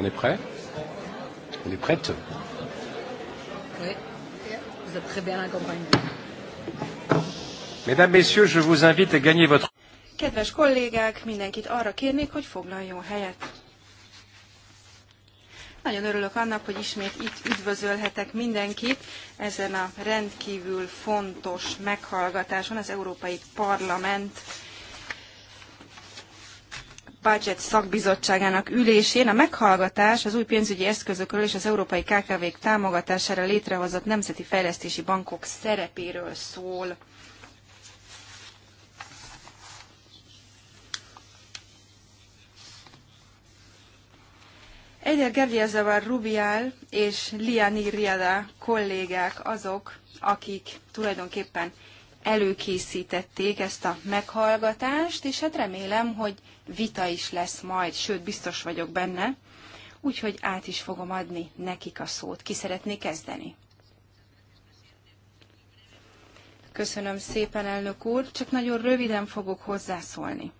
On est prêt On est prête Oui, vous êtes très bien accompagnés. Mesdames, Messieurs, je vous invite à gagner votre... Kedves kollégák, mindenkit arra kérnék, hogy foglaljon helyet. Nagyon örülök annak, hogy ismét itt üdvözölhetek mindenkit ezen a rendkívül fontos meghallgatáson az Európai Parlament Budget szakbizottságának ülésén a meghallgatás az új pénzügyi eszközökről és az európai KKV-k támogatására létrehozott nemzeti fejlesztési bankok szerepéről szól. Egyre Gerdiazavar Rubial és Liani Riada kollégák azok, akik tulajdonképpen előkészítették ezt a meghallgatást, és hát remélem, hogy vita is lesz majd, sőt, biztos vagyok benne, úgyhogy át is fogom adni nekik a szót. Ki szeretné kezdeni? Köszönöm szépen, elnök úr, csak nagyon röviden fogok hozzászólni.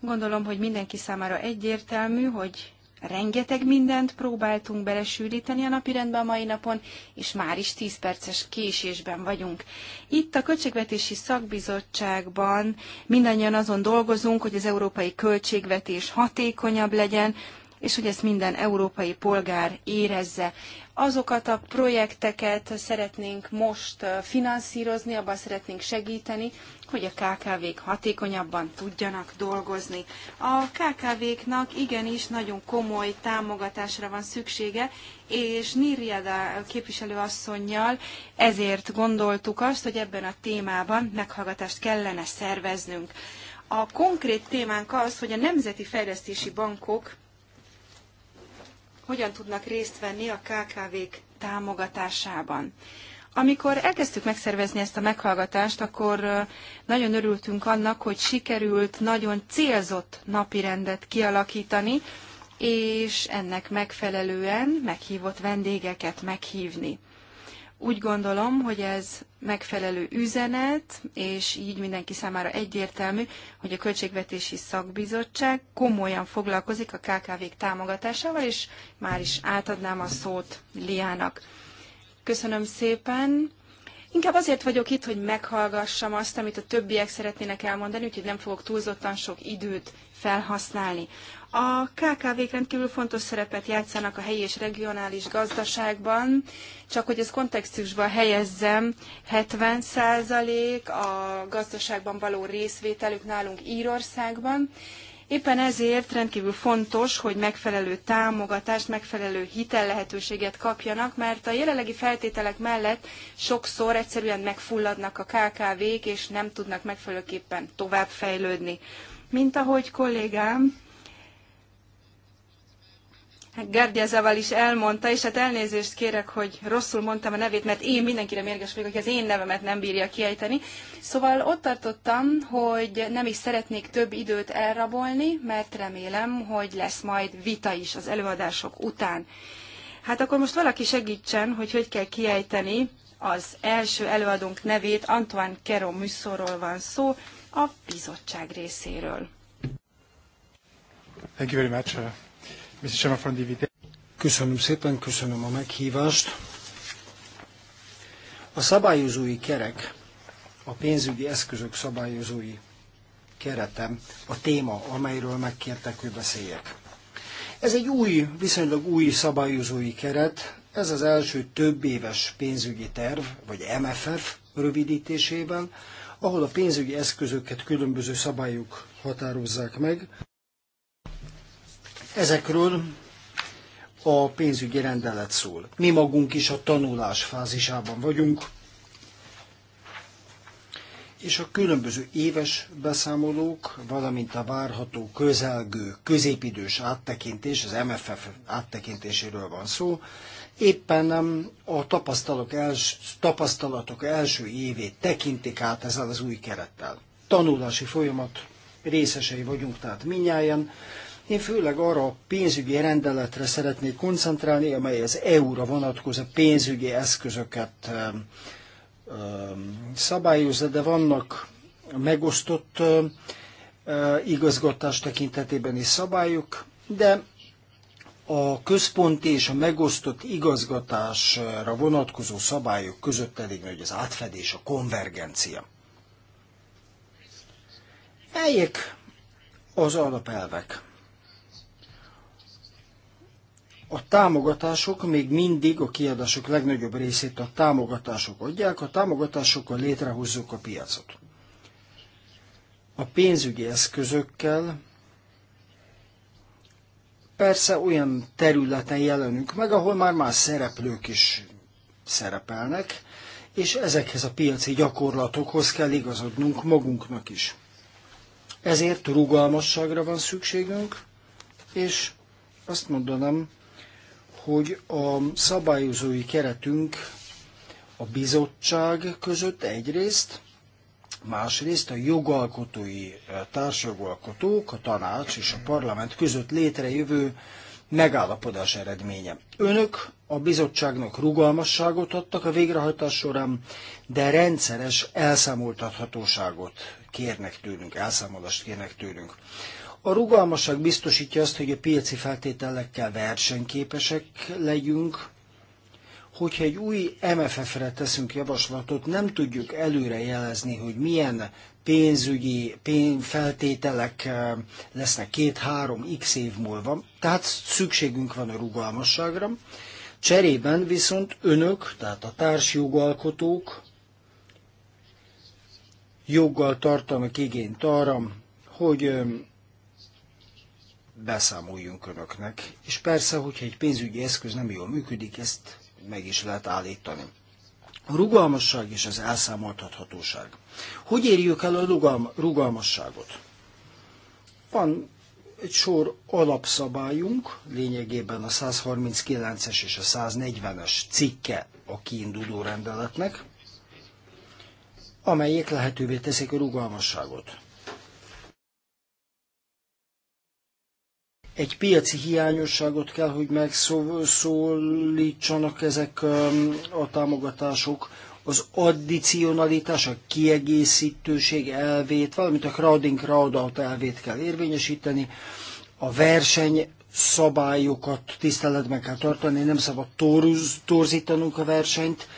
Gondolom, hogy mindenki számára egyértelmű, hogy rengeteg mindent próbáltunk belesűríteni a napirendbe a mai napon, és már is 10 perces késésben vagyunk. Itt a Költségvetési Szakbizottságban mindannyian azon dolgozunk, hogy az európai költségvetés hatékonyabb legyen, és hogy ezt minden európai polgár érezze. Azokat a projekteket szeretnénk most finanszírozni, abban szeretnénk segíteni, hogy a KKV-k hatékonyabban tudjanak dolgozni. A KKV-knak igenis nagyon komoly támogatásra van szüksége, és Nirjada képviselőasszonynal ezért gondoltuk azt, hogy ebben a témában meghallgatást kellene szerveznünk. A konkrét témánk az, hogy a nemzeti fejlesztési bankok hogyan tudnak részt venni a KKV-k támogatásában. Amikor elkezdtük megszervezni ezt a meghallgatást, akkor nagyon örültünk annak, hogy sikerült nagyon célzott napirendet kialakítani, és ennek megfelelően meghívott vendégeket meghívni. Úgy gondolom, hogy ez megfelelő üzenet, és így mindenki számára egyértelmű, hogy a Költségvetési Szakbizottság komolyan foglalkozik a KKV-k támogatásával, és már is átadnám a szót Liának. Köszönöm szépen! Inkább azért vagyok itt, hogy meghallgassam azt, amit a többiek szeretnének elmondani, úgyhogy nem fogok túlzottan sok időt felhasználni. A KKV-k rendkívül fontos szerepet játszanak a helyi és regionális gazdaságban, csak hogy ez kontextusba helyezzem, 70% a gazdaságban való részvételük nálunk Írországban, Éppen ezért rendkívül fontos, hogy megfelelő támogatást, megfelelő hitellehetőséget kapjanak, mert a jelenlegi feltételek mellett sokszor egyszerűen megfulladnak a KKV-k, és nem tudnak megfelelőképpen továbbfejlődni. Mint ahogy kollégám Hát Gerdiazával is elmondta, és hát elnézést kérek, hogy rosszul mondtam a nevét, mert én mindenkire mérges vagyok, aki az én nevemet nem bírja kiejteni. Szóval ott tartottam, hogy nem is szeretnék több időt elrabolni, mert remélem, hogy lesz majd vita is az előadások után. Hát akkor most valaki segítsen, hogy hogy kell kiejteni az első előadónk nevét, Antoine Kero Müsszóról van szó, a bizottság részéről. Thank you very much. Uh, Köszönöm szépen, köszönöm a meghívást. A szabályozói kerek, a pénzügyi eszközök szabályozói keretem a téma, amelyről megkértek, hogy beszéljek. Ez egy új, viszonylag új szabályozói keret, ez az első több éves pénzügyi terv, vagy MFF rövidítésében, ahol a pénzügyi eszközöket különböző szabályok határozzák meg, Ezekről a pénzügyi rendelet szól. Mi magunk is a tanulás fázisában vagyunk, és a különböző éves beszámolók, valamint a várható közelgő középidős áttekintés, az MFF áttekintéséről van szó, éppen nem a tapasztalatok, els, tapasztalatok első évét tekintik át ezzel az új kerettel. Tanulási folyamat részesei vagyunk, tehát minnyáján, én főleg arra a pénzügyi rendeletre szeretnék koncentrálni, amely az EU-ra vonatkozó pénzügyi eszközöket szabályozza, de vannak megosztott eh, igazgatás tekintetében is szabályok, de a központi és a megosztott igazgatásra vonatkozó szabályok között elég nagy az átfedés, a konvergencia. Melyek az alapelvek, a támogatások még mindig a kiadások legnagyobb részét a támogatások adják, a támogatásokkal létrehozzuk a piacot. A pénzügyi eszközökkel persze olyan területen jelenünk meg, ahol már más szereplők is szerepelnek, és ezekhez a piaci gyakorlatokhoz kell igazodnunk magunknak is. Ezért rugalmasságra van szükségünk, és azt mondanám, hogy a szabályozói keretünk a bizottság között egyrészt, másrészt a jogalkotói eh, társjogalkotók, a tanács és a parlament között létrejövő megállapodás eredménye. Önök a bizottságnak rugalmasságot adtak a végrehajtás során, de rendszeres elszámoltathatóságot kérnek tőlünk, elszámolást kérnek tőlünk. A rugalmasság biztosítja azt, hogy a piaci feltételekkel versenyképesek legyünk, hogyha egy új MFF-re teszünk javaslatot, nem tudjuk előre jelezni, hogy milyen pénzügyi feltételek eh, lesznek két-három x év múlva, tehát szükségünk van a rugalmasságra. Cserében viszont önök, tehát a társjogalkotók joggal tartanak igényt arra, hogy eh, beszámoljunk önöknek. És persze, hogyha egy pénzügyi eszköz nem jól működik, ezt meg is lehet állítani. A rugalmasság és az elszámoltathatóság. Hogy érjük el a rugalmasságot? Van egy sor alapszabályunk, lényegében a 139-es és a 140-es cikke a kiinduló rendeletnek, amelyek lehetővé teszik a rugalmasságot. Egy piaci hiányosságot kell, hogy megszólítsanak ezek a támogatások, az addicionalitás, a kiegészítőség elvét, valamint a crowding crowd elvét kell érvényesíteni, a verseny szabályokat tiszteletben kell tartani, nem szabad torz, torzítanunk a versenyt,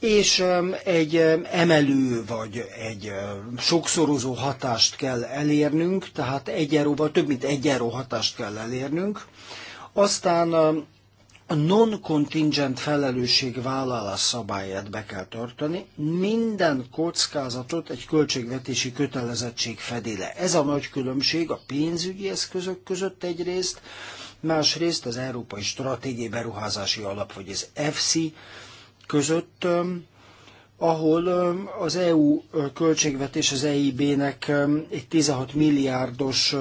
és egy emelő vagy egy sokszorozó hatást kell elérnünk, tehát egyenróval több mint egyenró hatást kell elérnünk. Aztán a non-contingent felelősség vállalás szabályát be kell tartani. Minden kockázatot egy költségvetési kötelezettség fedi le. Ez a nagy különbség a pénzügyi eszközök között egyrészt, másrészt az Európai Stratégiai Beruházási Alap, vagy az EFSI között, ahol az EU költségvetés az EIB-nek egy 16 milliárdos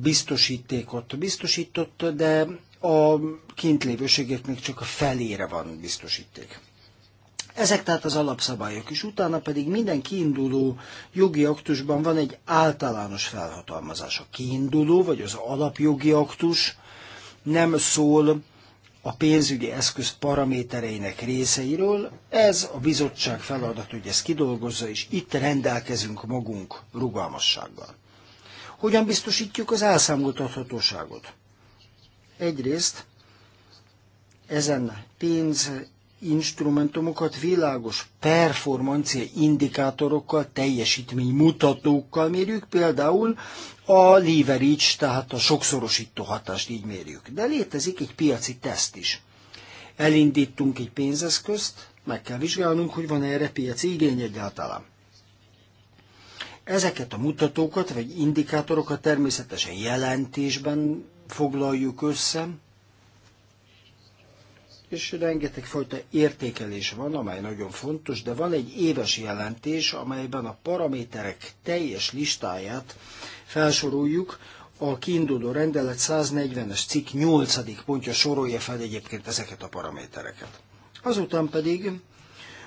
biztosítékot biztosított, de a lévőségeknek csak a felére van biztosíték. Ezek tehát az alapszabályok, és utána pedig minden kiinduló jogi aktusban van egy általános felhatalmazás. A kiinduló, vagy az alapjogi aktus nem szól a pénzügyi eszköz paramétereinek részeiről. Ez a bizottság feladat, hogy ezt kidolgozza, és itt rendelkezünk magunk rugalmassággal. Hogyan biztosítjuk az elszámoltathatóságot? Egyrészt ezen pénz instrumentumokat világos performancia indikátorokkal, teljesítmény mutatókkal mérjük, például a leverage, tehát a sokszorosító hatást így mérjük. De létezik egy piaci teszt is. Elindítunk egy pénzeszközt, meg kell vizsgálnunk, hogy van -e erre piaci igény egyáltalán. Ezeket a mutatókat vagy indikátorokat természetesen jelentésben foglaljuk össze, és rengeteg fajta értékelés van, amely nagyon fontos, de van egy éves jelentés, amelyben a paraméterek teljes listáját felsoroljuk, a kiinduló rendelet 140-es cikk 8. pontja sorolja fel egyébként ezeket a paramétereket. Azután pedig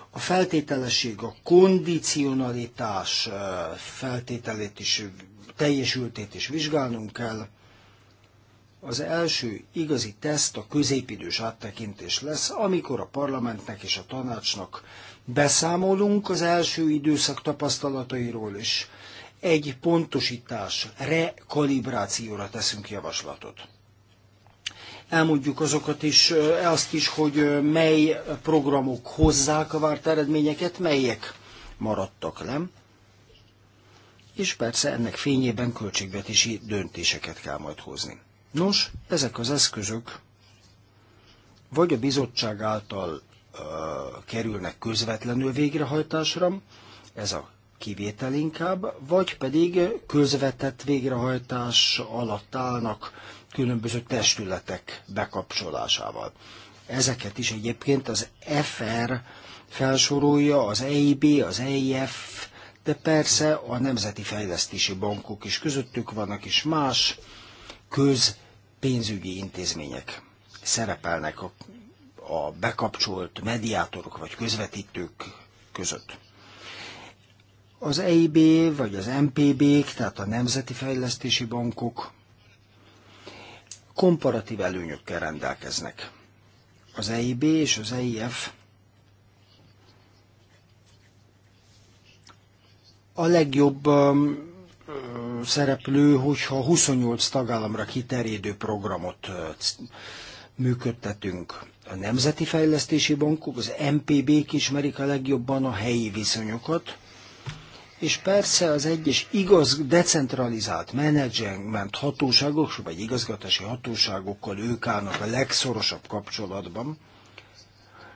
a feltételesség, a kondicionalitás feltételét is, teljesültét is vizsgálnunk kell, az első igazi teszt a középidős áttekintés lesz, amikor a parlamentnek és a tanácsnak beszámolunk az első időszak tapasztalatairól is. Egy pontosítás, rekalibrációra teszünk javaslatot elmondjuk azokat is, azt is, hogy mely programok hozzák a várt eredményeket, melyek maradtak le. És persze ennek fényében költségvetési döntéseket kell majd hozni. Nos, ezek az eszközök vagy a bizottság által ö, kerülnek közvetlenül végrehajtásra, ez a kivétel inkább, vagy pedig közvetett végrehajtás alatt állnak különböző testületek bekapcsolásával. Ezeket is egyébként az FR felsorolja, az EIB, az EIF, de persze a nemzeti fejlesztési bankok is közöttük vannak, és más közpénzügyi intézmények szerepelnek a, a bekapcsolt mediátorok vagy közvetítők között. Az EIB vagy az MPB-k, tehát a Nemzeti Fejlesztési Bankok komparatív előnyökkel rendelkeznek. Az EIB és az EIF a legjobb um, szereplő, hogyha 28 tagállamra kiterjedő programot működtetünk. A Nemzeti Fejlesztési Bankok, az MPB-k ismerik a legjobban a helyi viszonyokat, és persze az egyes igaz, decentralizált menedzsment hatóságok, vagy igazgatási hatóságokkal ők állnak a legszorosabb kapcsolatban.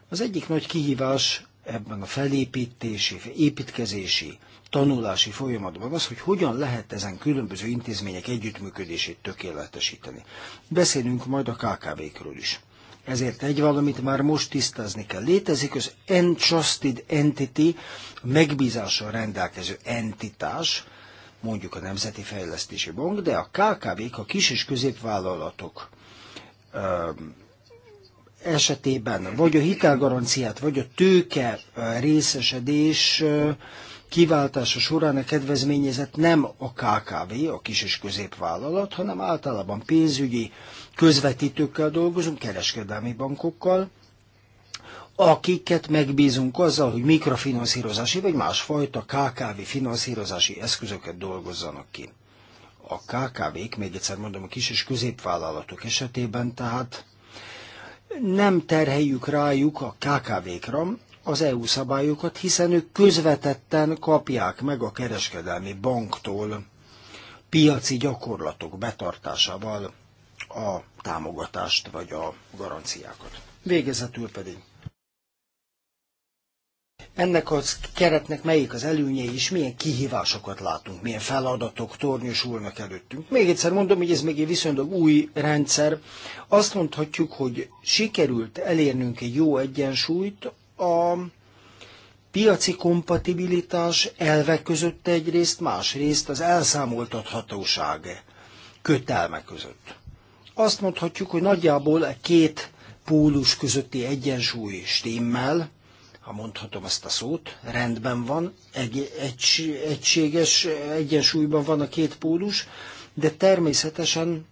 Az egyik nagy kihívás ebben a felépítési, építkezési tanulási folyamatban az, hogy hogyan lehet ezen különböző intézmények együttműködését tökéletesíteni. Beszélünk majd a KKV-kről is. Ezért egy valamit már most tisztázni kell. Létezik az Entrusted Entity, megbízással rendelkező entitás, mondjuk a Nemzeti Fejlesztési Bank, de a KKV-k, a kis és középvállalatok esetében, vagy a hitelgaranciát, vagy a tőke részesedés kiváltása során a kedvezményezett nem a KKV, a kis és középvállalat, hanem általában pénzügyi közvetítőkkel dolgozunk, kereskedelmi bankokkal, akiket megbízunk azzal, hogy mikrofinanszírozási vagy másfajta KKV finanszírozási eszközöket dolgozzanak ki. A KKV-k, még egyszer mondom, a kis és középvállalatok esetében tehát nem terheljük rájuk a KKV-kra az EU szabályokat, hiszen ők közvetetten kapják meg a kereskedelmi banktól piaci gyakorlatok betartásával a támogatást vagy a garanciákat. Végezetül pedig. Ennek a keretnek melyik az előnyei, és milyen kihívásokat látunk, milyen feladatok tornyosulnak előttünk. Még egyszer mondom, hogy ez még egy viszonylag új rendszer. Azt mondhatjuk, hogy sikerült elérnünk egy jó egyensúlyt a piaci kompatibilitás elve között egyrészt, másrészt az elszámoltathatóság kötelme között. Azt mondhatjuk, hogy nagyjából a két pólus közötti egyensúly stimmel, ha mondhatom ezt a szót, rendben van, egy, egy, egységes egyensúlyban van a két pólus, de természetesen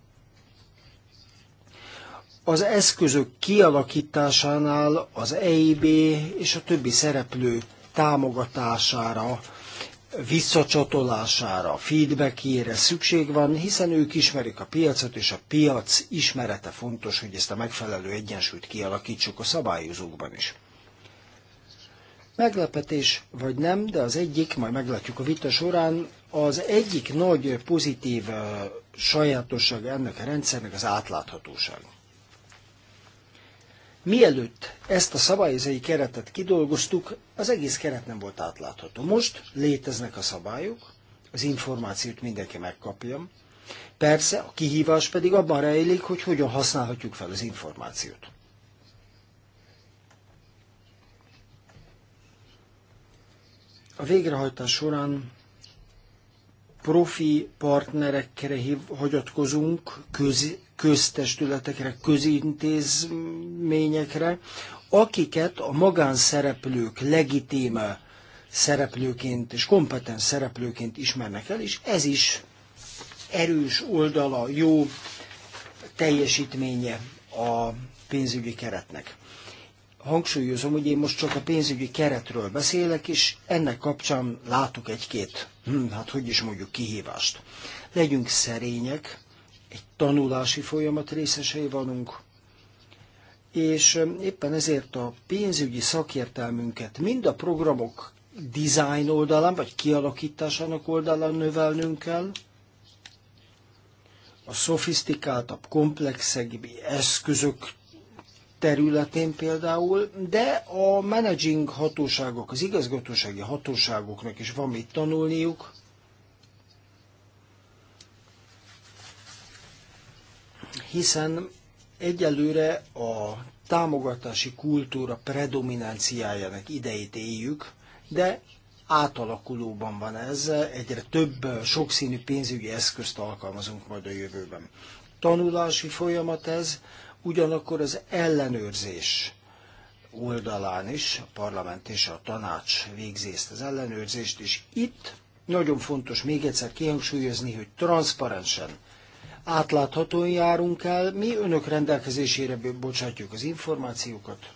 az eszközök kialakításánál az EIB és a többi szereplő támogatására, visszacsatolására, feedbackjére szükség van, hiszen ők ismerik a piacot, és a piac ismerete fontos, hogy ezt a megfelelő egyensúlyt kialakítsuk a szabályozókban is. Meglepetés vagy nem, de az egyik, majd meglátjuk a vita során, az egyik nagy pozitív sajátosság ennek a rendszernek az átláthatóság. Mielőtt ezt a szabályozói keretet kidolgoztuk, az egész keret nem volt átlátható. Most léteznek a szabályok, az információt mindenki megkapja. Persze, a kihívás pedig abban rejlik, hogy hogyan használhatjuk fel az információt. A végrehajtás során profi partnerekre hagyatkozunk, köz, köztestületekre, közintézményekre, akiket a magánszereplők legitime szereplőként és kompetens szereplőként ismernek el, és ez is erős oldala, jó teljesítménye a pénzügyi keretnek hangsúlyozom, hogy én most csak a pénzügyi keretről beszélek, és ennek kapcsán látok egy-két, hm, hát hogy is mondjuk, kihívást. Legyünk szerények, egy tanulási folyamat részesei vagyunk, és éppen ezért a pénzügyi szakértelmünket mind a programok design oldalán, vagy kialakításának oldalán növelnünk kell, a szofisztikáltabb, komplexebb eszközök területén például, de a managing hatóságok, az igazgatósági hatóságoknak is van mit tanulniuk. Hiszen egyelőre a támogatási kultúra predominanciájának idejét éljük, de átalakulóban van ez, egyre több sokszínű pénzügyi eszközt alkalmazunk majd a jövőben. Tanulási folyamat ez, ugyanakkor az ellenőrzés oldalán is a parlament és a tanács végzi ezt az ellenőrzést, és itt nagyon fontos még egyszer kihangsúlyozni, hogy transzparensen átláthatóan járunk el, mi önök rendelkezésére bocsátjuk az információkat.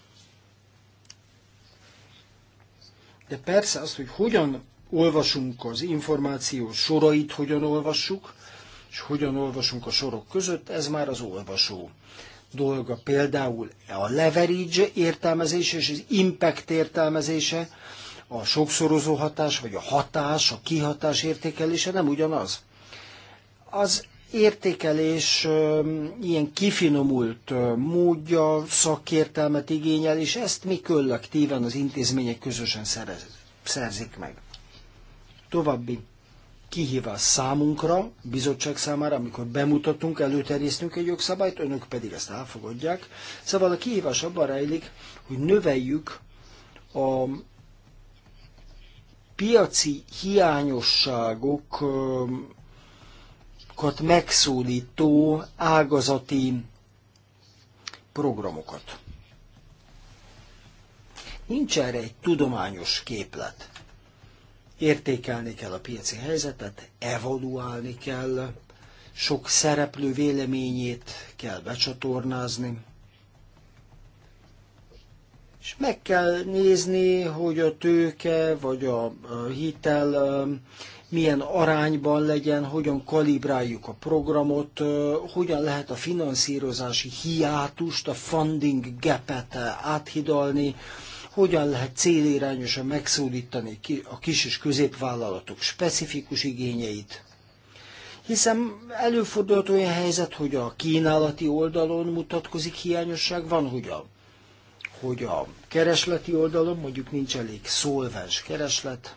De persze azt, hogy hogyan olvasunk az információ sorait, hogyan olvassuk, és hogyan olvasunk a sorok között, ez már az olvasó dolga, például a leverage értelmezése és az impact értelmezése, a sokszorozó hatás, vagy a hatás, a kihatás értékelése nem ugyanaz. Az értékelés ilyen kifinomult módja, szakértelmet igényel, és ezt mi kollektíven az intézmények közösen szerzik meg. További kihívás számunkra, bizottság számára, amikor bemutatunk, előterjesztünk egy jogszabályt, önök pedig ezt elfogadják. Szóval a kihívás abban rejlik, hogy növeljük a piaci hiányosságokat megszólító ágazati programokat. Nincs erre egy tudományos képlet. Értékelni kell a piaci helyzetet, evaluálni kell, sok szereplő véleményét kell becsatornázni, és meg kell nézni, hogy a tőke vagy a hitel milyen arányban legyen, hogyan kalibráljuk a programot, hogyan lehet a finanszírozási hiátust, a funding gapet áthidalni, hogyan lehet célirányosan megszólítani a kis és középvállalatok specifikus igényeit, hiszen előfordulhat olyan helyzet, hogy a kínálati oldalon mutatkozik hiányosság, van, hogy a, hogy a keresleti oldalon mondjuk nincs elég szolvens kereslet.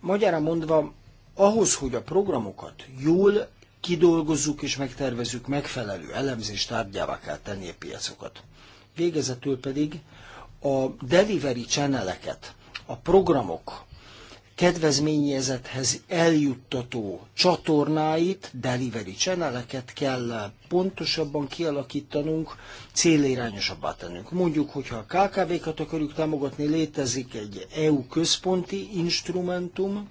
Magyarán mondva, ahhoz, hogy a programokat jól kidolgozzuk és megtervezzük, megfelelő elemzés tárgyává kell tenni a piacokat. Végezetül pedig a delivery cseneleket, a programok kedvezményezethez eljuttató csatornáit, delivery cseneleket kell pontosabban kialakítanunk, célirányosabbá tennünk. Mondjuk, hogyha a KKV-kat akarjuk támogatni, létezik egy EU központi instrumentum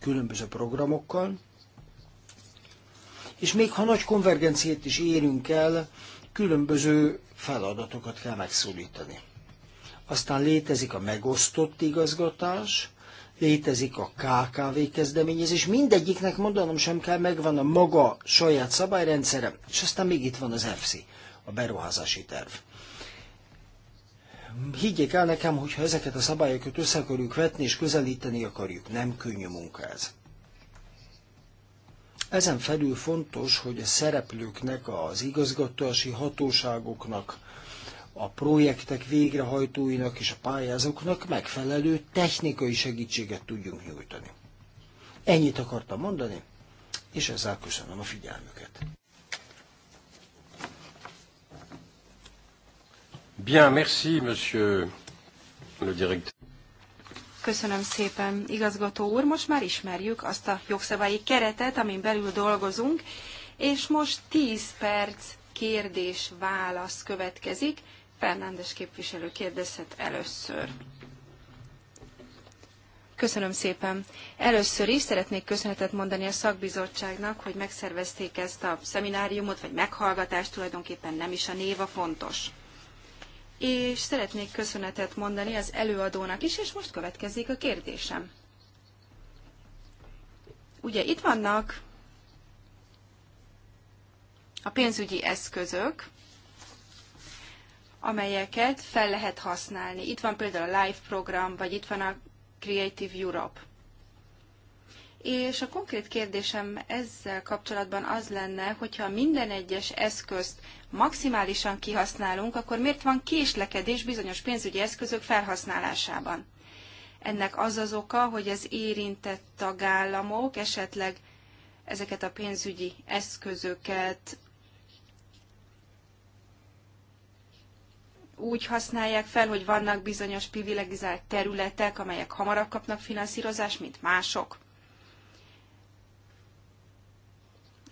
különböző programokkal, és még ha nagy konvergenciát is érünk el, különböző feladatokat kell megszólítani. Aztán létezik a megosztott igazgatás, létezik a KKV kezdeményezés, mindegyiknek mondanom sem kell, megvan a maga saját szabályrendszere, és aztán még itt van az EFSI, a beruházási terv. Higgyék el nekem, ha ezeket a szabályokat össze akarjuk vetni és közelíteni akarjuk, nem könnyű munka ez. Ezen felül fontos, hogy a szereplőknek, az igazgatási hatóságoknak, a projektek végrehajtóinak és a pályázóknak megfelelő technikai segítséget tudjunk nyújtani. Ennyit akartam mondani, és ezzel köszönöm a figyelmüket. Bien, merci, monsieur le directeur. Köszönöm szépen, igazgató úr. Most már ismerjük azt a jogszabályi keretet, amin belül dolgozunk, és most 10 perc kérdés-válasz következik. Fernándes képviselő kérdezhet először. Köszönöm szépen. Először is szeretnék köszönetet mondani a szakbizottságnak, hogy megszervezték ezt a szemináriumot, vagy meghallgatást, tulajdonképpen nem is a név a fontos. És szeretnék köszönetet mondani az előadónak is, és most következik a kérdésem. Ugye itt vannak a pénzügyi eszközök, amelyeket fel lehet használni. Itt van például a Live program, vagy itt van a Creative Europe. És a konkrét kérdésem ezzel kapcsolatban az lenne, hogyha minden egyes eszközt maximálisan kihasználunk, akkor miért van késlekedés bizonyos pénzügyi eszközök felhasználásában? Ennek az az oka, hogy az érintett tagállamok esetleg ezeket a pénzügyi eszközöket úgy használják fel, hogy vannak bizonyos privilegizált területek, amelyek hamarabb kapnak finanszírozást, mint mások.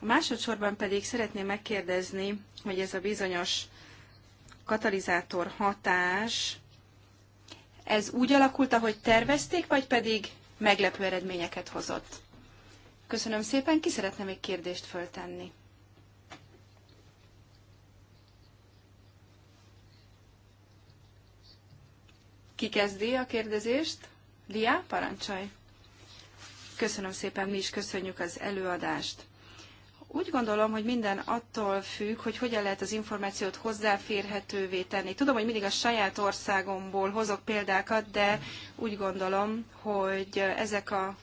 Másodszorban pedig szeretném megkérdezni, hogy ez a bizonyos katalizátor hatás, ez úgy alakult, ahogy tervezték, vagy pedig meglepő eredményeket hozott? Köszönöm szépen, ki szeretne még kérdést föltenni? Ki kezdi a kérdezést? Lia, parancsolj! Köszönöm szépen, mi is köszönjük az előadást. Úgy gondolom, hogy minden attól függ, hogy hogyan lehet az információt hozzáférhetővé tenni. Tudom, hogy mindig a saját országomból hozok példákat, de úgy gondolom, hogy ezek a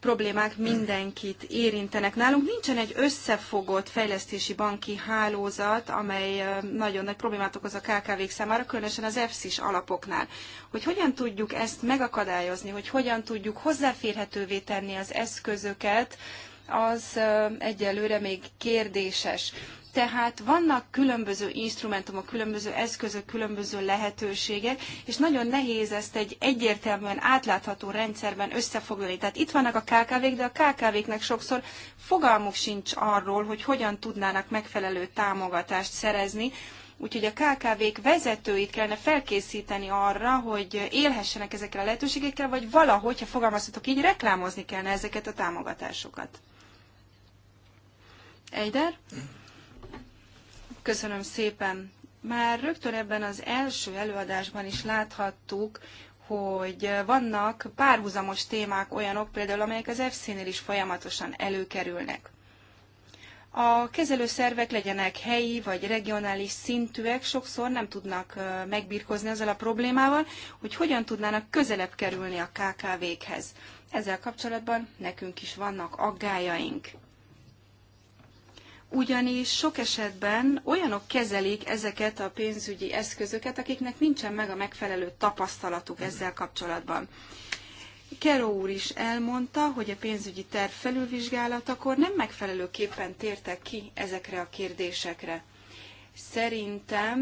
problémák mindenkit érintenek. Nálunk nincsen egy összefogott fejlesztési banki hálózat, amely nagyon nagy problémát okoz a KKV-k számára, különösen az EFSIS alapoknál. Hogy hogyan tudjuk ezt megakadályozni, hogy hogyan tudjuk hozzáférhetővé tenni az eszközöket, az egyelőre még kérdéses. Tehát vannak különböző instrumentumok, különböző eszközök, különböző lehetőségek, és nagyon nehéz ezt egy egyértelműen átlátható rendszerben összefoglalni. Tehát itt vannak a KKV-k, de a KKV-knek sokszor fogalmuk sincs arról, hogy hogyan tudnának megfelelő támogatást szerezni, Úgyhogy a KKV-k vezetőit kellene felkészíteni arra, hogy élhessenek ezekkel a lehetőségekkel, vagy valahogy, ha fogalmazhatok így, reklámozni kellene ezeket a támogatásokat. Eider? Mm. Köszönöm szépen. Már rögtön ebben az első előadásban is láthattuk, hogy vannak párhuzamos témák olyanok, például amelyek az FC-nél is folyamatosan előkerülnek. A kezelőszervek legyenek helyi vagy regionális szintűek, sokszor nem tudnak megbírkozni ezzel a problémával, hogy hogyan tudnának közelebb kerülni a KKV-khez. Ezzel kapcsolatban nekünk is vannak aggájaink ugyanis sok esetben olyanok kezelik ezeket a pénzügyi eszközöket, akiknek nincsen meg a megfelelő tapasztalatuk ezzel kapcsolatban. Keró úr is elmondta, hogy a pénzügyi terv felülvizsgálatakor nem megfelelőképpen tértek ki ezekre a kérdésekre. Szerintem,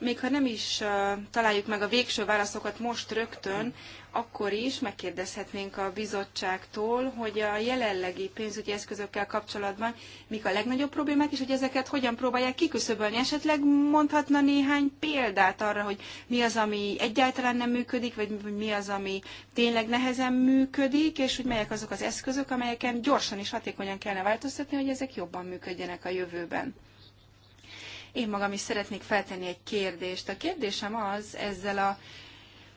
még ha nem is találjuk meg a végső válaszokat most rögtön, akkor is megkérdezhetnénk a bizottságtól, hogy a jelenlegi pénzügyi eszközökkel kapcsolatban mik a legnagyobb problémák, és hogy ezeket hogyan próbálják kiküszöbölni. Esetleg mondhatna néhány példát arra, hogy mi az, ami egyáltalán nem működik, vagy mi az, ami tényleg nehezen működik, és hogy melyek azok az eszközök, amelyeken gyorsan és hatékonyan kellene változtatni, hogy ezek jobban működjenek a jövőben. Én magam is szeretnék feltenni egy kérdést. A kérdésem az ezzel a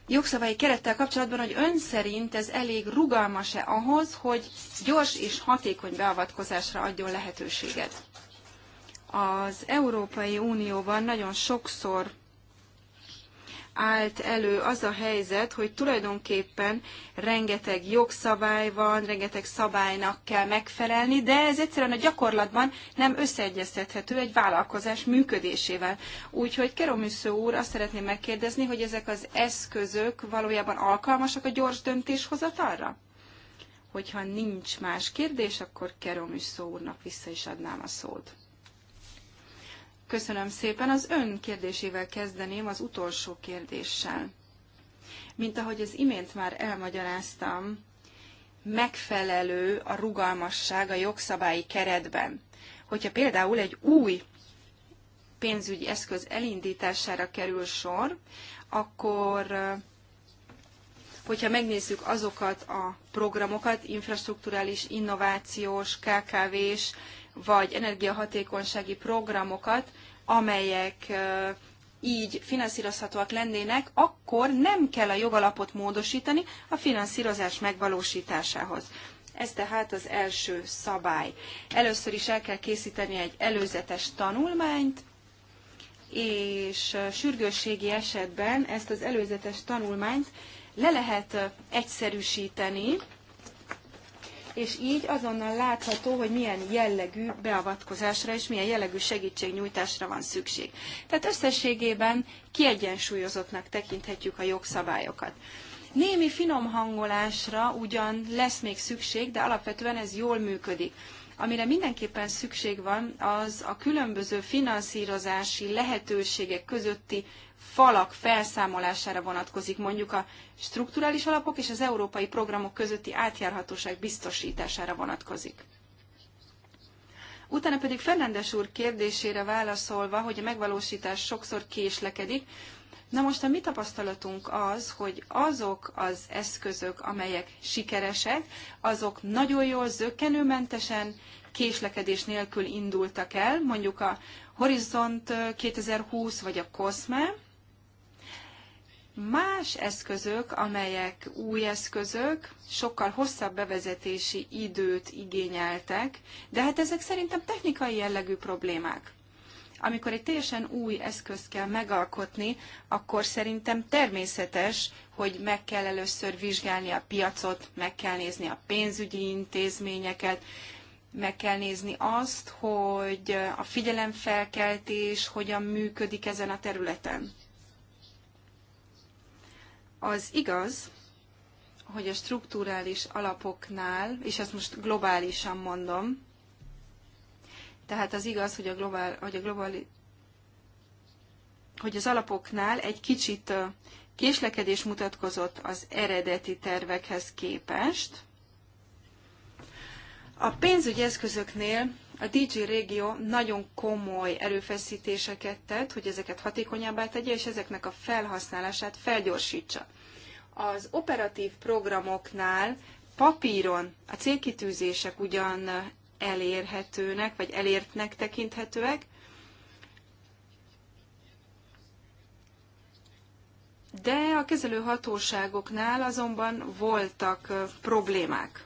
jogszabályi kerettel kapcsolatban, hogy ön szerint ez elég rugalmas-e ahhoz, hogy gyors és hatékony beavatkozásra adjon lehetőséget. Az Európai Unióban nagyon sokszor állt elő az a helyzet, hogy tulajdonképpen rengeteg jogszabály van, rengeteg szabálynak kell megfelelni, de ez egyszerűen a gyakorlatban nem összeegyeztethető egy vállalkozás működésével. Úgyhogy Keroműsző úr, azt szeretném megkérdezni, hogy ezek az eszközök valójában alkalmasak a gyors döntéshozatalra? Hogyha nincs más kérdés, akkor Keroműsző úrnak vissza is adnám a szót. Köszönöm szépen. Az ön kérdésével kezdeném, az utolsó kérdéssel. Mint ahogy az imént már elmagyaráztam, megfelelő a rugalmasság a jogszabályi keretben. Hogyha például egy új pénzügyi eszköz elindítására kerül sor, akkor hogyha megnézzük azokat a programokat, infrastruktúrális, innovációs, KKV-s, vagy energiahatékonysági programokat, amelyek így finanszírozhatóak lennének, akkor nem kell a jogalapot módosítani a finanszírozás megvalósításához. Ez tehát az első szabály. Először is el kell készíteni egy előzetes tanulmányt, és sürgősségi esetben ezt az előzetes tanulmányt le lehet egyszerűsíteni, és így azonnal látható, hogy milyen jellegű beavatkozásra és milyen jellegű segítségnyújtásra van szükség. Tehát összességében kiegyensúlyozottnak tekinthetjük a jogszabályokat. Némi finom hangolásra ugyan lesz még szükség, de alapvetően ez jól működik. Amire mindenképpen szükség van, az a különböző finanszírozási lehetőségek közötti falak felszámolására vonatkozik, mondjuk a strukturális alapok és az európai programok közötti átjárhatóság biztosítására vonatkozik. Utána pedig Fernándes úr kérdésére válaszolva, hogy a megvalósítás sokszor késlekedik, Na most a mi tapasztalatunk az, hogy azok az eszközök, amelyek sikeresek, azok nagyon jól zökkenőmentesen, késlekedés nélkül indultak el, mondjuk a Horizont 2020 vagy a COSME, Más eszközök, amelyek új eszközök, sokkal hosszabb bevezetési időt igényeltek, de hát ezek szerintem technikai jellegű problémák. Amikor egy teljesen új eszközt kell megalkotni, akkor szerintem természetes, hogy meg kell először vizsgálni a piacot, meg kell nézni a pénzügyi intézményeket, meg kell nézni azt, hogy a figyelemfelkeltés hogyan működik ezen a területen. Az igaz, hogy a strukturális alapoknál, és ezt most globálisan mondom, tehát az igaz, hogy a, globál, hogy a globali, hogy az alapoknál egy kicsit késlekedés mutatkozott az eredeti tervekhez képest. A pénzügyi eszközöknél a DG régió nagyon komoly erőfeszítéseket tett, hogy ezeket hatékonyabbá tegye, és ezeknek a felhasználását felgyorsítsa az operatív programoknál papíron a célkitűzések ugyan elérhetőnek, vagy elértnek tekinthetőek, de a kezelő hatóságoknál azonban voltak problémák.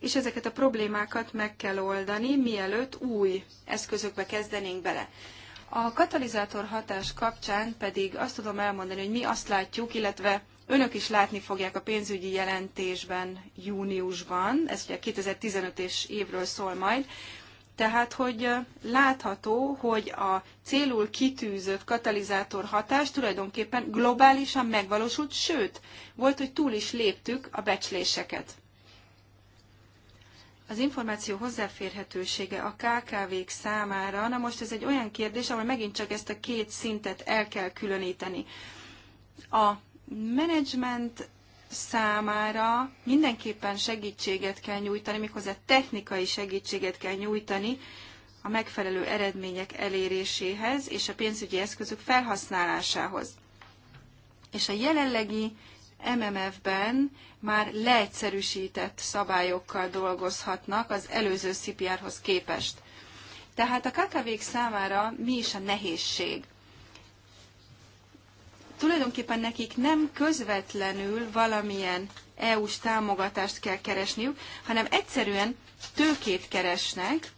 És ezeket a problémákat meg kell oldani, mielőtt új eszközökbe kezdenénk bele. A katalizátor hatás kapcsán pedig azt tudom elmondani, hogy mi azt látjuk, illetve önök is látni fogják a pénzügyi jelentésben júniusban, ez ugye 2015 es évről szól majd, tehát, hogy látható, hogy a célul kitűzött katalizátor hatás tulajdonképpen globálisan megvalósult, sőt, volt, hogy túl is léptük a becsléseket az információ hozzáférhetősége a KKV-k számára. Na most ez egy olyan kérdés, ahol megint csak ezt a két szintet el kell különíteni. A menedzsment számára mindenképpen segítséget kell nyújtani, méghozzá technikai segítséget kell nyújtani a megfelelő eredmények eléréséhez és a pénzügyi eszközök felhasználásához. És a jelenlegi MMF-ben már leegyszerűsített szabályokkal dolgozhatnak az előző CPR-hoz képest. Tehát a KKV-k számára mi is a nehézség? Tulajdonképpen nekik nem közvetlenül valamilyen EU-s támogatást kell keresniük, hanem egyszerűen tőkét keresnek,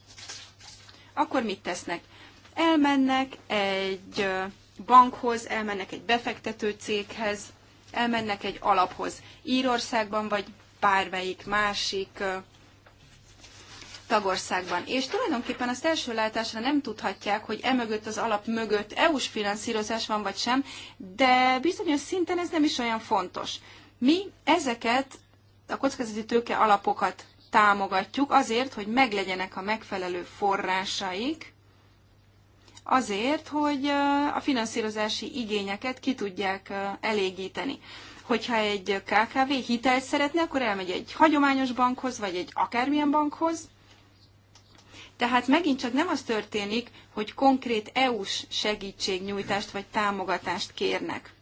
akkor mit tesznek? Elmennek egy bankhoz, elmennek egy befektető céghez, elmennek egy alaphoz Írországban, vagy bármelyik másik tagországban. És tulajdonképpen azt első látásra nem tudhatják, hogy emögött az alap mögött EU-s finanszírozás van vagy sem, de bizonyos szinten ez nem is olyan fontos. Mi ezeket a kockázati tőke alapokat támogatjuk azért, hogy meglegyenek a megfelelő forrásaik, azért, hogy a finanszírozási igényeket ki tudják elégíteni. Hogyha egy KKV hitelt szeretne, akkor elmegy egy hagyományos bankhoz, vagy egy akármilyen bankhoz, tehát megint csak nem az történik, hogy konkrét EU-s segítségnyújtást vagy támogatást kérnek.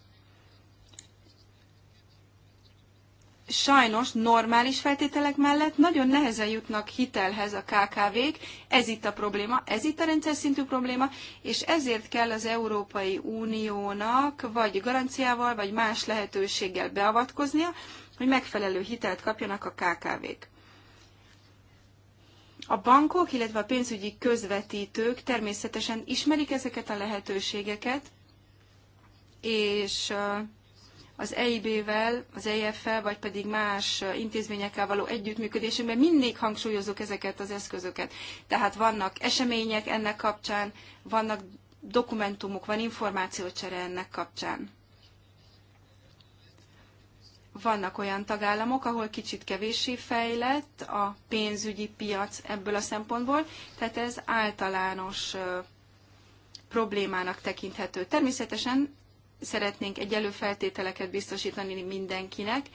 sajnos normális feltételek mellett nagyon nehezen jutnak hitelhez a KKV-k, ez itt a probléma, ez itt a rendszer szintű probléma, és ezért kell az Európai Uniónak vagy garanciával, vagy más lehetőséggel beavatkoznia, hogy megfelelő hitelt kapjanak a KKV-k. A bankok, illetve a pénzügyi közvetítők természetesen ismerik ezeket a lehetőségeket, és az EIB-vel, az EIF-fel, vagy pedig más intézményekkel való együttműködésünkben mindig hangsúlyozzuk ezeket az eszközöket. Tehát vannak események ennek kapcsán, vannak dokumentumok, van információcsere ennek kapcsán. Vannak olyan tagállamok, ahol kicsit kevéssé fejlett a pénzügyi piac ebből a szempontból, tehát ez általános problémának tekinthető. Természetesen szeretnénk egyelő feltételeket biztosítani mindenkinek,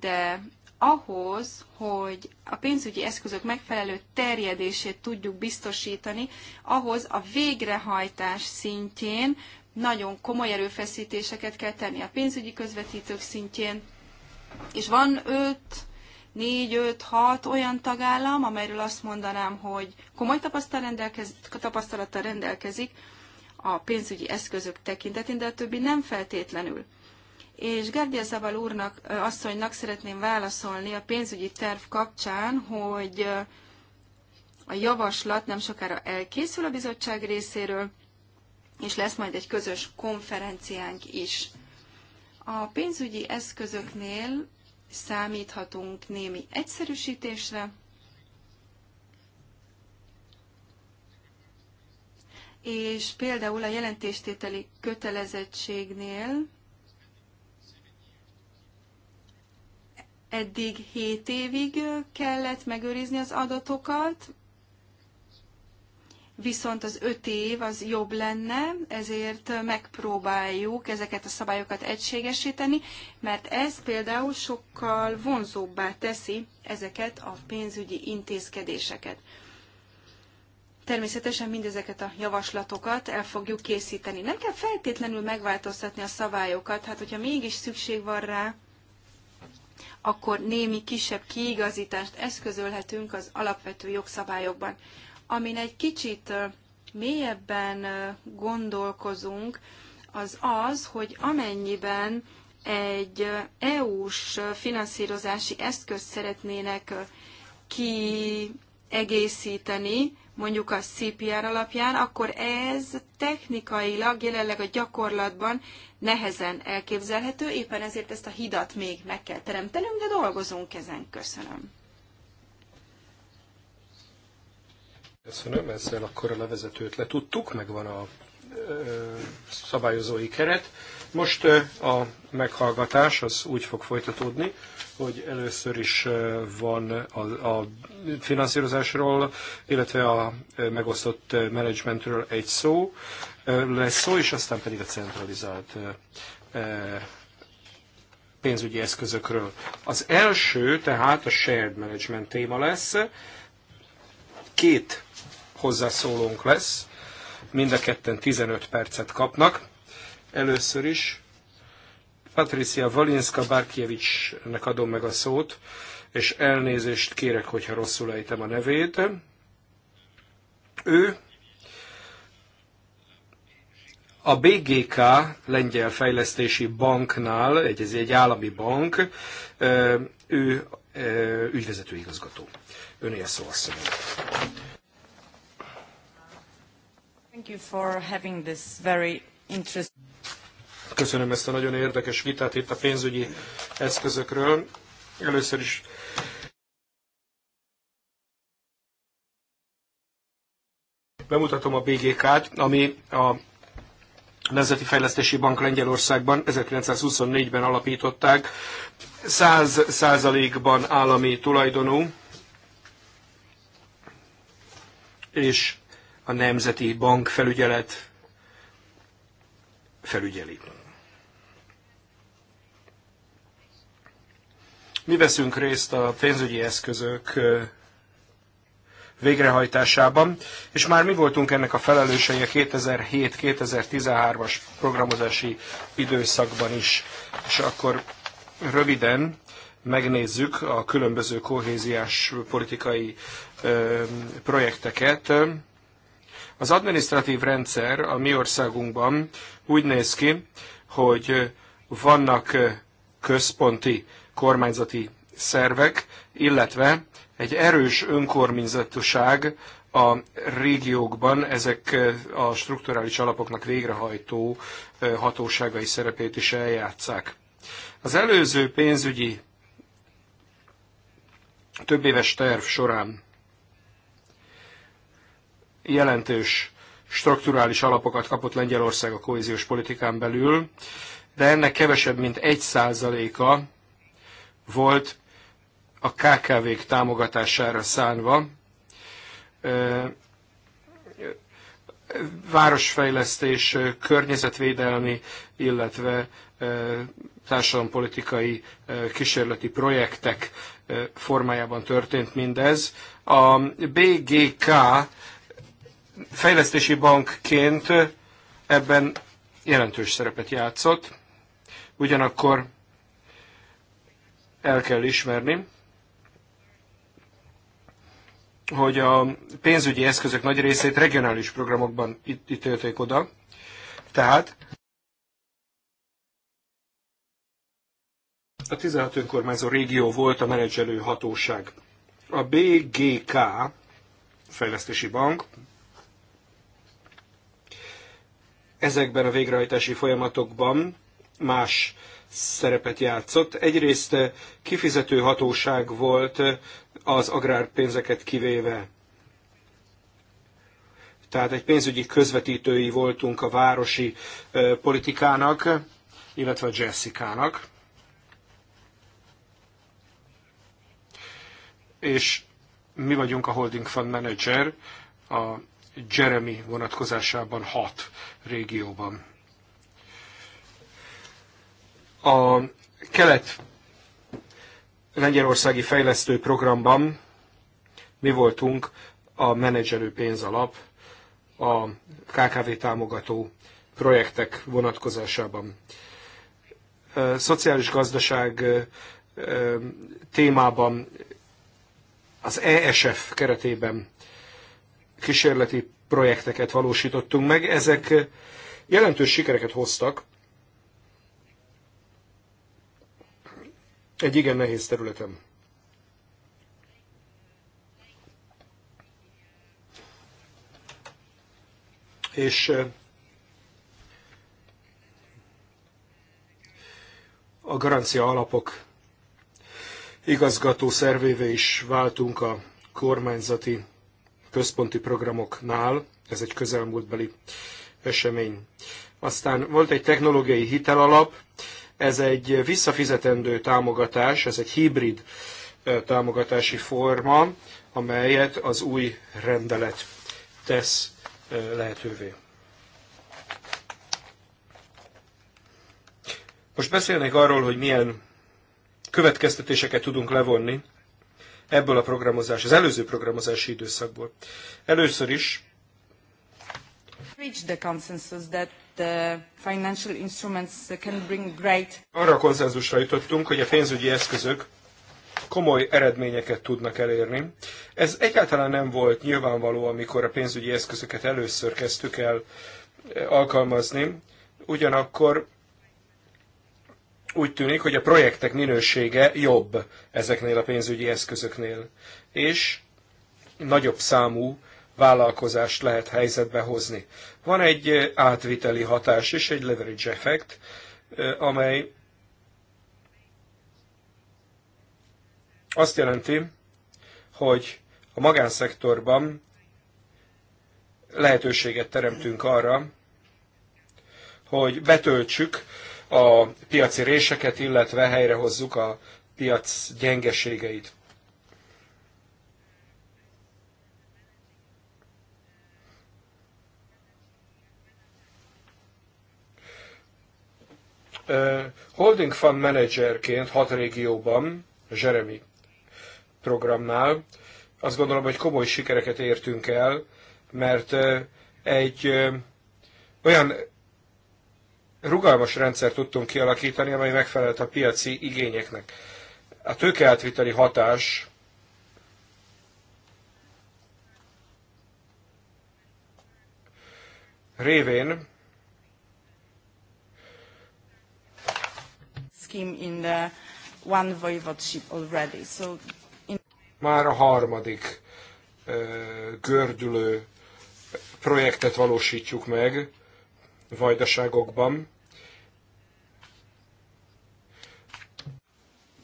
de ahhoz, hogy a pénzügyi eszközök megfelelő terjedését tudjuk biztosítani, ahhoz a végrehajtás szintjén nagyon komoly erőfeszítéseket kell tenni a pénzügyi közvetítők szintjén, és van öt, négy, öt, hat olyan tagállam, amelyről azt mondanám, hogy komoly tapasztalattal rendelkezik, a pénzügyi eszközök tekintetén, de a többi nem feltétlenül. És Gárdia Zabal úrnak, asszonynak szeretném válaszolni a pénzügyi terv kapcsán, hogy a javaslat nem sokára elkészül a bizottság részéről, és lesz majd egy közös konferenciánk is. A pénzügyi eszközöknél számíthatunk némi egyszerűsítésre, és például a jelentéstételi kötelezettségnél eddig 7 évig kellett megőrizni az adatokat, viszont az 5 év az jobb lenne, ezért megpróbáljuk ezeket a szabályokat egységesíteni, mert ez például sokkal vonzóbbá teszi ezeket a pénzügyi intézkedéseket. Természetesen mindezeket a javaslatokat el fogjuk készíteni. Nem kell feltétlenül megváltoztatni a szabályokat, hát hogyha mégis szükség van rá, akkor némi kisebb kiigazítást eszközölhetünk az alapvető jogszabályokban. Amin egy kicsit mélyebben gondolkozunk, az az, hogy amennyiben egy EU-s finanszírozási eszközt szeretnének kiegészíteni, mondjuk a CPR alapján, akkor ez technikailag jelenleg a gyakorlatban nehezen elképzelhető, éppen ezért ezt a hidat még meg kell teremtenünk, de dolgozunk ezen. Köszönöm. Köszönöm, ezzel akkor a levezetőt letudtuk, megvan a szabályozói keret. Most a meghallgatás az úgy fog folytatódni, hogy először is van a, a finanszírozásról, illetve a megosztott menedzsmentről egy szó lesz szó, és aztán pedig a centralizált pénzügyi eszközökről. Az első, tehát a shared management téma lesz. Két hozzászólónk lesz, mind a ketten 15 percet kapnak. Először is Patricia Valinska barkiewicznek adom meg a szót, és elnézést kérek, hogyha rosszul ejtem a nevét. Ő a BGK, Lengyel Fejlesztési Banknál, egy, ez egy állami bank, ő ügyvezető igazgató. Önél szó asszonyom. Köszönöm ezt a nagyon érdekes vitát itt a pénzügyi eszközökről. Először is bemutatom a BGK-t, ami a Nemzeti Fejlesztési Bank Lengyelországban 1924-ben alapították. 100 százalékban állami tulajdonú, és a Nemzeti Bank felügyelet felügyeli. Mi veszünk részt a pénzügyi eszközök végrehajtásában, és már mi voltunk ennek a felelősei a 2007-2013-as programozási időszakban is. És akkor röviden megnézzük a különböző kohéziás politikai projekteket. Az administratív rendszer a mi országunkban úgy néz ki, hogy vannak központi kormányzati szervek, illetve egy erős önkormányzatoság a régiókban ezek a strukturális alapoknak végrehajtó hatóságai szerepét is eljátszák. Az előző pénzügyi többéves terv során jelentős strukturális alapokat kapott Lengyelország a kohéziós politikán belül, de ennek kevesebb, mint 1%-a volt a KKV-k támogatására szánva. Városfejlesztés, környezetvédelmi, illetve társadalompolitikai kísérleti projektek formájában történt mindez. A BGK fejlesztési bankként ebben jelentős szerepet játszott, ugyanakkor el kell ismerni, hogy a pénzügyi eszközök nagy részét regionális programokban ítélték oda, tehát a 16 önkormányzó régió volt a menedzselő hatóság. A BGK, Fejlesztési Bank, ezekben a végrehajtási folyamatokban más szerepet játszott. Egyrészt kifizető hatóság volt az agrárpénzeket kivéve. Tehát egy pénzügyi közvetítői voltunk a városi politikának, illetve a Jessica-nak. És mi vagyunk a Holding Fund Manager, a Jeremy vonatkozásában hat régióban. A kelet lengyelországi fejlesztő programban mi voltunk a menedzselő pénzalap a KKV támogató projektek vonatkozásában. Szociális gazdaság témában az ESF keretében kísérleti projekteket valósítottunk meg. Ezek jelentős sikereket hoztak egy igen nehéz területen. És a garancia alapok igazgató szervévé is váltunk a kormányzati központi programoknál, ez egy közelmúltbeli esemény. Aztán volt egy technológiai hitelalap, ez egy visszafizetendő támogatás, ez egy hibrid támogatási forma, amelyet az új rendelet tesz lehetővé. Most beszélnék arról, hogy milyen következtetéseket tudunk levonni ebből a programozás, az előző programozási időszakból. Először is arra a konszenzusra jutottunk, hogy a pénzügyi eszközök komoly eredményeket tudnak elérni. Ez egyáltalán nem volt nyilvánvaló, amikor a pénzügyi eszközöket először kezdtük el eh, alkalmazni, ugyanakkor úgy tűnik, hogy a projektek minősége jobb ezeknél a pénzügyi eszközöknél, és nagyobb számú vállalkozást lehet helyzetbe hozni. Van egy átviteli hatás és egy leverage effect, amely azt jelenti, hogy a magánszektorban lehetőséget teremtünk arra, hogy betöltsük a piaci réseket, illetve helyrehozzuk a piac gyengeségeit. Holding Fund Managerként hat régióban, Jeremy programnál, azt gondolom, hogy komoly sikereket értünk el, mert egy olyan rugalmas rendszer tudtunk kialakítani, amely megfelelt a piaci igényeknek. A tőkeátviteli hatás révén in the one voivodeship already. So in... Már a harmadik gördülő projektet valósítjuk meg vajdaságokban.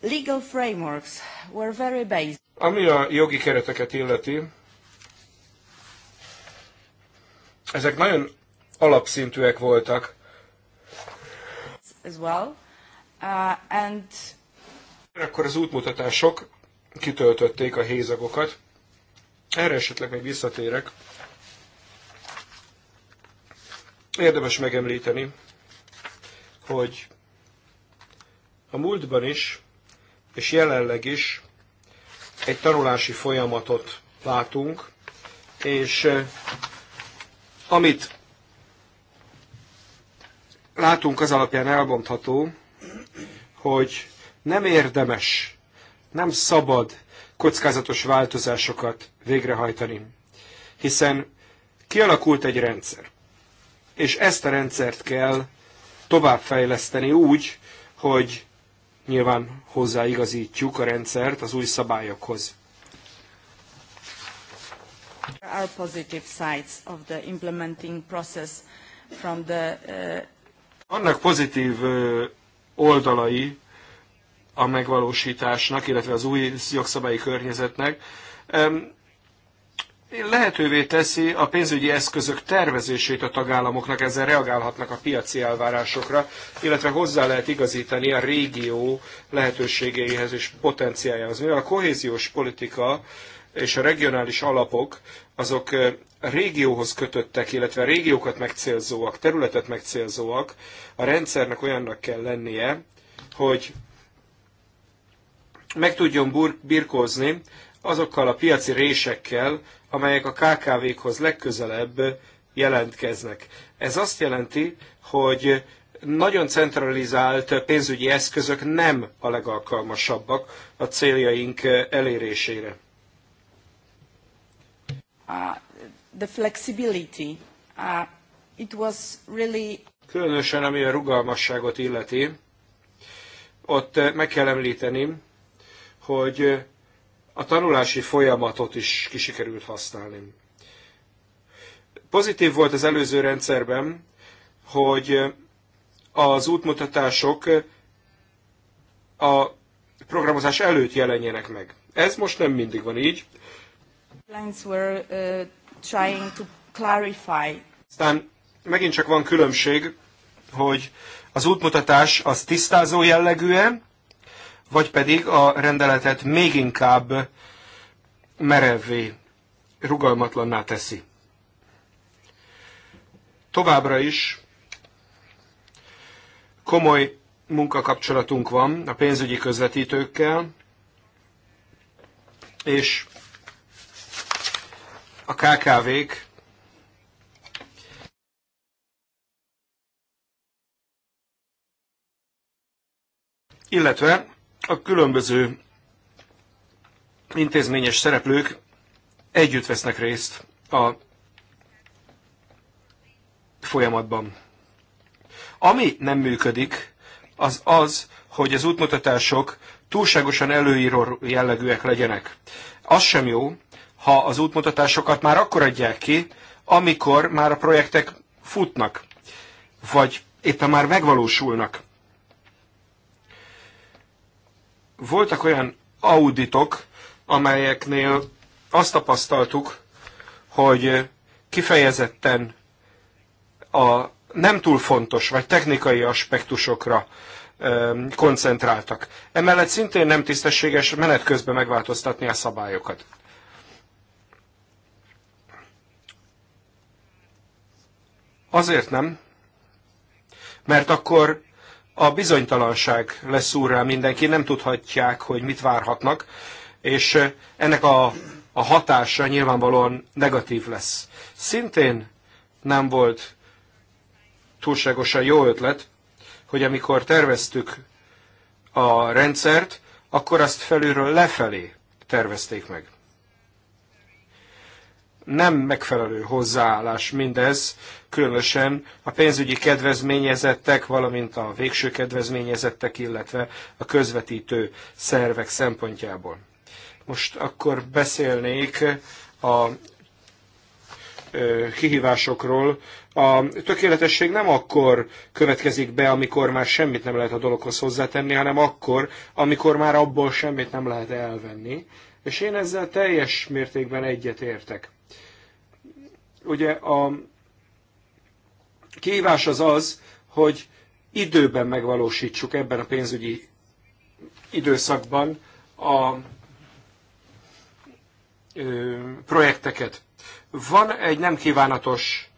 legal frameworks were very basic. Ami a jogi kereteket illeti, ezek nagyon alapszintűek voltak. As well. Uh, and... Akkor az útmutatások kitöltötték a hézagokat. Erre esetleg még visszatérek. Érdemes megemlíteni, hogy a múltban is és jelenleg is egy tanulási folyamatot látunk, és eh, amit látunk, az alapján elmondható, hogy nem érdemes, nem szabad kockázatos változásokat végrehajtani, hiszen kialakult egy rendszer, és ezt a rendszert kell továbbfejleszteni úgy, hogy nyilván hozzáigazítjuk a rendszert az új szabályokhoz. There are positive sides of the implementing process from the, uh, Annak pozitív uh, oldalai a megvalósításnak, illetve az új jogszabályi környezetnek, um, lehetővé teszi a pénzügyi eszközök tervezését a tagállamoknak, ezzel reagálhatnak a piaci elvárásokra, illetve hozzá lehet igazítani a régió lehetőségeihez és potenciájához. Mivel a kohéziós politika és a regionális alapok azok régióhoz kötöttek, illetve régiókat megcélzóak, területet megcélzóak, a rendszernek olyannak kell lennie, hogy meg tudjon birkózni azokkal a piaci résekkel, amelyek a KKV-khoz legközelebb jelentkeznek. Ez azt jelenti, hogy nagyon centralizált pénzügyi eszközök nem a legalkalmasabbak a céljaink elérésére. Uh, the flexibility. Uh, it was really... Különösen ami a rugalmasságot illeti, ott meg kell említeni, hogy a tanulási folyamatot is kisikerült használni. Pozitív volt az előző rendszerben, hogy az útmutatások a programozás előtt jelenjenek meg. Ez most nem mindig van így. Uh, Aztán megint csak van különbség, hogy az útmutatás az tisztázó jellegűen, vagy pedig a rendeletet még inkább merevvé, rugalmatlanná teszi. Továbbra is komoly munkakapcsolatunk van a pénzügyi közvetítőkkel, és a KKV-k illetve a különböző intézményes szereplők együtt vesznek részt a folyamatban. Ami nem működik, az az, hogy az útmutatások túlságosan előíró jellegűek legyenek. Az sem jó, ha az útmutatásokat már akkor adják ki, amikor már a projektek futnak, vagy éppen már megvalósulnak. voltak olyan auditok, amelyeknél azt tapasztaltuk, hogy kifejezetten a nem túl fontos vagy technikai aspektusokra koncentráltak. Emellett szintén nem tisztességes menet közben megváltoztatni a szabályokat. Azért nem, mert akkor a bizonytalanság lesz rá mindenki, nem tudhatják, hogy mit várhatnak, és ennek a, a hatása nyilvánvalóan negatív lesz. Szintén nem volt túlságosan jó ötlet, hogy amikor terveztük a rendszert, akkor azt felülről lefelé tervezték meg nem megfelelő hozzáállás mindez, különösen a pénzügyi kedvezményezettek, valamint a végső kedvezményezettek, illetve a közvetítő szervek szempontjából. Most akkor beszélnék a kihívásokról. A tökéletesség nem akkor következik be, amikor már semmit nem lehet a dologhoz hozzátenni, hanem akkor, amikor már abból semmit nem lehet elvenni. És én ezzel teljes mértékben egyetértek. Ugye a kihívás az az, hogy időben megvalósítsuk ebben a pénzügyi időszakban a projekteket. Van egy nem kívánatos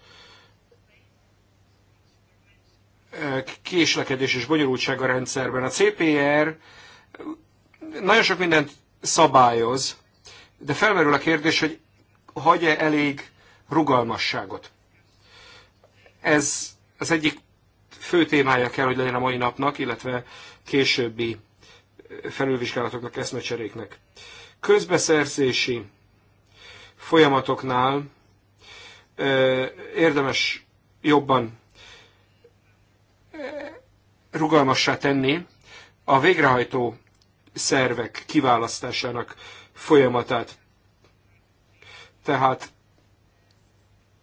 késlekedés és bonyolultság a rendszerben. A CPR nagyon sok mindent szabályoz, de felmerül a kérdés, hogy hagy-e elég rugalmasságot. Ez az egyik fő témája kell, hogy legyen a mai napnak, illetve későbbi felülvizsgálatoknak, eszmecseréknek. Közbeszerzési folyamatoknál érdemes jobban rugalmassá tenni a végrehajtó szervek kiválasztásának folyamatát. Tehát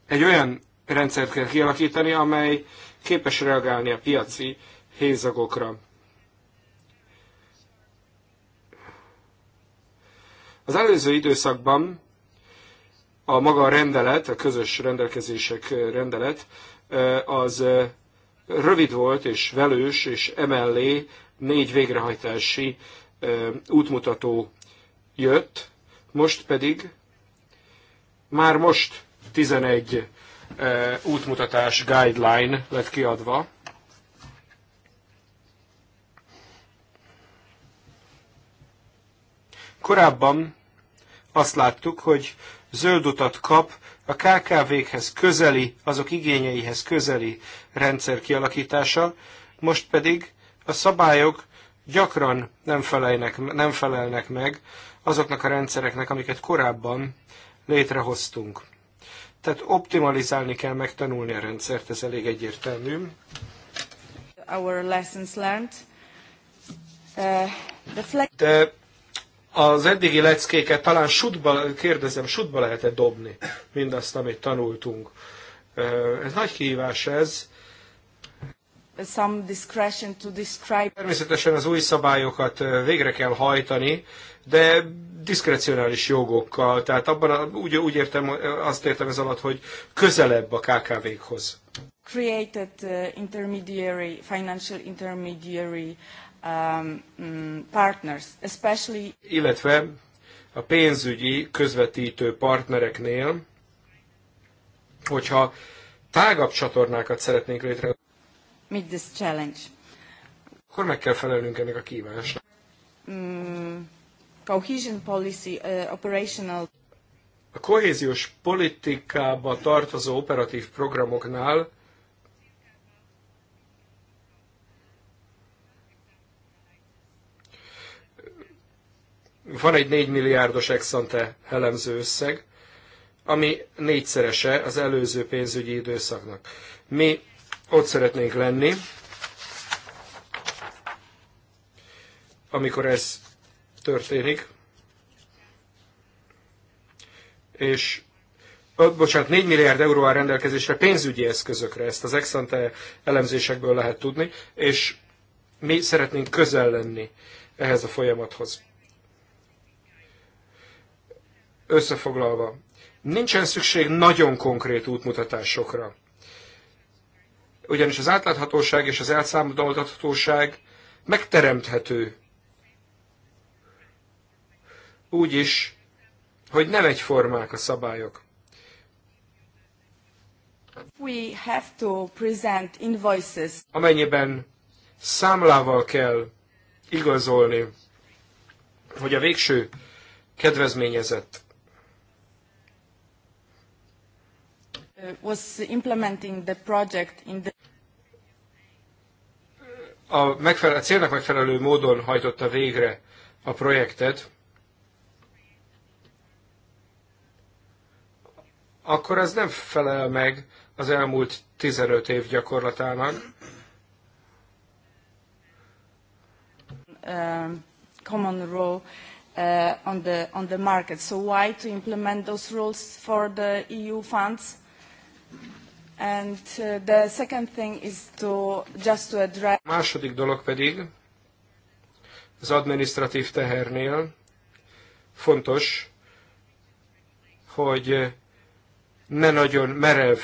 egy olyan rendszert kell kialakítani, amely képes reagálni a piaci hézagokra. Az előző időszakban a maga a rendelet, a közös rendelkezések rendelet, az rövid volt és velős, és emellé négy végrehajtási útmutató jött, most pedig már most 11 eh, útmutatás guideline lett kiadva. Korábban azt láttuk, hogy zöld utat kap a KKV-khez közeli, azok igényeihez közeli rendszer kialakítása, most pedig a szabályok gyakran nem, felelnek, nem felelnek meg azoknak a rendszereknek, amiket korábban létrehoztunk. Tehát optimalizálni kell megtanulni a rendszert, ez elég egyértelmű. Our lessons learned. Uh, De az eddigi leckéket talán sutba, kérdezem, sutba lehet-e dobni mindazt, amit tanultunk. Uh, ez nagy kihívás ez, some discretion to describe. Természetesen az új szabályokat végre kell hajtani, de diszkrecionális jogokkal, tehát abban a, úgy, úgy értem, azt értem ez alatt, hogy közelebb a KKV-khoz. Created intermediary, financial intermediary um, mm, partners, especially... Illetve a pénzügyi közvetítő partnereknél, hogyha tágabb csatornákat szeretnénk létrehozni, meet this challenge. Akkor meg kell felelnünk ennek a kívásnak. Mm, cohesion policy, uh, operational... A kohéziós politikába tartozó operatív programoknál van egy 4 milliárdos exante elemző összeg, ami négyszerese az előző pénzügyi időszaknak. Mi ott szeretnénk lenni, amikor ez történik. És Ö, bocsánat, 4 milliárd euró áll rendelkezésre pénzügyi eszközökre, ezt az exante elemzésekből lehet tudni, és mi szeretnénk közel lenni ehhez a folyamathoz. Összefoglalva, nincsen szükség nagyon konkrét útmutatásokra ugyanis az átláthatóság és az elszámoltathatóság megteremthető. Úgy is, hogy nem egyformák a szabályok. We have to present invoices. Amennyiben számlával kell igazolni, hogy a végső kedvezményezett uh, was implementing the project in the a, megfelel, a célnak megfelelő módon hajtotta végre a projektet, akkor ez nem felel meg az elmúlt 15 év gyakorlatának. Um, common uh, on, the, on the market. So why to implement those rules for the EU funds? And uh, the second thing is to just to address... A második dolog pedig az administratív tehernél fontos, hogy ne nagyon merev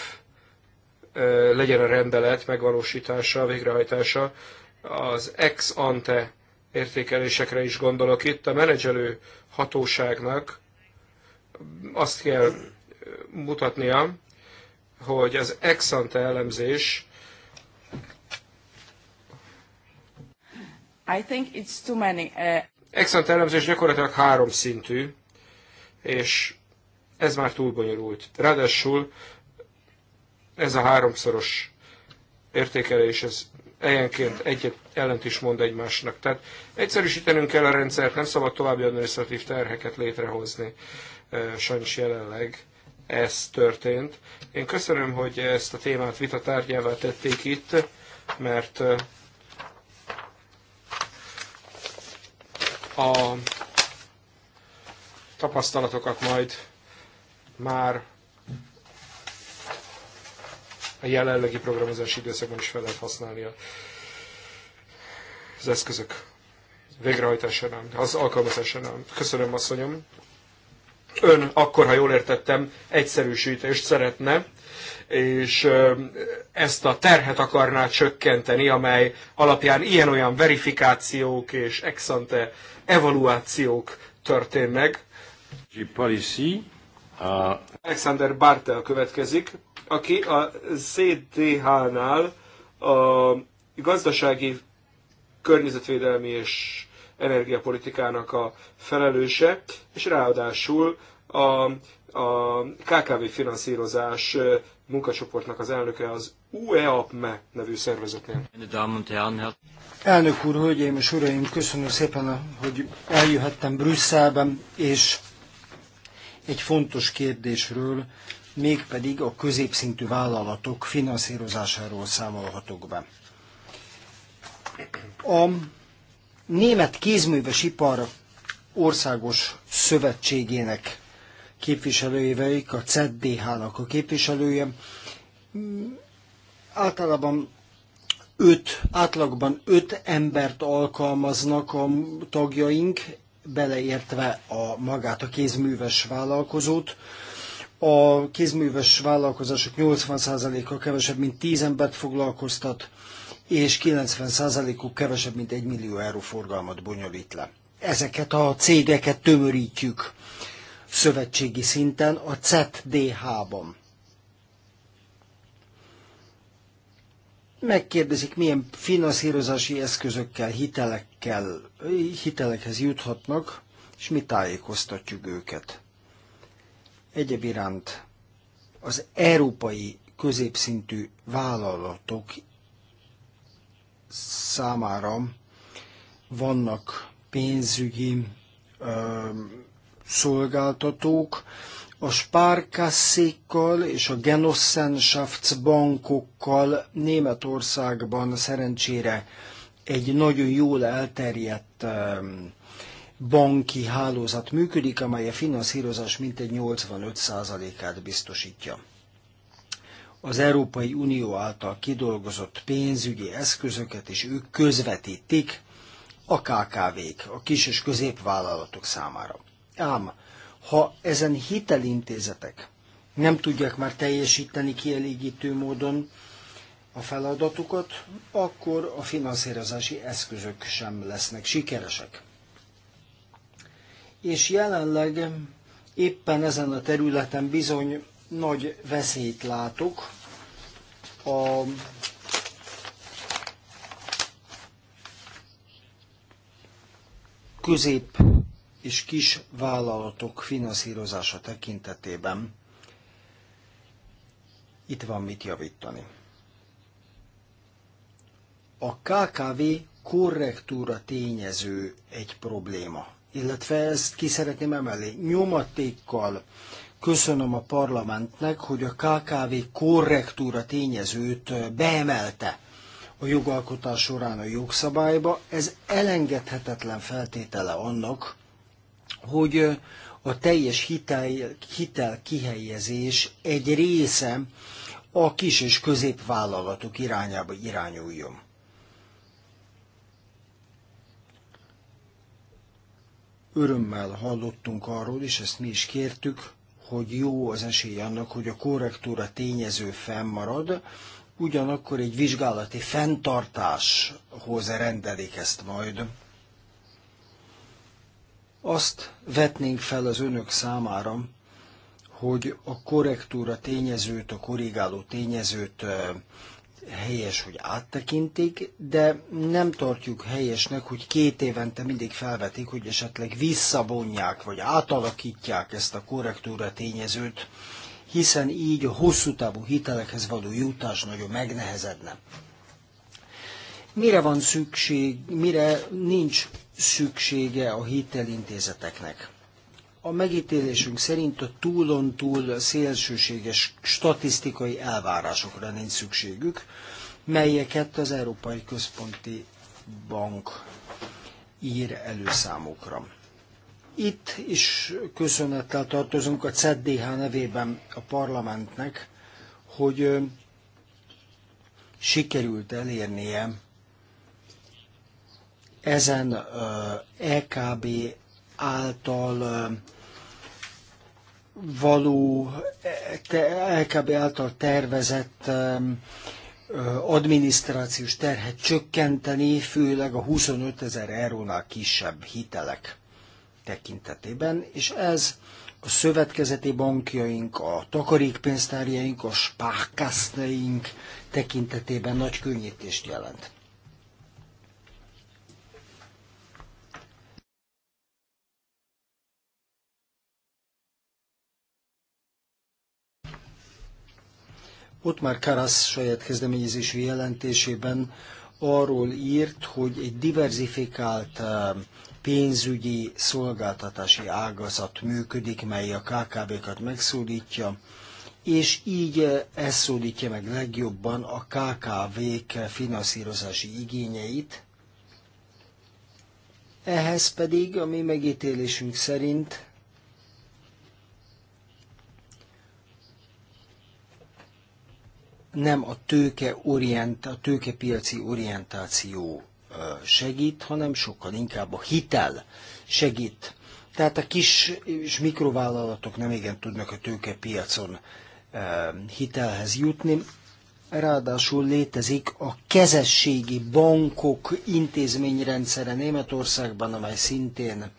legyen a rendelet megvalósítása, végrehajtása. Az ex ante értékelésekre is gondolok itt. A menedzselő hatóságnak azt kell mutatnia, hogy az ex-ante elemzés I think it's too many. Uh... Eh, Excellent elemzés gyakorlatilag három szintű, és ez már túl bonyolult. Ráadásul ez a háromszoros értékelés, ez helyenként egyet ellent is mond egymásnak. Tehát egyszerűsítenünk kell a rendszert, nem szabad további administratív terheket létrehozni, eh, sajnos jelenleg ez történt. Én köszönöm, hogy ezt a témát vita tárgyává tették itt, mert a tapasztalatokat majd már a jelenlegi programozási időszakban is fel lehet használni az eszközök végrehajtásánál, az alkalmazásánál. Köszönöm, asszonyom ön akkor, ha jól értettem, egyszerűsítést szeretne, és ezt a terhet akarná csökkenteni, amely alapján ilyen-olyan verifikációk és exante evaluációk történnek. Euh, Alexander Bartel következik, aki a CDH-nál a gazdasági, környezetvédelmi és energiapolitikának a felelőse, és ráadásul a, a KKV finanszírozás munkacsoportnak az elnöke az UEAPME nevű szervezetnél. Elnök úr, hölgyeim és uraim, köszönöm szépen, hogy eljöhettem Brüsszelben, és egy fontos kérdésről, mégpedig a középszintű vállalatok finanszírozásáról számolhatok be. A német kézműves ipar országos szövetségének képviselőjével, a CDH-nak a képviselője. Mm, általában öt, átlagban öt embert alkalmaznak a tagjaink, beleértve a magát a kézműves vállalkozót. A kézműves vállalkozások 80%-a kevesebb, mint 10 embert foglalkoztat, és 90%-uk kevesebb, mint 1 millió euró forgalmat bonyolít le. Ezeket a cégeket tömörítjük szövetségi szinten a CETDH-ban. Megkérdezik, milyen finanszírozási eszközökkel, hitelekkel, hitelekhez juthatnak, és mi tájékoztatjuk őket. Egyéb iránt az európai középszintű vállalatok számára vannak pénzügyi ö, szolgáltatók, a spárkasszékkal és a Genossenschaftsbankokkal Németországban szerencsére egy nagyon jól elterjedt banki hálózat működik, amely a finanszírozás mintegy 85%-át biztosítja az Európai Unió által kidolgozott pénzügyi eszközöket, és ők közvetítik a KKV-k, a kis és középvállalatok számára. Ám, ha ezen hitelintézetek nem tudják már teljesíteni kielégítő módon a feladatukat, akkor a finanszírozási eszközök sem lesznek sikeresek. És jelenleg éppen ezen a területen bizony nagy veszélyt látok, a közép és kis vállalatok finanszírozása tekintetében itt van mit javítani. A KKV korrektúra tényező egy probléma, illetve ezt ki szeretném emelni. Nyomatékkal, Köszönöm a parlamentnek, hogy a KKV korrektúra tényezőt beemelte a jogalkotás során a jogszabályba. Ez elengedhetetlen feltétele annak, hogy a teljes hitel, hitel kihelyezés egy része a kis és középvállalatok irányába irányuljon. Örömmel hallottunk arról, és ezt mi is kértük, hogy jó az esély annak, hogy a korrektúra tényező fennmarad, ugyanakkor egy vizsgálati fenntartáshoz rendelik ezt majd. Azt vetnénk fel az önök számára, hogy a korrektúra tényezőt, a korrigáló tényezőt helyes, hogy áttekintik, de nem tartjuk helyesnek, hogy két évente mindig felvetik, hogy esetleg visszabonják vagy átalakítják ezt a korrektúra tényezőt, hiszen így a hosszú távú hitelekhez való jutás nagyon megnehezedne. Mire van szükség, mire nincs szüksége a hitelintézeteknek? a megítélésünk szerint a túlon-túl szélsőséges statisztikai elvárásokra nincs szükségük, melyeket az Európai Központi Bank ír elő számukra. Itt is köszönettel tartozunk a CDH nevében a parlamentnek, hogy sikerült elérnie ezen EKB által való e, e, LKB által tervezett adminisztrációs terhet csökkenteni, főleg a 25 ezer eurónál kisebb hitelek tekintetében, és ez a szövetkezeti bankjaink, a takarékpénztárjaink, a spákásznaink tekintetében nagy könnyítést jelent. Ott már Karasz saját kezdeményezésű jelentésében arról írt, hogy egy diversifikált eh, pénzügyi szolgáltatási ágazat működik, mely a KKV-kat megszólítja, és így eh, ez szólítja meg legjobban a KKV-k finanszírozási igényeit. Ehhez pedig, a mi megítélésünk szerint, nem a tőke orient, a tőkepiaci orientáció segít, hanem sokkal inkább a hitel segít. Tehát a kis és mikrovállalatok nem igen tudnak a tőkepiacon hitelhez jutni. Ráadásul létezik a kezességi bankok intézményrendszere Németországban, amely szintén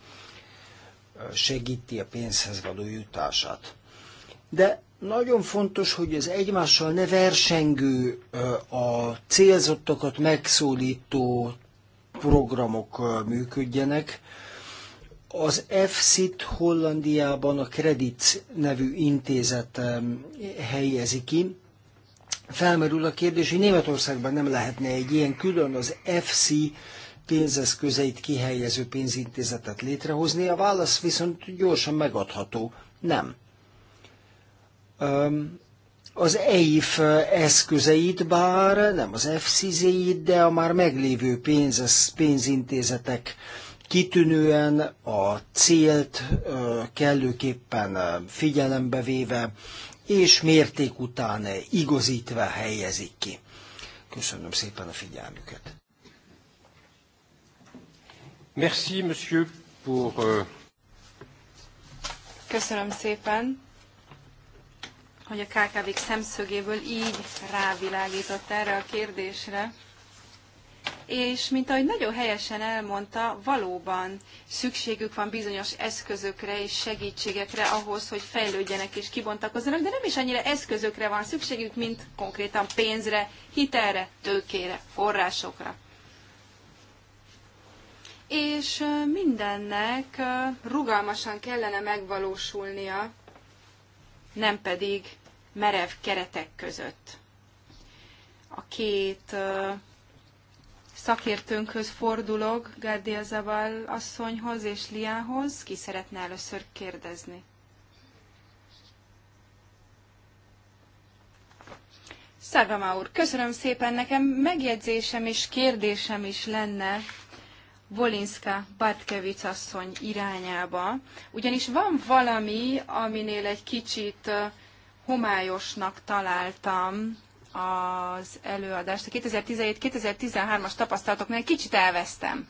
segíti a pénzhez való jutását. De nagyon fontos, hogy az egymással ne versengő, a célzottakat megszólító programok működjenek. Az FCIT Hollandiában a Credit nevű intézet helyezi ki. Felmerül a kérdés, hogy Németországban nem lehetne egy ilyen külön az FC pénzeszközeit kihelyező pénzintézetet létrehozni, a válasz viszont gyorsan megadható. Nem az EIF eszközeit, bár nem az FCZ-it, de a már meglévő pénz, pénzintézetek kitűnően a célt kellőképpen figyelembe véve és mérték után igazítva helyezik ki. Köszönöm szépen a figyelmüket. Merci, monsieur, pour... Euh, Köszönöm szépen hogy a KKV-k szemszögéből így rávilágított erre a kérdésre. És mint ahogy nagyon helyesen elmondta, valóban szükségük van bizonyos eszközökre és segítségekre ahhoz, hogy fejlődjenek és kibontakozzanak, de nem is annyira eszközökre van szükségük, mint konkrétan pénzre, hitelre, tőkére, forrásokra. És mindennek rugalmasan kellene megvalósulnia, nem pedig merev keretek között. A két szakértőnkhöz fordulok, Gárdia Zaval asszonyhoz és Liához. Ki szeretne először kérdezni? Szagama úr, köszönöm szépen, nekem megjegyzésem és kérdésem is lenne Volinska Bartkevics asszony irányába, ugyanis van valami, aminél egy kicsit homályosnak találtam az előadást. A 2017-2013-as tapasztalatoknál kicsit elvesztem.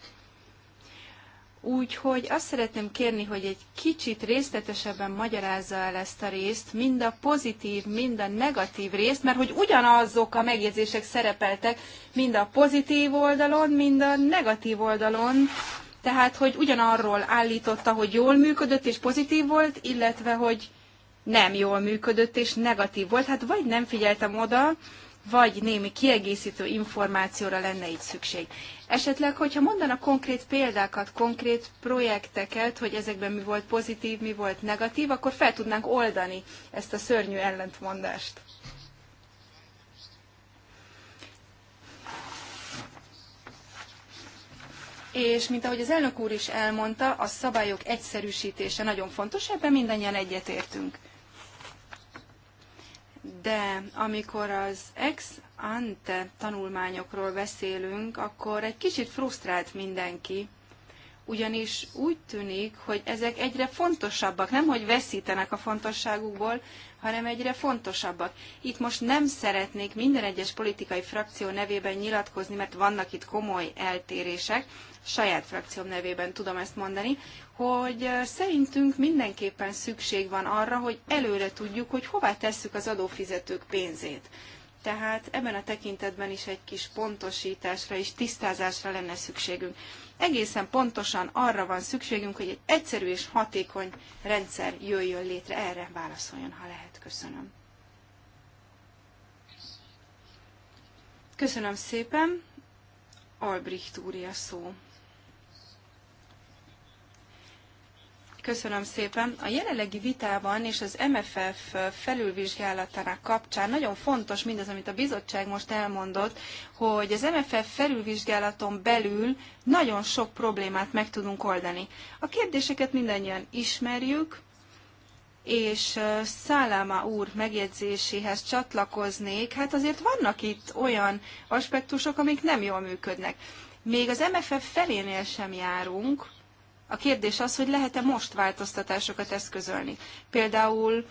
Úgyhogy azt szeretném kérni, hogy egy kicsit részletesebben magyarázza el ezt a részt, mind a pozitív, mind a negatív részt, mert hogy ugyanazok a megjegyzések szerepeltek mind a pozitív oldalon, mind a negatív oldalon, tehát hogy ugyanarról állította, hogy jól működött és pozitív volt, illetve hogy nem jól működött és negatív volt. Hát vagy nem figyeltem oda, vagy némi kiegészítő információra lenne itt szükség. Esetleg, hogyha mondana konkrét példákat, konkrét projekteket, hogy ezekben mi volt pozitív, mi volt negatív, akkor fel tudnánk oldani ezt a szörnyű ellentmondást. és mint ahogy az elnök úr is elmondta, a szabályok egyszerűsítése nagyon fontos, ebben mindannyian egyetértünk de amikor az ex ante tanulmányokról beszélünk, akkor egy kicsit frusztrált mindenki, ugyanis úgy tűnik, hogy ezek egyre fontosabbak, nem hogy veszítenek a fontosságukból, hanem egyre fontosabbak. Itt most nem szeretnék minden egyes politikai frakció nevében nyilatkozni, mert vannak itt komoly eltérések, saját frakcióm nevében tudom ezt mondani, hogy szerintünk mindenképpen szükség van arra, hogy előre tudjuk, hogy hová tesszük az adófizetők pénzét tehát ebben a tekintetben is egy kis pontosításra és tisztázásra lenne szükségünk. Egészen pontosan arra van szükségünk, hogy egy egyszerű és hatékony rendszer jöjjön létre. Erre válaszoljon, ha lehet. Köszönöm. Köszönöm szépen. Albrecht úr a szó. Köszönöm szépen. A jelenlegi vitában és az MFF felülvizsgálatának kapcsán nagyon fontos mindaz, amit a bizottság most elmondott, hogy az MFF felülvizsgálaton belül nagyon sok problémát meg tudunk oldani. A kérdéseket mindannyian ismerjük, és Szálláma úr megjegyzéséhez csatlakoznék, hát azért vannak itt olyan aspektusok, amik nem jól működnek. Még az MFF felénél sem járunk, a kérdés az, hogy lehet-e most változtatásokat eszközölni. Például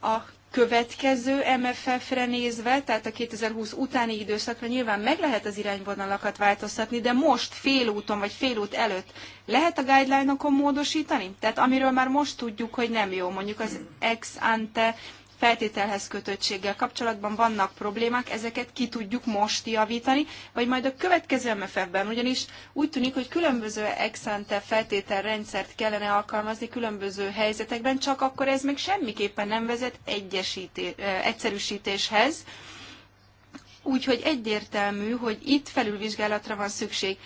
a következő MFF-re nézve, tehát a 2020 utáni időszakra nyilván meg lehet az irányvonalakat változtatni, de most félúton vagy út előtt lehet a guideline-okon módosítani? Tehát amiről már most tudjuk, hogy nem jó, mondjuk az ex ante feltételhez kötöttséggel kapcsolatban vannak problémák, ezeket ki tudjuk most javítani, vagy majd a következő MFF-ben, ugyanis úgy tűnik, hogy különböző exante feltételrendszert kellene alkalmazni különböző helyzetekben, csak akkor ez még semmiképpen nem vezet egyszerűsítéshez, Úgyhogy egyértelmű, hogy itt felülvizsgálatra van szükség.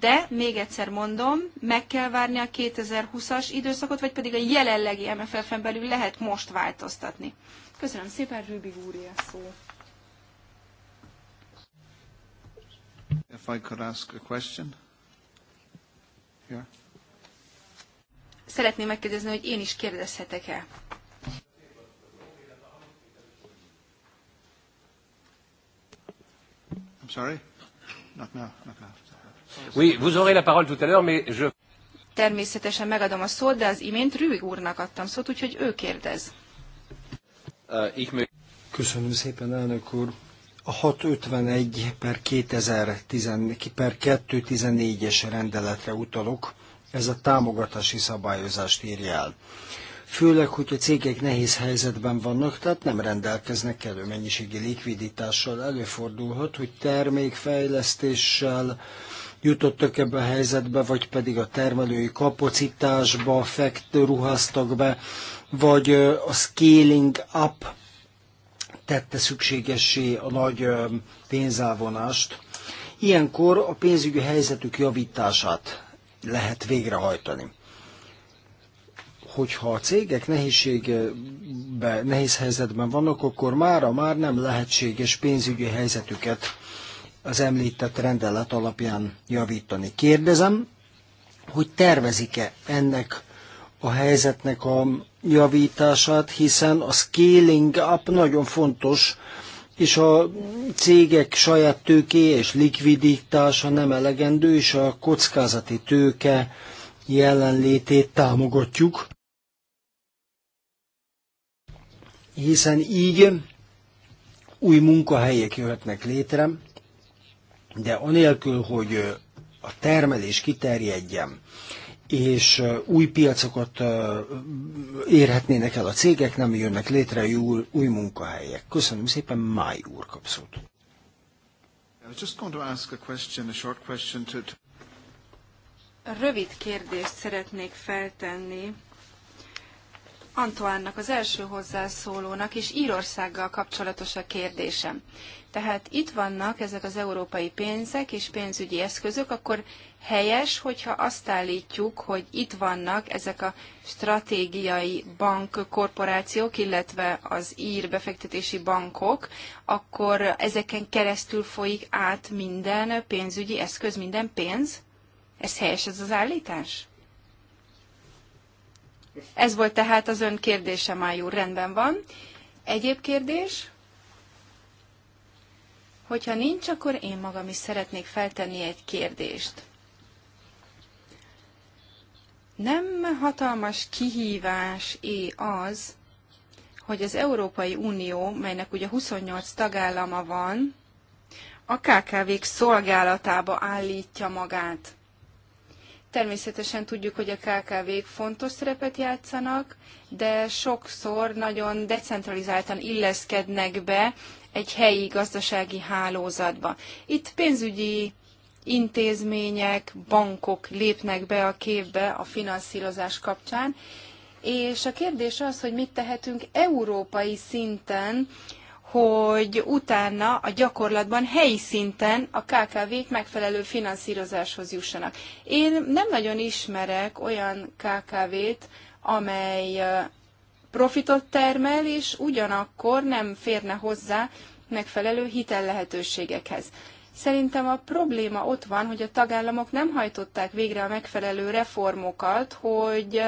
De még egyszer mondom, meg kell várni a 2020-as időszakot, vagy pedig a jelenlegi MFF-en belül lehet most változtatni. Köszönöm szépen, Rübig úr, a szó. If I could ask a question. Yeah. Szeretném megkérdezni, hogy én is kérdezhetek-e? I'm sorry? Not now, not now. Oui, vous aurez la parole tout à l'heure, mais je... Természetesen megadom a szót, de az imént Rübig úrnak adtam szót, úgyhogy ő kérdez. Uh, Köszönöm szépen, elnök úr. A 651 per 2010 per 214-es rendeletre utalok. Ez a támogatási szabályozást írja el. Főleg, hogy a cégek nehéz helyzetben vannak, tehát nem rendelkeznek elő mennyiségi likviditással. Előfordulhat, hogy termékfejlesztéssel, jutottak ebbe a helyzetbe, vagy pedig a termelői kapacitásba fekt, ruháztak be, vagy a scaling up tette szükségessé a nagy pénzávonást. Ilyenkor a pénzügyi helyzetük javítását lehet végrehajtani. Hogyha a cégek nehézségbe, nehéz helyzetben vannak, akkor mára már nem lehetséges pénzügyi helyzetüket az említett rendelet alapján javítani. Kérdezem, hogy tervezik-e ennek a helyzetnek a javítását, hiszen a scaling up nagyon fontos, és a cégek saját tőké és likviditása nem elegendő, és a kockázati tőke jelenlétét támogatjuk. Hiszen így új munkahelyek jöhetnek létre, de anélkül, hogy a termelés kiterjedjen, és új piacokat érhetnének el a cégek, nem jönnek létre új, új munkahelyek. Köszönöm szépen, Máj úr kapszót. Rövid kérdést szeretnék feltenni Antoánnak, az első hozzászólónak, és Írországgal kapcsolatos a kérdésem. Tehát itt vannak ezek az európai pénzek és pénzügyi eszközök, akkor helyes, hogyha azt állítjuk, hogy itt vannak ezek a stratégiai bankkorporációk illetve az ír befektetési bankok, akkor ezeken keresztül folyik át minden pénzügyi eszköz, minden pénz? Ez helyes ez az állítás? Ez volt tehát az ön kérdése, Májú. Rendben van. Egyéb kérdés? Hogyha nincs, akkor én magam is szeretnék feltenni egy kérdést. Nem hatalmas kihívás-é az, hogy az Európai Unió, melynek ugye 28 tagállama van, a kkv szolgálatába állítja magát. Természetesen tudjuk, hogy a kkv fontos szerepet játszanak, de sokszor nagyon decentralizáltan illeszkednek be egy helyi gazdasági hálózatba. Itt pénzügyi intézmények, bankok lépnek be a képbe a finanszírozás kapcsán, és a kérdés az, hogy mit tehetünk európai szinten, hogy utána a gyakorlatban helyi szinten a KKV-k megfelelő finanszírozáshoz jussanak. Én nem nagyon ismerek olyan KKV-t, amely profitot termel, és ugyanakkor nem férne hozzá megfelelő hitellehetőségekhez. Szerintem a probléma ott van, hogy a tagállamok nem hajtották végre a megfelelő reformokat, hogy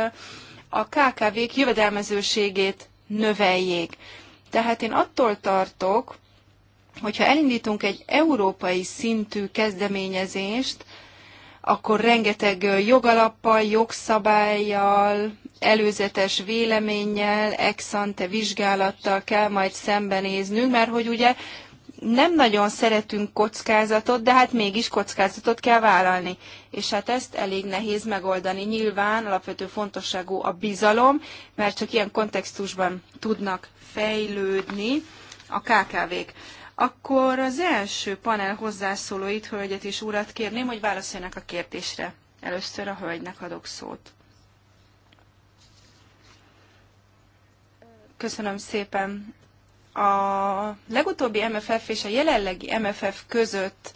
a KKV-k jövedelmezőségét növeljék. Tehát én attól tartok, hogyha elindítunk egy európai szintű kezdeményezést, akkor rengeteg jogalappal, jogszabályjal, előzetes véleménnyel, exante vizsgálattal kell majd szembenéznünk, mert hogy ugye nem nagyon szeretünk kockázatot, de hát mégis kockázatot kell vállalni. És hát ezt elég nehéz megoldani. Nyilván alapvető fontosságú a bizalom, mert csak ilyen kontextusban tudnak fejlődni a KKV-k. Akkor az első panel hozzászólóit, hölgyet és urat kérném, hogy válaszoljanak a kérdésre. Először a hölgynek adok szót. Köszönöm szépen. A legutóbbi MFF és a jelenlegi MFF között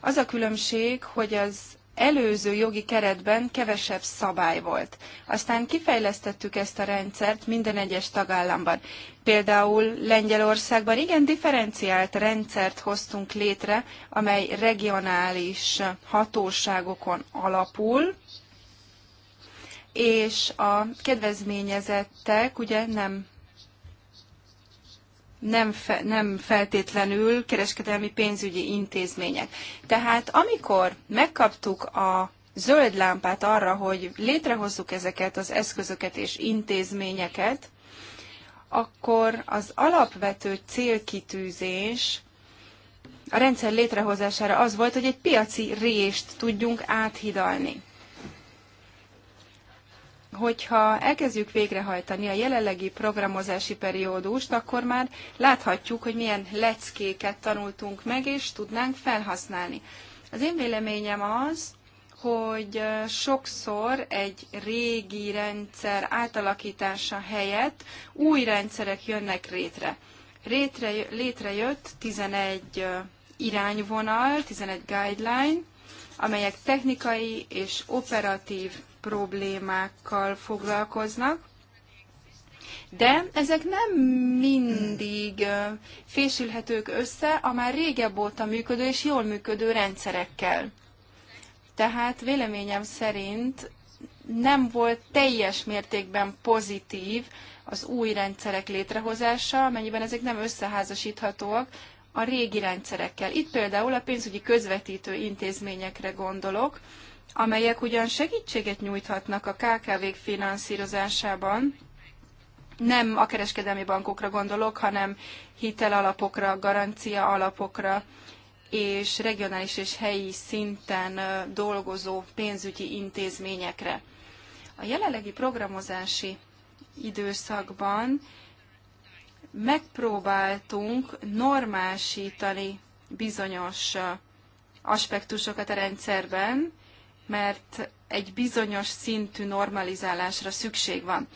az a különbség, hogy az előző jogi keretben kevesebb szabály volt. Aztán kifejlesztettük ezt a rendszert minden egyes tagállamban. Például Lengyelországban igen differenciált rendszert hoztunk létre, amely regionális hatóságokon alapul, és a kedvezményezettek ugye nem nem, fe, nem feltétlenül kereskedelmi pénzügyi intézmények. Tehát amikor megkaptuk a zöld lámpát arra, hogy létrehozzuk ezeket az eszközöket és intézményeket, akkor az alapvető célkitűzés a rendszer létrehozására az volt, hogy egy piaci rést tudjunk áthidalni hogyha elkezdjük végrehajtani a jelenlegi programozási periódust, akkor már láthatjuk, hogy milyen leckéket tanultunk meg, és tudnánk felhasználni. Az én véleményem az, hogy sokszor egy régi rendszer átalakítása helyett új rendszerek jönnek létre. Rétre, létrejött 11 irányvonal, 11 guideline, amelyek technikai és operatív problémákkal foglalkoznak, de ezek nem mindig fésülhetők össze a már régebb óta működő és jól működő rendszerekkel. Tehát véleményem szerint nem volt teljes mértékben pozitív az új rendszerek létrehozása, amennyiben ezek nem összeházasíthatóak a régi rendszerekkel. Itt például a pénzügyi közvetítő intézményekre gondolok, amelyek ugyan segítséget nyújthatnak a KKV-k finanszírozásában, nem a kereskedelmi bankokra gondolok, hanem hitelalapokra, garancia alapokra, és regionális és helyi szinten dolgozó pénzügyi intézményekre. A jelenlegi programozási időszakban megpróbáltunk normálsítani bizonyos aspektusokat a rendszerben, mert egy bizonyos szintű normalizálásra szükség van.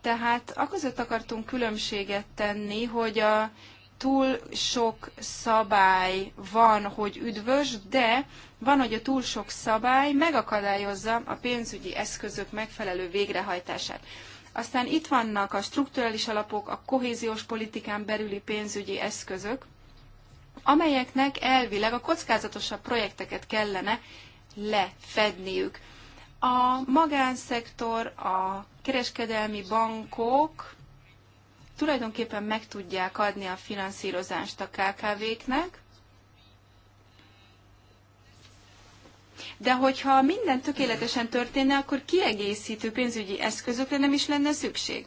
Tehát aközött akartunk különbséget tenni, hogy a túl sok szabály van, hogy üdvös, de van, hogy a túl sok szabály megakadályozza a pénzügyi eszközök megfelelő végrehajtását. Aztán itt vannak a strukturális alapok, a kohéziós politikán belüli pénzügyi eszközök, amelyeknek elvileg a kockázatosabb projekteket kellene lefedniük. A magánszektor, a kereskedelmi bankok tulajdonképpen meg tudják adni a finanszírozást a KKV-knek, De hogyha minden tökéletesen történne, akkor kiegészítő pénzügyi eszközökre nem is lenne szükség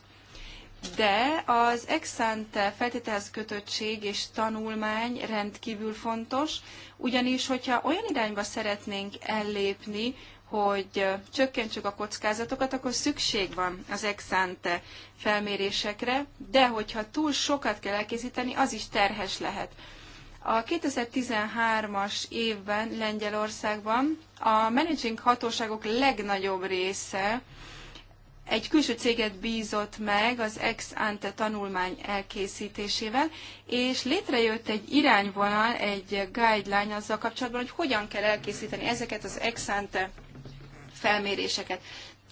de az exante feltételhez kötöttség és tanulmány rendkívül fontos, ugyanis, hogyha olyan irányba szeretnénk ellépni, hogy csökkentsük a kockázatokat, akkor szükség van az exante felmérésekre, de hogyha túl sokat kell elkészíteni, az is terhes lehet. A 2013-as évben Lengyelországban a managing hatóságok legnagyobb része egy külső céget bízott meg az ex ante tanulmány elkészítésével, és létrejött egy irányvonal, egy guideline azzal kapcsolatban, hogy hogyan kell elkészíteni ezeket az ex ante felméréseket.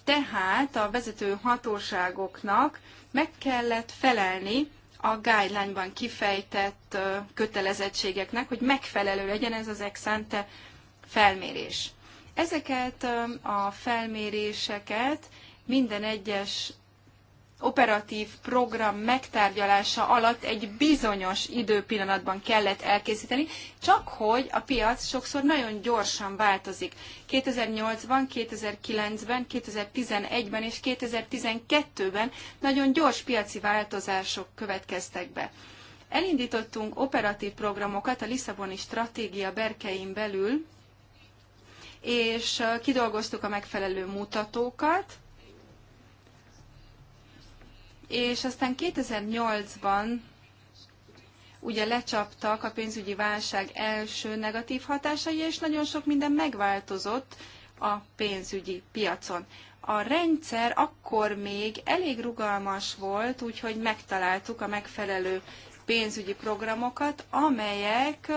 Tehát a vezető hatóságoknak meg kellett felelni a guideline-ban kifejtett kötelezettségeknek, hogy megfelelő legyen ez az ex ante felmérés. Ezeket a felméréseket minden egyes operatív program megtárgyalása alatt egy bizonyos időpillanatban kellett elkészíteni, csak hogy a piac sokszor nagyon gyorsan változik. 2008-ban, 2009-ben, 2011-ben és 2012-ben nagyon gyors piaci változások következtek be. Elindítottunk operatív programokat a Lisszaboni stratégia berkein belül, és kidolgoztuk a megfelelő mutatókat, és aztán 2008-ban ugye lecsaptak a pénzügyi válság első negatív hatásai, és nagyon sok minden megváltozott a pénzügyi piacon. A rendszer akkor még elég rugalmas volt, úgyhogy megtaláltuk a megfelelő pénzügyi programokat, amelyek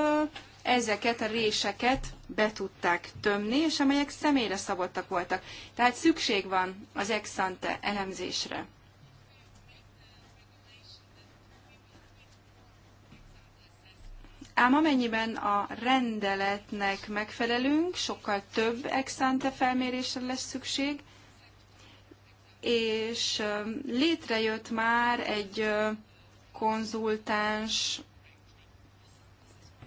ezeket a réseket be tudták tömni, és amelyek személyre szabottak voltak. Tehát szükség van az ex ante elemzésre. Ám amennyiben a rendeletnek megfelelünk, sokkal több exante felmérésre lesz szükség, és létrejött már egy konzultáns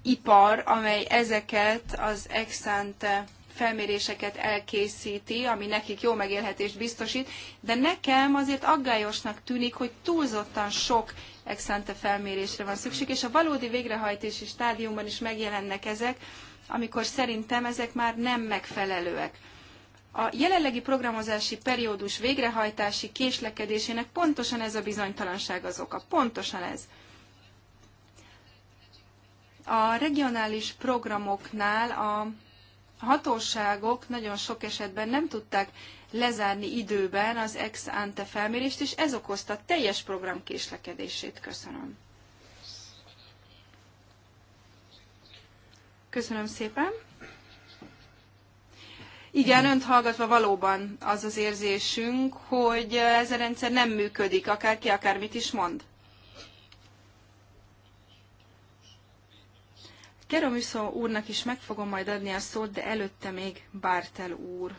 ipar, amely ezeket az exante felméréseket elkészíti, ami nekik jó megélhetést biztosít, de nekem azért aggályosnak tűnik, hogy túlzottan sok ex-ante felmérésre van szükség, és a valódi végrehajtási stádiumban is megjelennek ezek, amikor szerintem ezek már nem megfelelőek. A jelenlegi programozási periódus végrehajtási késlekedésének pontosan ez a bizonytalanság az oka. Pontosan ez. A regionális programoknál a hatóságok nagyon sok esetben nem tudták lezárni időben az ex ante felmérést, és ez okozta a teljes program késlekedését. Köszönöm. Köszönöm szépen. Igen, önt hallgatva valóban az az érzésünk, hogy ez a rendszer nem működik, akárki akármit is mond. Keromüszó úrnak is meg fogom majd adni a szót, de előtte még Bártel úr.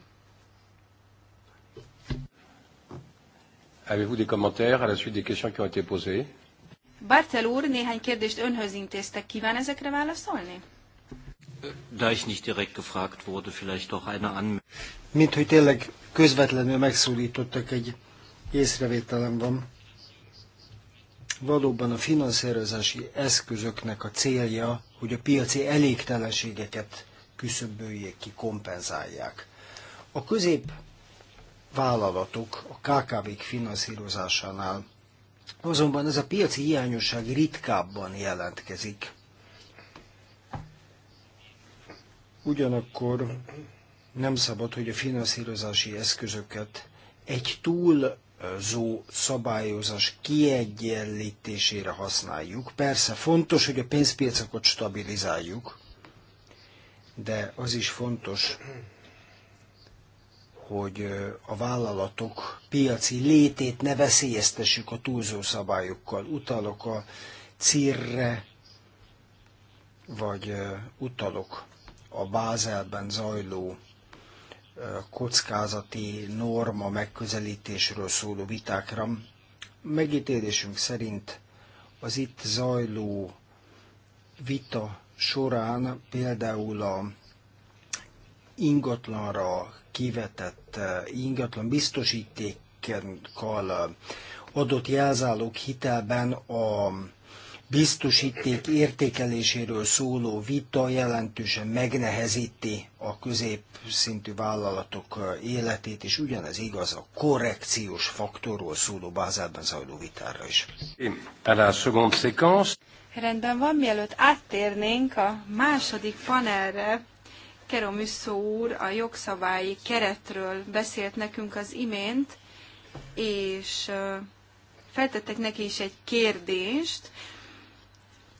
Avez-vous des commentaires à la suite des questions qui ont été posées? Bartel úr, néhány kérdést önhöz intéztek. Kíván ezekre válaszolni? Da ich nicht direkt gefragt wurde, vielleicht doch eine Anmerkung. Mint hogy tényleg közvetlenül megszólítottak, egy észrevételem van. Valóban a finanszírozási eszközöknek a célja, hogy a piaci elégtelenségeket küszöböljék ki, kompenzálják. A közép vállalatok a KKV-k finanszírozásánál. Azonban ez a piaci hiányosság ritkábban jelentkezik. Ugyanakkor nem szabad, hogy a finanszírozási eszközöket egy túlzó szabályozás kiegyenlítésére használjuk. Persze fontos, hogy a pénzpiacokat stabilizáljuk, de az is fontos, hogy a vállalatok piaci létét ne veszélyeztessük a túlzó szabályokkal. Utalok a círre, vagy utalok a Bázelben zajló kockázati norma megközelítésről szóló vitákra. Megítélésünk szerint az itt zajló vita során például a ingatlanra, kivetett eh, ingatlan biztosítékkal eh, adott jelzálók hitelben a biztosíték értékeléséről szóló vita jelentősen megnehezíti a középszintű vállalatok eh, életét, és ugyanez igaz a korrekciós faktorról szóló Bázelben zajló vitára is. Rendben van, mielőtt áttérnénk a második panelre, Keromüsszó úr a jogszabályi keretről beszélt nekünk az imént, és feltettek neki is egy kérdést.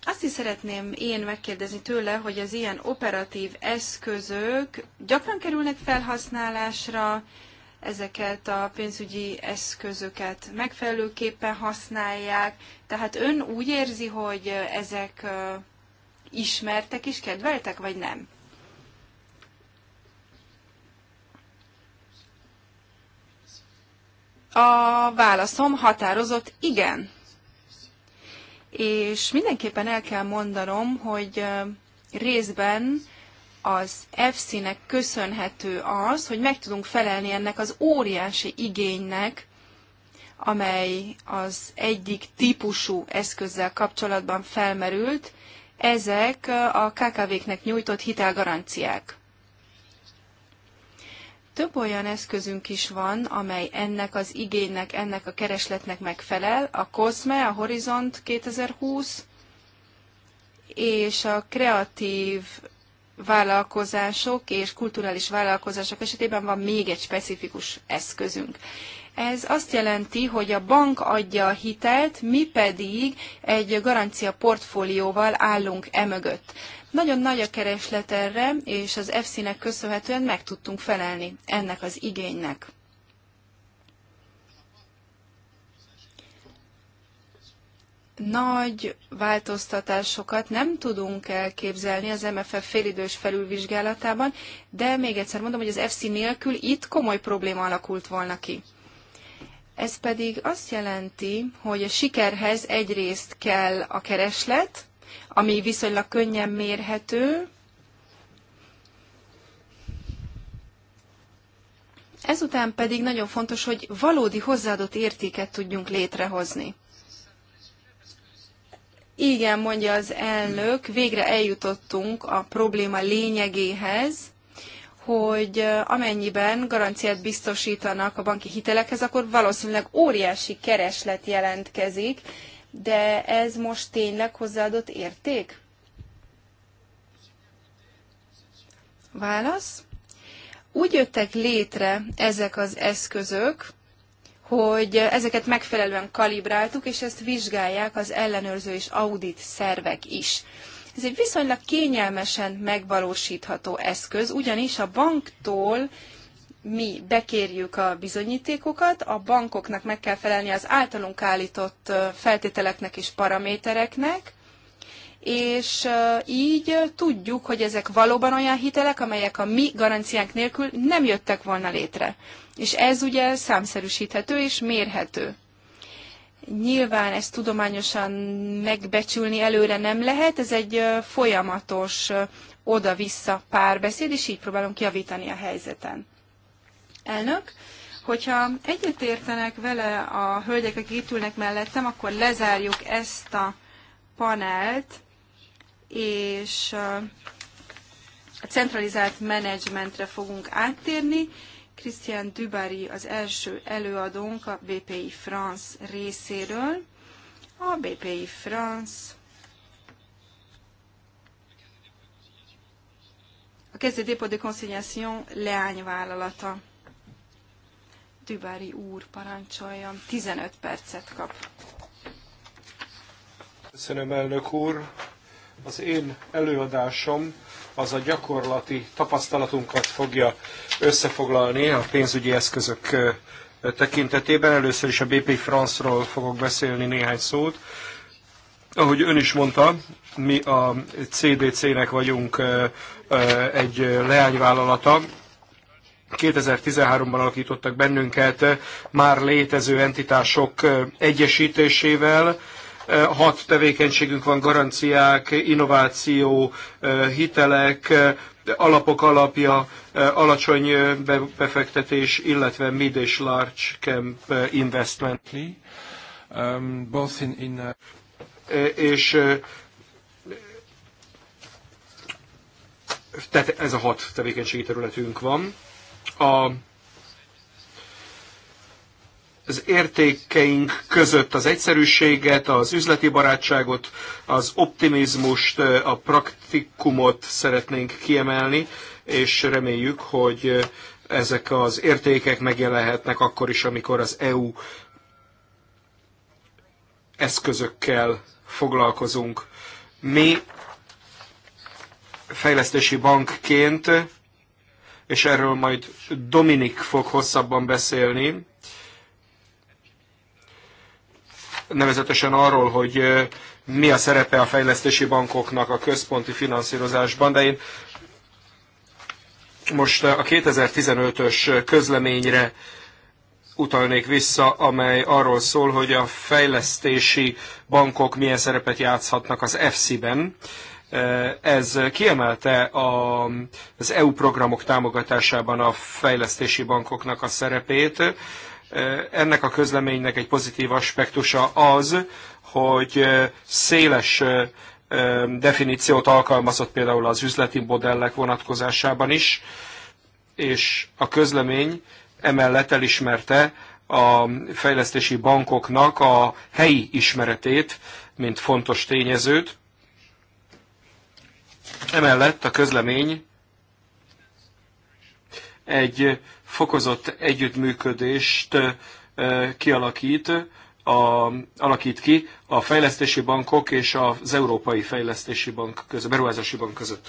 Azt is szeretném én megkérdezni tőle, hogy az ilyen operatív eszközök gyakran kerülnek felhasználásra, ezeket a pénzügyi eszközöket megfelelőképpen használják. Tehát ön úgy érzi, hogy ezek ismertek és kedveltek, vagy nem? A válaszom határozott igen. És mindenképpen el kell mondanom, hogy részben az fc nek köszönhető az, hogy meg tudunk felelni ennek az óriási igénynek, amely az egyik típusú eszközzel kapcsolatban felmerült, ezek a KKV-knek nyújtott hitelgaranciák. Több olyan eszközünk is van, amely ennek az igénynek, ennek a keresletnek megfelel. A COSME, a Horizont 2020 és a kreatív vállalkozások és kulturális vállalkozások esetében van még egy specifikus eszközünk. Ez azt jelenti, hogy a bank adja a hitelt, mi pedig egy garancia portfólióval állunk emögött. Nagyon nagy a kereslet erre, és az EFSZ-nek köszönhetően meg tudtunk felelni ennek az igénynek. nagy változtatásokat nem tudunk elképzelni az MFF félidős felülvizsgálatában, de még egyszer mondom, hogy az FC nélkül itt komoly probléma alakult volna ki. Ez pedig azt jelenti, hogy a sikerhez egyrészt kell a kereslet, ami viszonylag könnyen mérhető, Ezután pedig nagyon fontos, hogy valódi hozzáadott értéket tudjunk létrehozni. Igen, mondja az elnök, végre eljutottunk a probléma lényegéhez, hogy amennyiben garanciát biztosítanak a banki hitelekhez, akkor valószínűleg óriási kereslet jelentkezik, de ez most tényleg hozzáadott érték? Válasz? Úgy jöttek létre ezek az eszközök, hogy ezeket megfelelően kalibráltuk, és ezt vizsgálják az ellenőrző és audit szervek is. Ez egy viszonylag kényelmesen megvalósítható eszköz, ugyanis a banktól mi bekérjük a bizonyítékokat, a bankoknak meg kell felelni az általunk állított feltételeknek és paramétereknek, és így tudjuk, hogy ezek valóban olyan hitelek, amelyek a mi garanciánk nélkül nem jöttek volna létre. És ez ugye számszerűsíthető és mérhető. Nyilván ezt tudományosan megbecsülni előre nem lehet, ez egy folyamatos oda-vissza párbeszéd, és így próbálom kiavítani a helyzeten. Elnök, hogyha egyetértenek vele a hölgyek, akik itt ülnek mellettem, akkor lezárjuk ezt a panelt, és a centralizált menedzsmentre fogunk áttérni. Christian Dubari az első előadónk a BPI France részéről. A BPI France a Kezdő Dépôt de Consignation leányvállalata. Dubari úr, parancsoljam, 15 percet kap. Köszönöm, elnök úr. Az én előadásom az a gyakorlati tapasztalatunkat fogja összefoglalni a pénzügyi eszközök tekintetében. Először is a BP France-ról fogok beszélni néhány szót. Ahogy ön is mondta, mi a CDC-nek vagyunk egy leányvállalata, 2013-ban alakítottak bennünket már létező entitások egyesítésével, Hat tevékenységünk van, garanciák, innováció, hitelek, alapok alapja, alacsony befektetés, illetve mid és large camp investment. Um, both in, in, uh... És tehát ez a hat tevékenységi területünk van. A az értékeink között az egyszerűséget, az üzleti barátságot, az optimizmust, a praktikumot szeretnénk kiemelni, és reméljük, hogy ezek az értékek megjelenhetnek akkor is, amikor az EU eszközökkel foglalkozunk. Mi fejlesztési bankként, és erről majd Dominik fog hosszabban beszélni, nevezetesen arról, hogy mi a szerepe a fejlesztési bankoknak a központi finanszírozásban, de én most a 2015-ös közleményre utalnék vissza, amely arról szól, hogy a fejlesztési bankok milyen szerepet játszhatnak az EFSI-ben. Ez kiemelte a, az EU programok támogatásában a fejlesztési bankoknak a szerepét. Eh, ennek a közleménynek egy pozitív aspektusa az, hogy eh, széles eh, definíciót alkalmazott például az üzleti modellek vonatkozásában is, és a közlemény emellett elismerte a fejlesztési bankoknak a helyi ismeretét, mint fontos tényezőt. Emellett a közlemény egy fokozott együttműködést kialakít, a, alakít ki a fejlesztési bankok és az Európai Fejlesztési Bank között, Beruházási Bank között.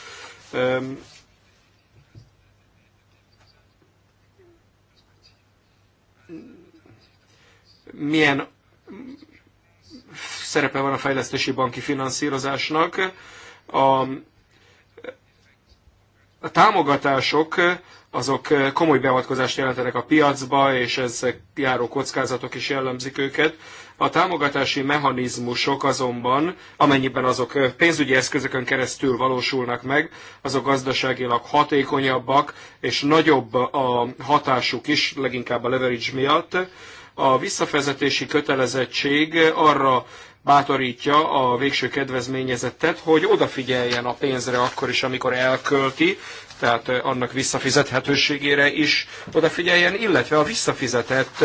Milyen szerepe van a fejlesztési banki finanszírozásnak? A, a támogatások azok eh, komoly beavatkozást jelentenek a piacba, és ez eh, járó kockázatok is jellemzik őket. A támogatási mechanizmusok azonban, amennyiben azok eh, pénzügyi eszközökön keresztül valósulnak meg, azok gazdaságilag hatékonyabbak, és nagyobb a hatásuk is, leginkább a leverage miatt. A visszafizetési kötelezettség arra bátorítja a végső kedvezményezettet, hogy odafigyeljen a pénzre akkor is, amikor elkölti, tehát annak visszafizethetőségére is odafigyeljen, illetve a visszafizetett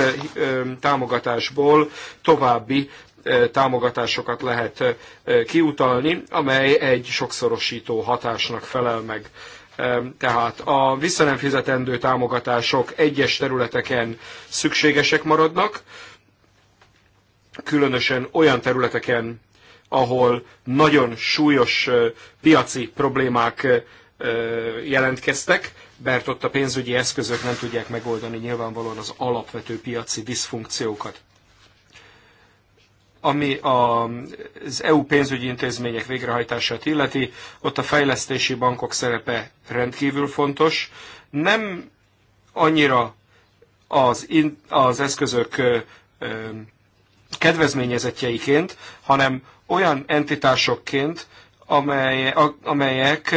támogatásból további támogatásokat lehet kiutalni, amely egy sokszorosító hatásnak felel meg. Tehát a visszanem fizetendő támogatások egyes területeken szükségesek maradnak, különösen olyan területeken, ahol nagyon súlyos piaci problémák jelentkeztek, mert ott a pénzügyi eszközök nem tudják megoldani nyilvánvalóan az alapvető piaci diszfunkciókat. Ami az EU pénzügyi intézmények végrehajtását illeti, ott a fejlesztési bankok szerepe rendkívül fontos. Nem annyira az, in, az eszközök ö, kedvezményezetjeiként, hanem olyan entitásokként, amely, amelyek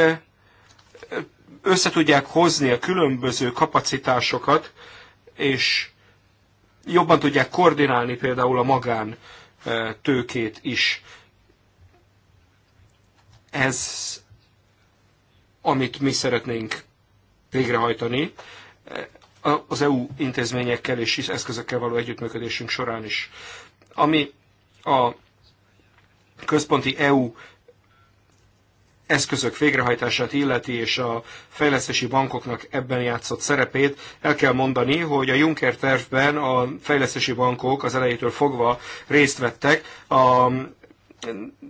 összetudják hozni a különböző kapacitásokat, és jobban tudják koordinálni például a magán e, tőkét is. Ez, amit mi szeretnénk végrehajtani e, az EU intézményekkel és eszközökkel való együttműködésünk során is. Ami a központi EU eszközök végrehajtását illeti és a fejlesztési bankoknak ebben játszott szerepét, el kell mondani, hogy a Juncker tervben a fejlesztési bankok az elejétől fogva részt vettek a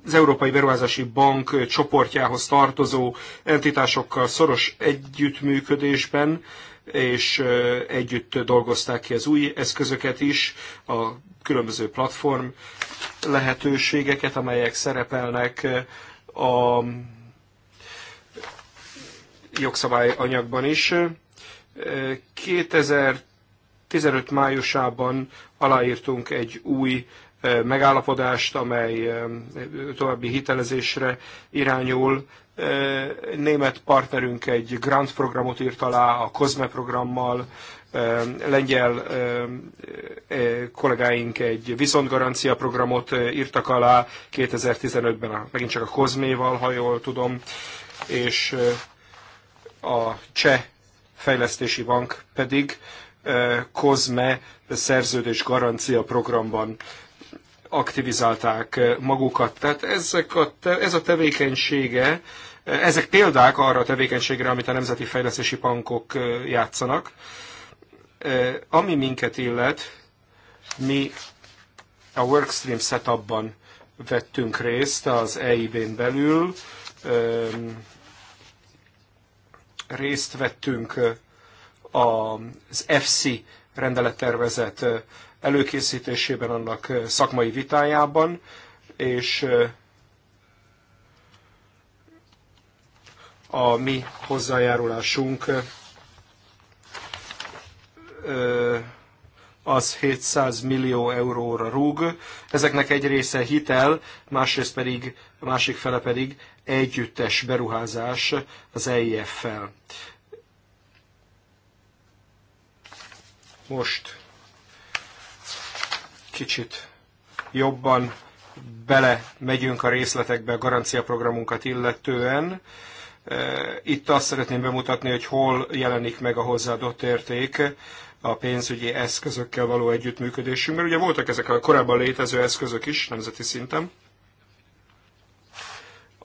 az Európai Beruházási Bank csoportjához tartozó entitásokkal szoros együttműködésben, és együtt dolgozták ki az új eszközöket is, a különböző platform lehetőségeket, amelyek szerepelnek a jogszabályanyagban is. 2015 májusában aláírtunk egy új megállapodást, amely további hitelezésre irányul. Német partnerünk egy grant programot írt alá a COSME programmal, lengyel kollégáink egy viszontgarancia programot írtak alá 2015-ben, megint csak a COSME-val, ha jól tudom, és a Cseh Fejlesztési Bank pedig COSME szerződés garancia programban aktivizálták magukat. Tehát ezek a, ez a tevékenysége, ezek példák arra a tevékenységre, amit a Nemzeti Fejlesztési Bankok játszanak. Ami minket illet, mi a Workstream setupban vettünk részt az EIB-n belül, részt vettünk az FC rendelettervezet előkészítésében, annak szakmai vitájában, és a mi hozzájárulásunk az 700 millió euróra rúg. Ezeknek egy része hitel, másrészt pedig, a másik fele pedig együttes beruházás az EIF-fel. Most kicsit jobban bele megyünk a részletekbe a garanciaprogramunkat illetően. E, itt azt szeretném bemutatni, hogy hol jelenik meg a hozzáadott érték a pénzügyi eszközökkel való együttműködésünk, mert ugye voltak ezek a korábban létező eszközök is nemzeti szinten.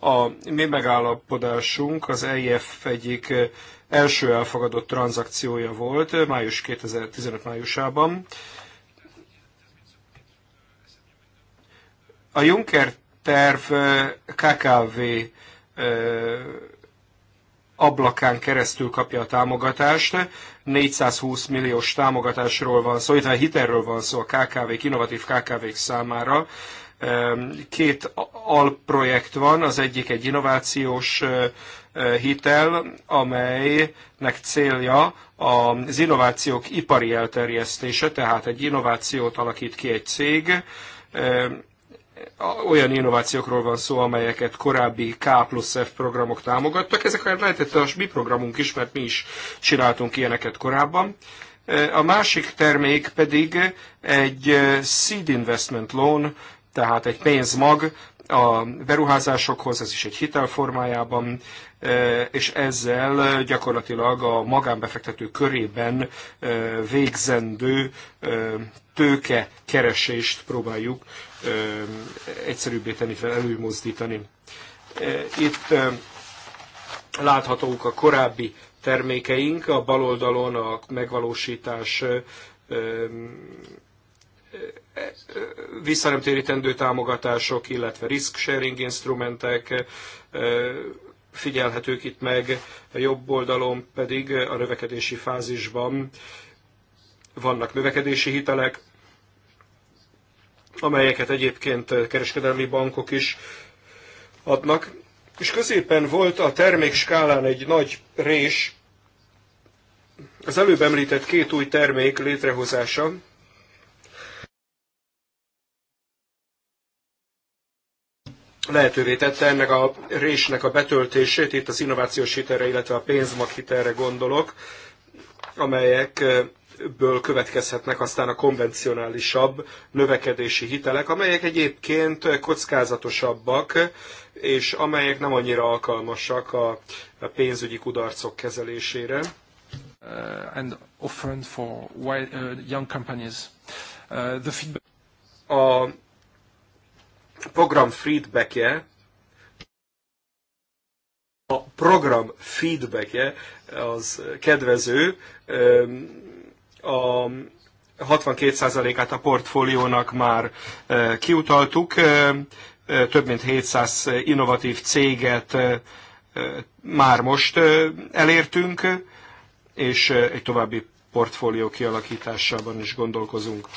A mi megállapodásunk az EIF egyik eh, első elfogadott tranzakciója volt eh, május 2015 májusában. A Juncker terv eh, KKV ablakán keresztül kapja a támogatást. 420 milliós támogatásról van szó, illetve hitelről van szó a KKV-k, innovatív KKV-k számára. Két alprojekt van, az egyik egy innovációs hitel, amelynek célja az innovációk ipari elterjesztése, tehát egy innovációt alakít ki egy cég, olyan innovációkról van szó, amelyeket korábbi K plusz F programok támogattak. Ezek lehetett a mi programunk is, mert mi is csináltunk ilyeneket korábban. A másik termék pedig egy seed investment loan, tehát egy pénzmag a beruházásokhoz, ez is egy hitel formájában, e, és ezzel gyakorlatilag a magánbefektető körében e, végzendő e, tőkekeresést próbáljuk egyszerűbbé tenni, előmozdítani. Itt láthatók a korábbi termékeink, a bal oldalon a megvalósítás visszanemtérítendő támogatások, illetve risk-sharing instrumentek figyelhetők itt meg, a jobb oldalon pedig a növekedési fázisban vannak növekedési hitelek, amelyeket egyébként kereskedelmi bankok is adnak. És középen volt a termékskálán egy nagy rés, az előbb említett két új termék létrehozása, lehetővé tette ennek a résnek a betöltését, itt az innovációs hitelre, illetve a pénzmag hitelre gondolok, amelyekből következhetnek aztán a konvencionálisabb növekedési hitelek, amelyek egyébként kockázatosabbak, és amelyek nem annyira alkalmasak a pénzügyi kudarcok kezelésére. Uh, and often for uh, young companies. Uh, the feedback... A program feedbackje, a program feedbackje az kedvező, a 62%-át a portfóliónak már kiutaltuk, több mint 700 innovatív céget már most elértünk, és egy további portfólió kialakításában is gondolkozunk.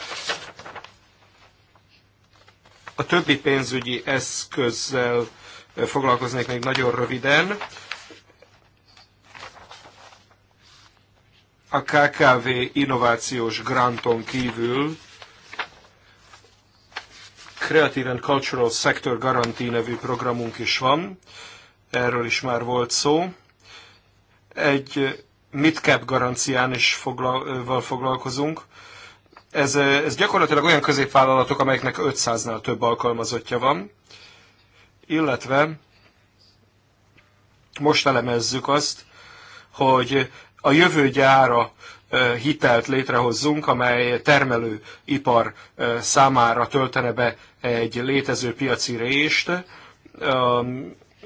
A többi pénzügyi eszközzel eh, foglalkoznék még nagyon röviden. A KKV innovációs granton kívül Creative and Cultural Sector Guarantee nevű programunk is van, erről is már volt szó. Egy eh, midcap garancián is eh, foglalkozunk, ez, ez gyakorlatilag olyan középvállalatok, amelyeknek 500-nál több alkalmazottja van, illetve most elemezzük azt, hogy a jövő gyára hitelt létrehozzunk, amely termelő ipar számára töltene be egy létező piaci részt.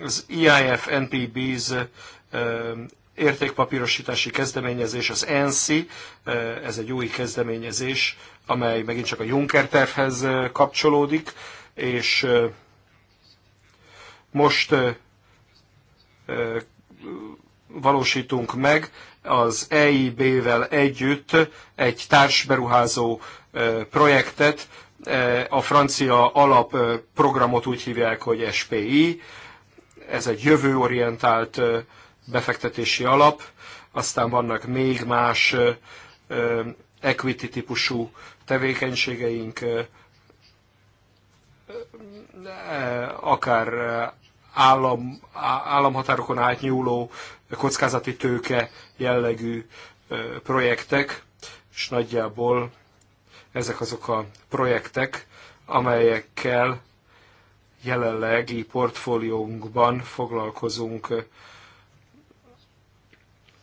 Az e IIF NPBs értékpapírosítási kezdeményezés, az ENSZI, eh, ez egy új kezdeményezés, amely megint csak a Juncker tervhez eh, kapcsolódik, és eh, most valósítunk meg az EIB-vel együtt egy társberuházó projektet, a francia alapprogramot úgy hívják, hogy SPI, ez egy jövőorientált befektetési alap, aztán vannak még más equity típusú tevékenységeink, akár állam, államhatárokon átnyúló kockázati tőke jellegű projektek, és nagyjából ezek azok a projektek, amelyekkel jelenlegi portfóliónkban foglalkozunk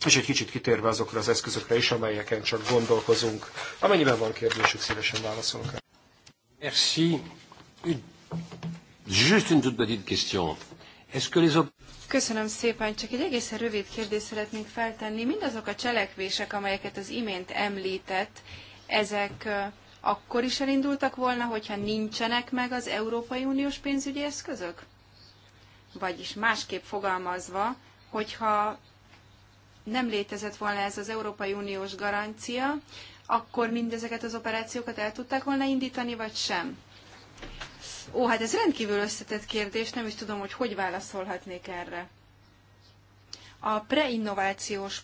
és egy kicsit kitérve azokra az eszközökre is, amelyeken csak gondolkozunk. Amennyiben van kérdésük, szívesen válaszolok el. Merci. Just une toute petite question. Est-ce que les Köszönöm szépen, csak egy egészen rövid kérdést szeretnénk feltenni. Mindazok a cselekvések, amelyeket az imént említett, ezek akkor is elindultak volna, hogyha nincsenek meg az Európai Uniós pénzügyi eszközök? Vagyis másképp fogalmazva, hogyha nem létezett volna ez az Európai Uniós garancia, akkor mindezeket az operációkat el tudták volna indítani, vagy sem? Ó, hát ez rendkívül összetett kérdés, nem is tudom, hogy hogy válaszolhatnék erre. A preinnovációs,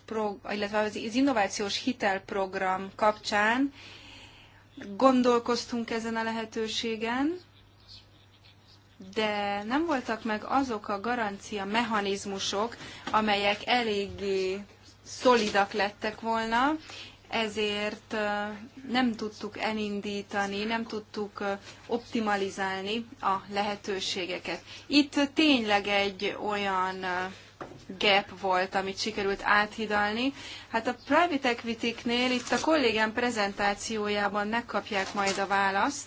illetve az innovációs hitelprogram kapcsán gondolkoztunk ezen a lehetőségen, de nem voltak meg azok a garancia mechanizmusok, amelyek eléggé szolidak lettek volna, ezért nem tudtuk elindítani, nem tudtuk optimalizálni a lehetőségeket. Itt tényleg egy olyan gap volt, amit sikerült áthidalni. Hát a private equity-knél itt a kollégám prezentációjában megkapják majd a választ,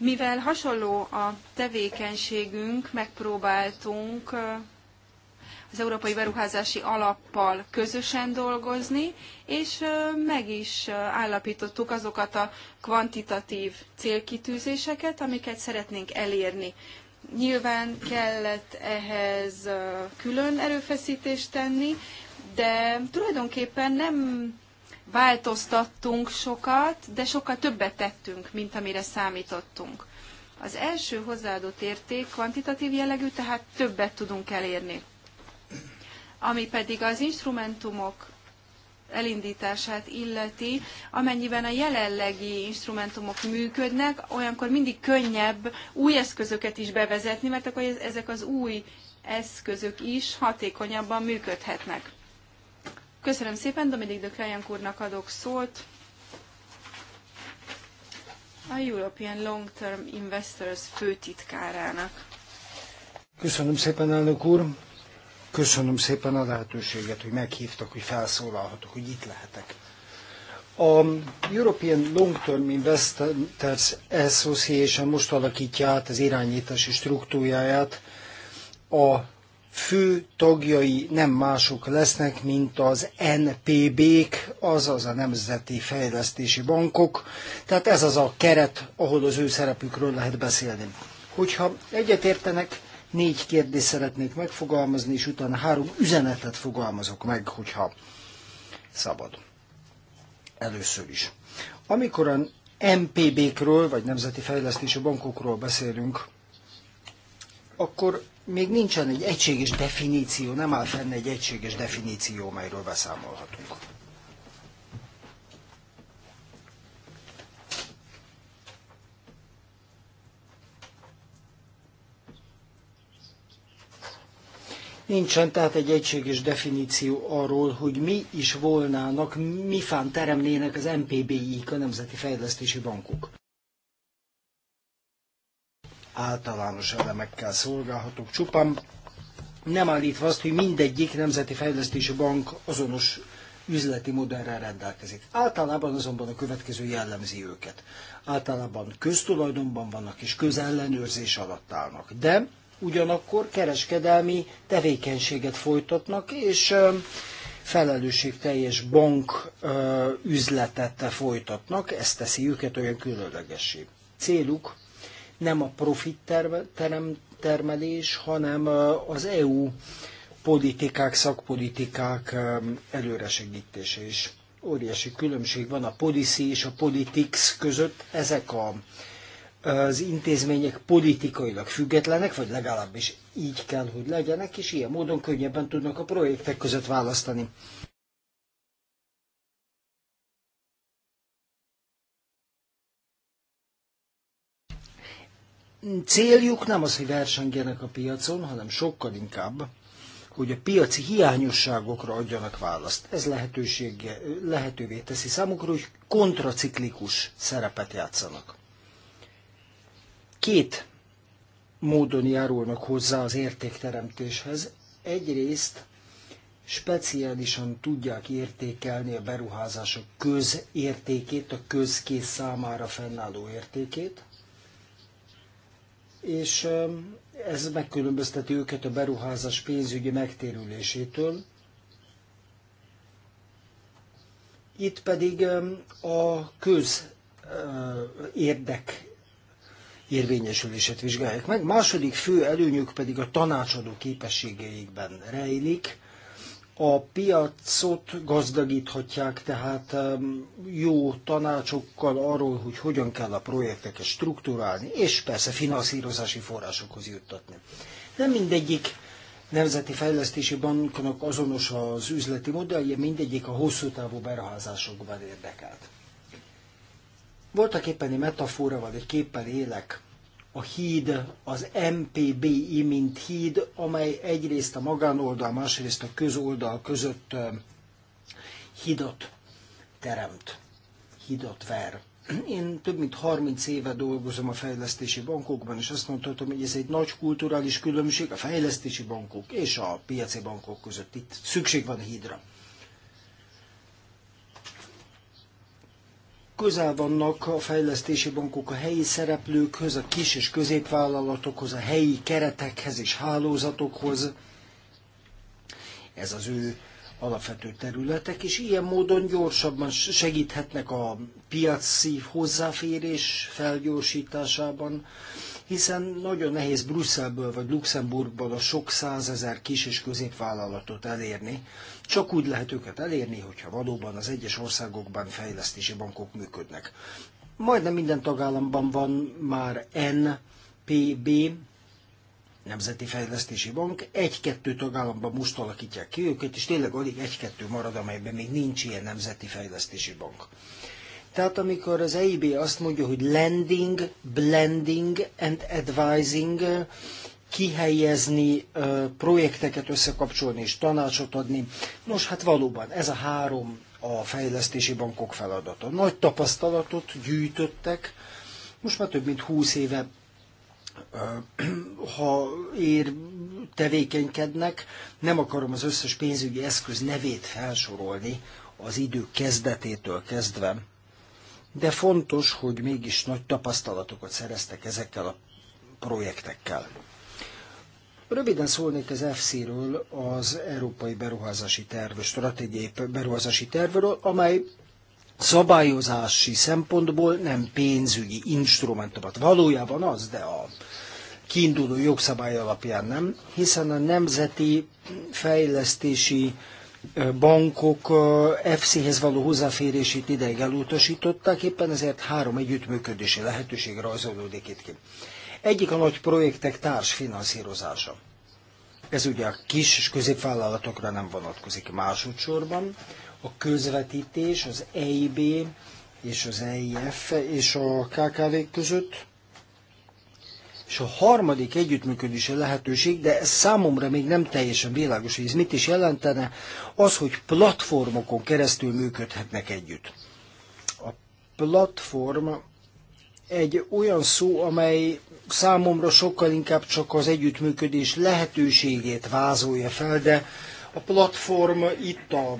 Mivel hasonló a tevékenységünk, megpróbáltunk az Európai Beruházási Alappal közösen dolgozni, és meg is állapítottuk azokat a kvantitatív célkitűzéseket, amiket szeretnénk elérni. Nyilván kellett ehhez külön erőfeszítést tenni, de tulajdonképpen nem változtattunk sokat, de sokkal többet tettünk, mint amire számítottunk. Az első hozzáadott érték kvantitatív jellegű, tehát többet tudunk elérni. Ami pedig az instrumentumok elindítását illeti, amennyiben a jelenlegi instrumentumok működnek, olyankor mindig könnyebb új eszközöket is bevezetni, mert akkor ezek az új eszközök is hatékonyabban működhetnek. Köszönöm szépen, Dominik de Krajank úrnak adok szót. A European Long Term Investors főtitkárának. Köszönöm szépen, elnök úr. Köszönöm szépen a lehetőséget, hogy meghívtak, hogy felszólalhatok, hogy itt lehetek. A European Long Term Investors Association most alakítja át az irányítási struktúráját a fő tagjai nem mások lesznek, mint az NPB-k, azaz a Nemzeti Fejlesztési Bankok. Tehát ez az a keret, ahol az ő szerepükről lehet beszélni. Hogyha egyetértenek, négy kérdést szeretnék megfogalmazni, és utána három üzenetet fogalmazok meg, hogyha szabad. Először is. Amikor a npb kről vagy Nemzeti Fejlesztési Bankokról beszélünk, akkor még nincsen egy egységes definíció, nem áll fenn egy egységes definíció, melyről beszámolhatunk. Nincsen tehát egy egységes definíció arról, hogy mi is volnának, mifán teremnének az MPBI-k, a Nemzeti Fejlesztési Bankok általános elemekkel szolgálhatok csupán, nem állítva azt, hogy mindegyik nemzeti fejlesztési bank azonos üzleti modellrel rendelkezik. Általában azonban a következő jellemzi őket. Általában köztulajdonban vannak és közellenőrzés alatt állnak. De ugyanakkor kereskedelmi tevékenységet folytatnak, és felelősségteljes bank üzletet folytatnak, ez teszi őket olyan különlegessé. Céluk nem a profit term termelés, hanem az EU politikák, szakpolitikák előresegítése is. Óriási különbség van a policy és a politics között. Ezek a, az intézmények politikailag függetlenek, vagy legalábbis így kell, hogy legyenek, és ilyen módon könnyebben tudnak a projektek között választani. céljuk nem az, hogy versengjenek a piacon, hanem sokkal inkább, hogy a piaci hiányosságokra adjanak választ. Ez lehetőség, lehetővé teszi számukra, hogy kontraciklikus szerepet játszanak. Két módon járulnak hozzá az értékteremtéshez. Egyrészt speciálisan tudják értékelni a beruházások közértékét, a közkész számára fennálló értékét, és ez megkülönbözteti őket a beruházás pénzügyi megtérülésétől. Itt pedig a köz érdek érvényesülését vizsgálják meg. Második fő előnyük pedig a tanácsadó képességeikben rejlik, a piacot gazdagíthatják tehát jó tanácsokkal arról, hogy hogyan kell a projekteket strukturálni, és persze finanszírozási forrásokhoz juttatni. Nem mindegyik nemzeti fejlesztési banknak azonos az üzleti modellje, mindegyik a hosszú távú beruházásokban érdekelt. Voltak éppen egy metaforával, egy képpel élek, a híd, az MPBI, mint híd, amely egyrészt a magánoldal, másrészt a közoldal között hidat teremt, hidat ver. Én több mint 30 éve dolgozom a fejlesztési bankokban, és azt mondhatom, hogy ez egy nagy kulturális különbség a fejlesztési bankok és a piaci bankok között. Itt szükség van a hídra. közel vannak a fejlesztési bankok a helyi szereplőkhöz, a kis és középvállalatokhoz, a helyi keretekhez és hálózatokhoz. Ez az ő alapvető területek, és ilyen módon gyorsabban segíthetnek a piaci hozzáférés felgyorsításában, hiszen nagyon nehéz Brüsszelből vagy Luxemburgból a sok százezer kis és középvállalatot elérni. Csak úgy lehet őket elérni, hogyha valóban az egyes országokban fejlesztési bankok működnek. Majdnem minden tagállamban van már NPB, Nemzeti Fejlesztési Bank. Egy-kettő tagállamban most alakítják ki őket, és tényleg alig egy-kettő marad, amelyben még nincs ilyen Nemzeti Fejlesztési Bank. Tehát amikor az EIB azt mondja, hogy lending, blending and advising, kihelyezni, projekteket összekapcsolni és tanácsot adni. Nos, hát valóban ez a három a fejlesztési bankok feladata. Nagy tapasztalatot gyűjtöttek, most már több mint húsz éve ha ér, tevékenykednek. Nem akarom az összes pénzügyi eszköz nevét felsorolni az idő kezdetétől kezdve, de fontos, hogy mégis nagy tapasztalatokat szereztek ezekkel a projektekkel. Röviden szólnék az fc ről az Európai Beruházási Terv, stratégiai beruházási tervről, amely szabályozási szempontból nem pénzügyi instrumentumot. Valójában az, de a kiinduló jogszabály alapján nem, hiszen a nemzeti fejlesztési bankok FC-hez való hozzáférését ideig elutasították, éppen ezért három együttműködési lehetőség rajzolódik itt ki. Egyik a nagy projektek társfinanszírozása. Ez ugye a kis és középvállalatokra nem vonatkozik másodszorban a közvetítés az EIB és az EIF és a KKV között, és a harmadik együttműködési lehetőség, de ez számomra még nem teljesen világos, hogy ez mit is jelentene, az, hogy platformokon keresztül működhetnek együtt. A platform egy olyan szó, amely számomra sokkal inkább csak az együttműködés lehetőségét vázolja fel, de a platform itt a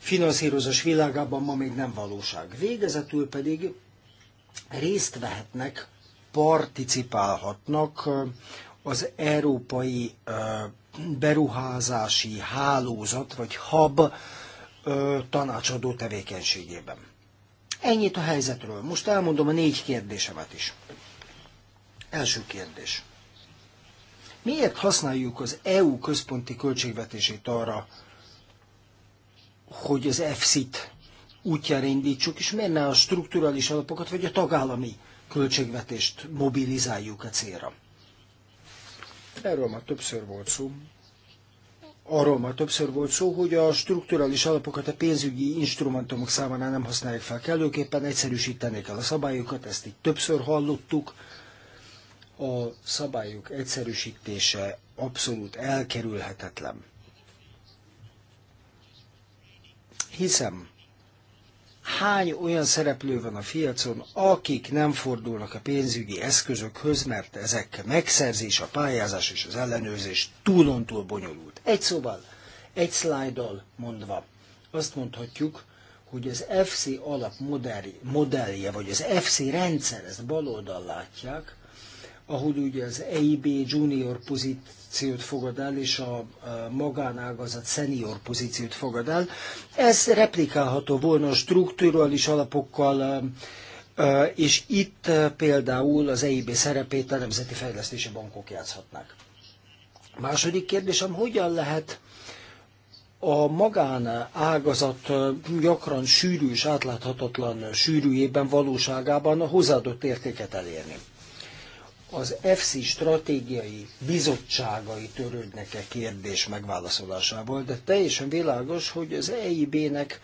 finanszírozás világában ma még nem valóság. Végezetül pedig részt vehetnek, participálhatnak az európai beruházási hálózat vagy hab tanácsadó tevékenységében. Ennyit a helyzetről. Most elmondom a négy kérdésemet is. Első kérdés. Miért használjuk az EU központi költségvetését arra, hogy az EFSZ-t útjára indítsuk, és miért ne a strukturális alapokat vagy a tagállami költségvetést mobilizáljuk a célra. Erről már többször volt szó. Arról már többször volt szó, hogy a strukturális alapokat a pénzügyi instrumentumok számára nem használják fel kellőképpen, egyszerűsítenék el a szabályokat, ezt itt többször hallottuk. A szabályok egyszerűsítése abszolút elkerülhetetlen. hiszem, hány olyan szereplő van a piacon, akik nem fordulnak a pénzügyi eszközökhöz, mert ezek megszerzés, a pályázás és az ellenőrzés túlontúl bonyolult. Egy szóval, egy szlájddal mondva, azt mondhatjuk, hogy az FC alap modellje, vagy az FC rendszer, ezt baloldal látják, ahol ugye az EIB junior pozíciót fogad el, és a magánágazat senior pozíciót fogad el. Ez replikálható volna a struktúrális alapokkal, um, uh, és itt uh, például az EIB szerepét a Nemzeti Fejlesztési Bankok játszhatnák. második kérdésem, hogyan lehet a magán ágazat uh, gyakran sűrű és átláthatatlan sűrűjében, valóságában a hozzáadott értéket elérni az FC stratégiai bizottságai törődnek-e kérdés megválaszolásával, de teljesen világos, hogy az EIB-nek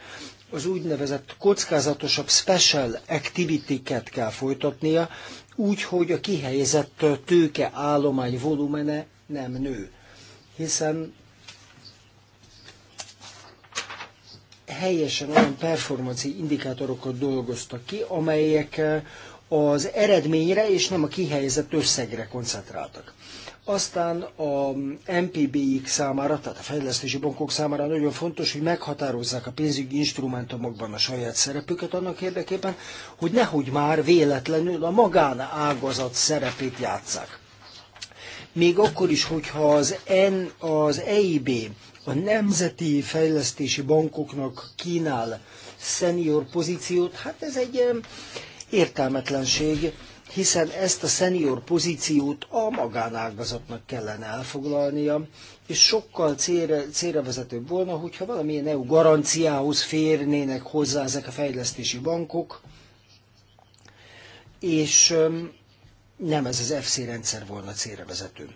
az úgynevezett kockázatosabb special activity-ket kell folytatnia, úgy, hogy a kihelyezett tőke állomány volumene nem nő. Hiszen helyesen olyan performanci indikátorokat dolgoztak ki, amelyek az eredményre és nem a kihelyezett összegre koncentráltak. Aztán a mpb k számára, tehát a fejlesztési bankok számára nagyon fontos, hogy meghatározzák a pénzügyi instrumentumokban a saját szerepüket annak érdekében, hogy nehogy már véletlenül a magánágazat szerepét játszák. Még akkor is, hogyha az, N, az EIB a nemzeti fejlesztési bankoknak kínál szenior pozíciót, hát ez egy értelmetlenség, hiszen ezt a szenior pozíciót a magánágazatnak kellene elfoglalnia, és sokkal célra, célra vezetőbb volna, hogyha valamilyen EU garanciához férnének hozzá ezek a fejlesztési bankok, és nem ez az FC rendszer volna célra vezető.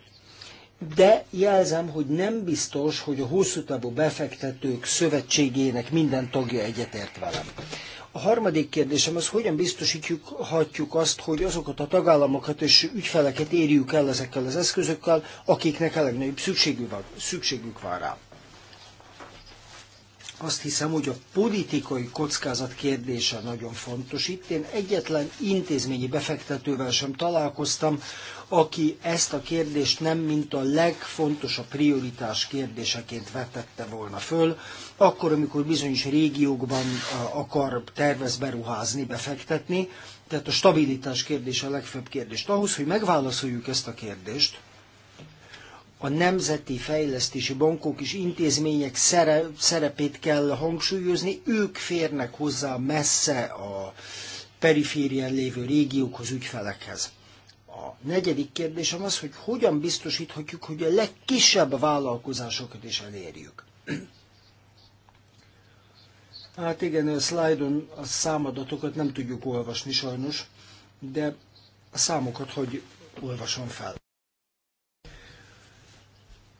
De jelzem, hogy nem biztos, hogy a hosszú távú befektetők szövetségének minden tagja egyetért velem. A harmadik kérdésem az, hogyan biztosíthatjuk azt, hogy azokat a tagállamokat és ügyfeleket érjük el ezekkel az eszközökkel, akiknek a legnagyobb szükségük van, szükségük van rá. Azt hiszem, hogy a politikai kockázat kérdése nagyon fontos. Itt én egyetlen intézményi befektetővel sem találkoztam, aki ezt a kérdést nem mint a legfontosabb prioritás kérdéseként vetette volna föl, akkor, amikor bizonyos régiókban akar, tervez beruházni, befektetni. Tehát a stabilitás kérdése a legfőbb kérdés. Ahhoz, hogy megválaszoljuk ezt a kérdést, a nemzeti fejlesztési bankok és intézmények szerepét kell hangsúlyozni, ők férnek hozzá messze a periférián lévő régiókhoz, ügyfelekhez. A negyedik kérdésem az, hogy hogyan biztosíthatjuk, hogy a legkisebb vállalkozásokat is elérjük. Hát igen, a szlájdon a számadatokat nem tudjuk olvasni sajnos, de a számokat hogy olvasom fel.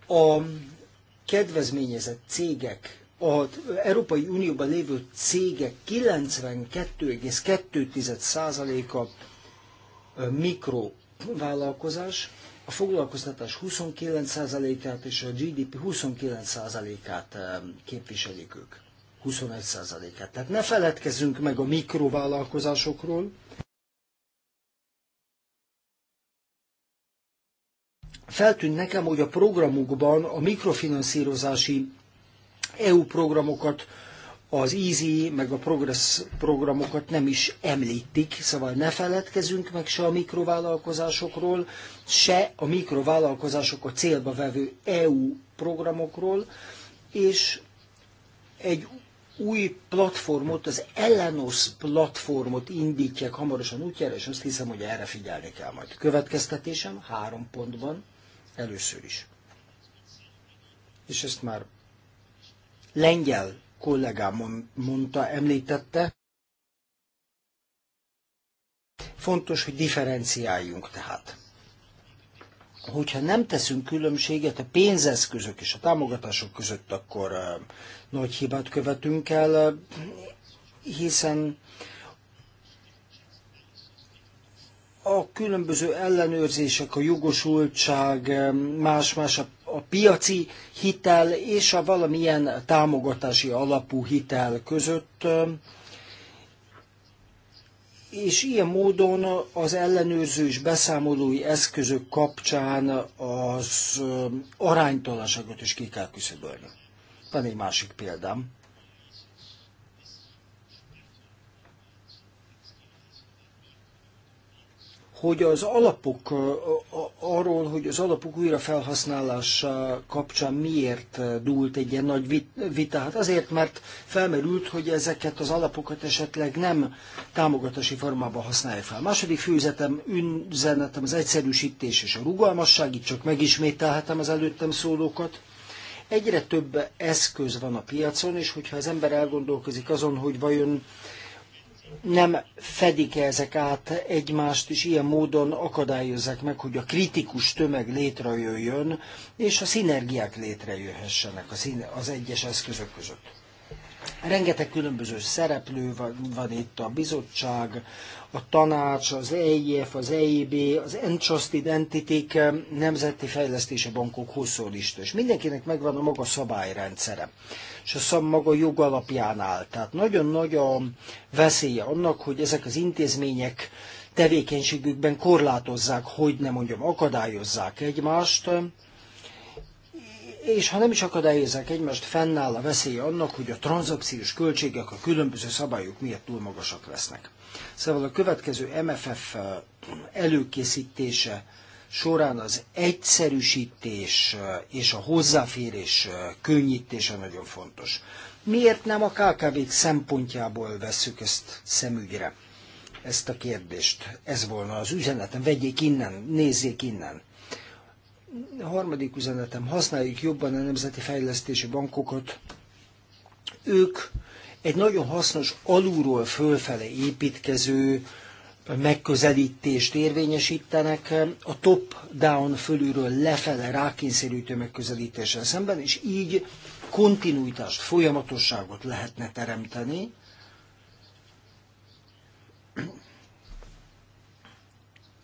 A kedvezményezett cégek, az Európai Unióban lévő cégek 92,2%-a mikrovállalkozás, a foglalkoztatás 29%-át és a GDP 29%-át képviselik ők. 21%-át. Tehát ne feledkezzünk meg a mikrovállalkozásokról, feltűnt nekem, hogy a programokban a mikrofinanszírozási EU programokat, az EASY meg a Progress programokat nem is említik, szóval ne feledkezünk meg se a mikrovállalkozásokról, se a mikrovállalkozások a célba vevő EU programokról, és egy új platformot, az Ellenos platformot indítják hamarosan útjára, és azt hiszem, hogy erre figyelni kell majd. Következtetésem három pontban először is. És ezt már lengyel kollégám mondta, említette. Fontos, hogy differenciáljunk tehát hogyha nem teszünk különbséget a pénzeszközök és a támogatások között, akkor nagy hibát követünk el, hiszen a különböző ellenőrzések, a jogosultság, más-más a, a piaci hitel és a valamilyen támogatási alapú hitel között és ilyen módon az ellenőrző és beszámolói eszközök kapcsán az aránytalanságot is ki kell küszöbölni. Van egy másik példám. hogy az alapok, arról, hogy az alapok újra felhasználása kapcsán miért dúlt egy ilyen nagy vita. Hát azért, mert felmerült, hogy ezeket az alapokat esetleg nem támogatási formában használja fel. A második főzetem, üzenetem az egyszerűsítés és a rugalmasság, itt csak megismételhetem az előttem szólókat. Egyre több eszköz van a piacon, és hogyha az ember elgondolkozik azon, hogy vajon nem fedik -e ezek át egymást, és ilyen módon akadályozzák meg, hogy a kritikus tömeg létrejöjjön, és a szinergiák létrejöhessenek az egyes eszközök között. Rengeteg különböző szereplő van, van itt a bizottság, a tanács, az EIF, az EIB, az Entrusted Entitik, Nemzeti Fejlesztési Bankok hosszú lista. És mindenkinek megvan a maga szabályrendszere, és a szab maga jog alapján áll. Tehát nagyon nagy a veszélye annak, hogy ezek az intézmények tevékenységükben korlátozzák, hogy nem mondjam, akadályozzák egymást, és ha nem is akadályozzák egymást, fennáll a veszély annak, hogy a tranzakciós költségek a különböző szabályok miatt túl magasak lesznek. Szóval a következő MFF előkészítése során az egyszerűsítés és a hozzáférés könnyítése nagyon fontos. Miért nem a kkv szempontjából vesszük ezt szemügyre? Ezt a kérdést. Ez volna az üzenetem. Vegyék innen, nézzék innen. A harmadik üzenetem, használjuk jobban a nemzeti fejlesztési bankokat. Ők egy nagyon hasznos alulról fölfele építkező megközelítést érvényesítenek eh, a top-down fölülről lefele rákényszerítő megközelítéssel szemben, és így kontinuitást, folyamatosságot lehetne teremteni.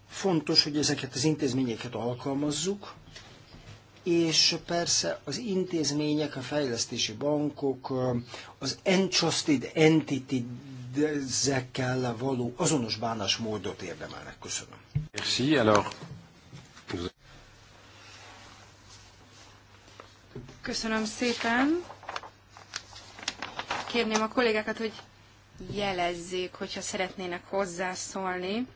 Fontos, hogy ezeket az intézményeket alkalmazzuk, és persze az intézmények, a fejlesztési bankok, az entrusted entity ezekkel való azonos bánásmódot érdemelnek. Köszönöm. Merci, alors. Köszönöm szépen. Kérném a kollégákat, hogy jelezzék, hogyha szeretnének hozzászólni.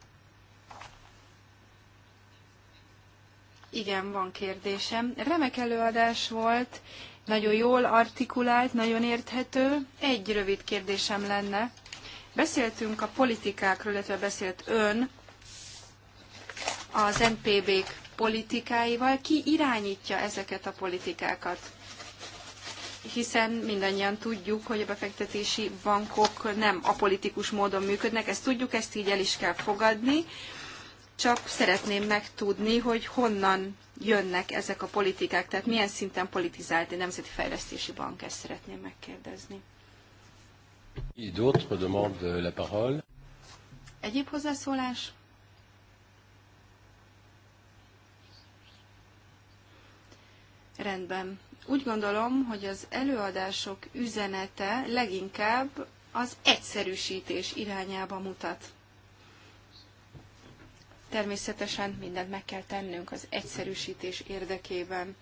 Igen, van kérdésem. Remek előadás volt, nagyon jól artikulált, nagyon érthető. Egy rövid kérdésem lenne. Beszéltünk a politikákról, illetve beszélt ön az NPB-k politikáival. Ki irányítja ezeket a politikákat? hiszen mindannyian tudjuk, hogy a befektetési bankok nem a politikus módon működnek, ezt tudjuk, ezt így el is kell fogadni, csak szeretném megtudni, hogy honnan jönnek ezek a politikák, tehát milyen szinten politizált a Nemzeti Fejlesztési Bank, ezt szeretném megkérdezni. Egyéb hozzászólás? Rendben. Úgy gondolom, hogy az előadások üzenete leginkább az egyszerűsítés irányába mutat. Természetesen mindent meg kell tennünk az egyszerűsítés érdekében.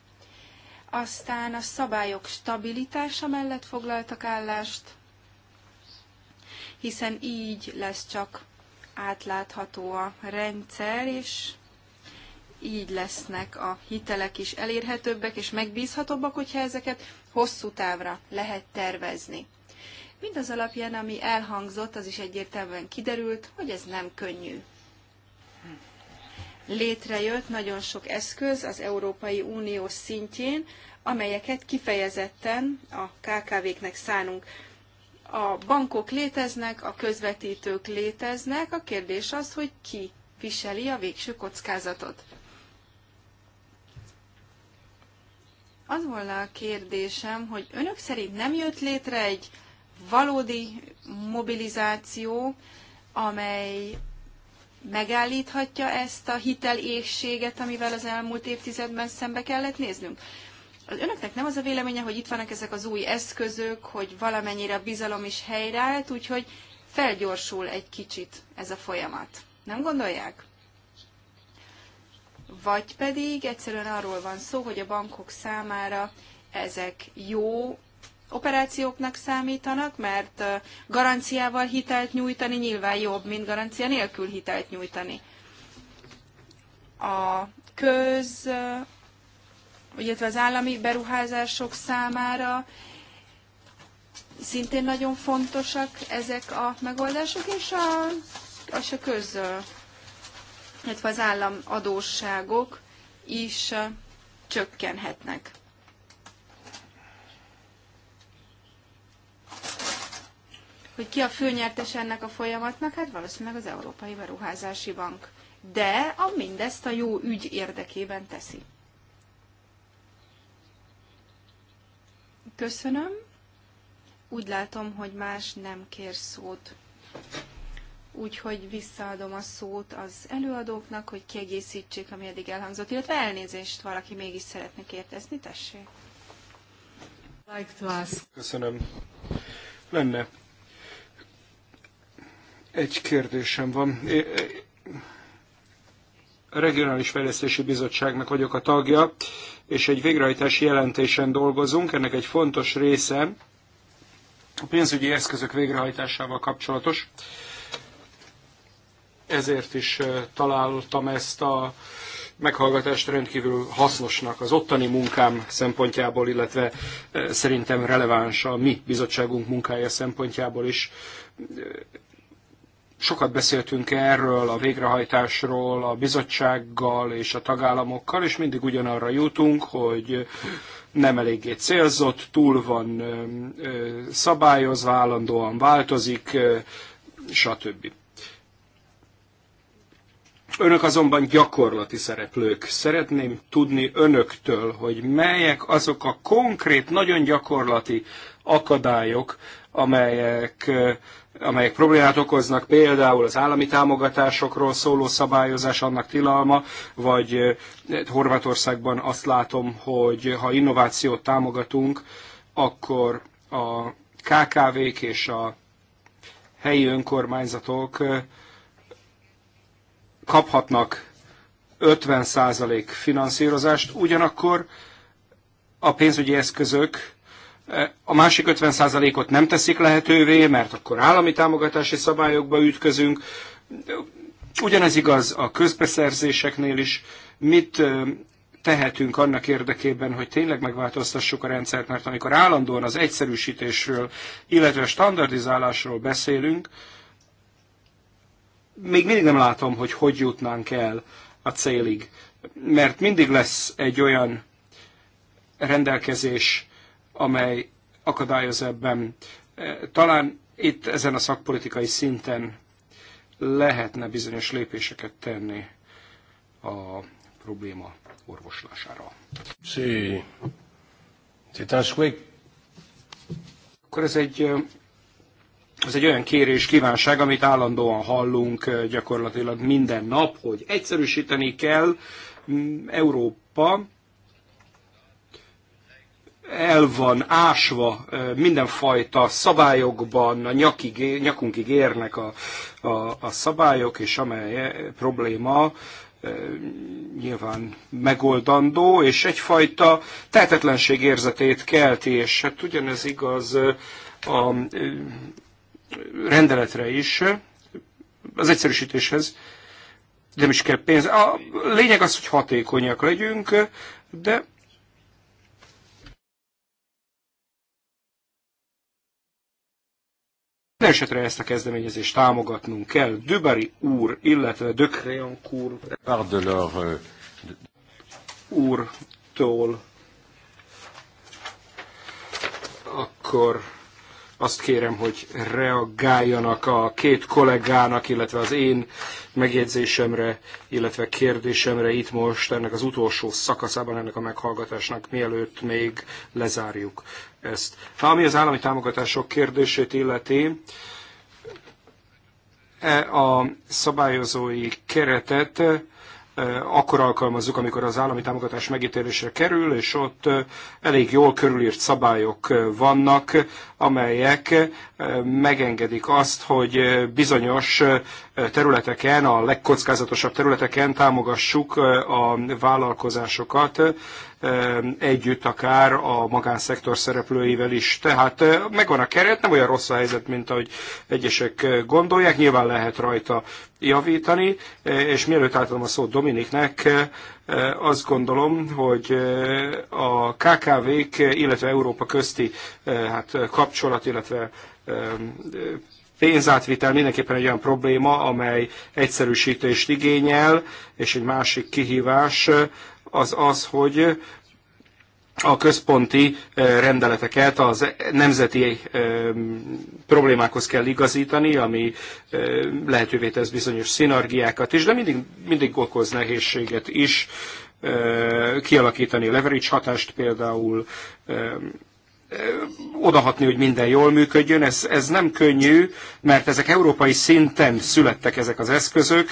Aztán a szabályok stabilitása mellett foglaltak állást, hiszen így lesz csak átlátható a rendszer, és így lesznek a hitelek is elérhetőbbek és megbízhatóbbak, hogyha ezeket hosszú távra lehet tervezni. Mindaz alapján, ami elhangzott, az is egyértelműen kiderült, hogy ez nem könnyű létrejött nagyon sok eszköz az Európai Unió szintjén, amelyeket kifejezetten a KKV-knek szánunk. A bankok léteznek, a közvetítők léteznek, a kérdés az, hogy ki viseli a végső kockázatot. Az volna a kérdésem, hogy önök szerint nem jött létre egy valódi mobilizáció, amely megállíthatja ezt a hitelégséget, amivel az elmúlt évtizedben szembe kellett néznünk? Az önöknek nem az a véleménye, hogy itt vannak ezek az új eszközök, hogy valamennyire a bizalom is helyreállt, úgyhogy felgyorsul egy kicsit ez a folyamat. Nem gondolják? Vagy pedig egyszerűen arról van szó, hogy a bankok számára ezek jó operációknak számítanak, mert garanciával hitelt nyújtani nyilván jobb, mint garancia nélkül hitelt nyújtani. A köz, illetve az állami beruházások számára szintén nagyon fontosak ezek a megoldások, és a, és a köz, illetve az adósságok is csökkenhetnek. hogy ki a főnyertes ennek a folyamatnak, hát valószínűleg az Európai Beruházási Bank. De a mindezt a jó ügy érdekében teszi. Köszönöm. Úgy látom, hogy más nem kér szót. Úgyhogy visszaadom a szót az előadóknak, hogy kiegészítsék, ami eddig elhangzott, illetve elnézést valaki mégis szeretne kérdezni, tessék. Köszönöm. Lenne egy kérdésem van. A Regionális Fejlesztési Bizottságnak vagyok a tagja, és egy végrehajtási jelentésen dolgozunk. Ennek egy fontos része a pénzügyi eszközök végrehajtásával kapcsolatos. Ezért is találtam ezt a meghallgatást rendkívül hasznosnak az ottani munkám szempontjából, illetve szerintem releváns a mi bizottságunk munkája szempontjából is. Sokat beszéltünk erről, a végrehajtásról, a bizottsággal és a tagállamokkal, és mindig ugyanarra jutunk, hogy nem eléggé célzott, túl van szabályozva, állandóan változik, stb. Önök azonban gyakorlati szereplők. Szeretném tudni önöktől, hogy melyek azok a konkrét, nagyon gyakorlati akadályok, amelyek amelyek problémát okoznak, például az állami támogatásokról szóló szabályozás, annak tilalma, vagy Horvátországban azt látom, hogy ha innovációt támogatunk, akkor a KKV-k és a helyi önkormányzatok kaphatnak 50% finanszírozást, ugyanakkor a pénzügyi eszközök a másik 50%-ot nem teszik lehetővé, mert akkor állami támogatási szabályokba ütközünk. Ugyanez igaz a közbeszerzéseknél is. Mit tehetünk annak érdekében, hogy tényleg megváltoztassuk a rendszert, mert amikor állandóan az egyszerűsítésről, illetve a standardizálásról beszélünk, még mindig nem látom, hogy hogy jutnánk el a célig. Mert mindig lesz egy olyan rendelkezés, amely akadályoz ebben. E, talán itt ezen a szakpolitikai szinten lehetne bizonyos lépéseket tenni a probléma orvoslására. Sí. Akkor ez egy, e, ez egy olyan kérés, kívánság, amit állandóan hallunk e, gyakorlatilag minden nap, hogy egyszerűsíteni kell Európa, el van ásva mindenfajta szabályokban, a nyakig, nyakunkig érnek a, a, a szabályok, és amely probléma nyilván megoldandó, és egyfajta tehetetlenség érzetét kelti, és hát ugyanez igaz a rendeletre is, az egyszerűsítéshez nem is kell pénz. A lényeg az, hogy hatékonyak legyünk, de Minden esetre ezt a kezdeményezést támogatnunk kell. Dübari úr, illetve De Créanc úr, úrtól akkor azt kérem, hogy reagáljanak a két kollégának, illetve az én megjegyzésemre, illetve kérdésemre itt most ennek az utolsó szakaszában ennek a meghallgatásnak, mielőtt még lezárjuk ezt. Ami az állami támogatások kérdését illeti, e a szabályozói keretet e, akkor alkalmazzuk, amikor az állami támogatás megítélésre kerül, és ott e, elég jól körülírt szabályok vannak, amelyek megengedik azt, hogy bizonyos területeken, a legkockázatosabb területeken támogassuk a vállalkozásokat, együtt akár a magánszektor szereplőivel is. Tehát eh, megvan a keret, nem olyan rossz a helyzet, mint ahogy egyesek eh, gondolják, nyilván lehet rajta javítani, eh, és mielőtt átadom a szót Dominiknek, azt gondolom, hogy a KKV-k, illetve Európa közti hát, kapcsolat, illetve pénzátvitel mindenképpen egy olyan probléma, amely egyszerűsítést igényel, és egy másik kihívás az az, hogy a központi eh, rendeleteket az nemzeti eh, problémákhoz kell igazítani, ami eh, lehetővé tesz bizonyos szinergiákat is, de mindig, mindig okoz nehézséget is kialakítani leverage hatást például, odahatni, hogy minden jól működjön. Ez, ez nem könnyű, mert ezek európai szinten születtek ezek az eszközök,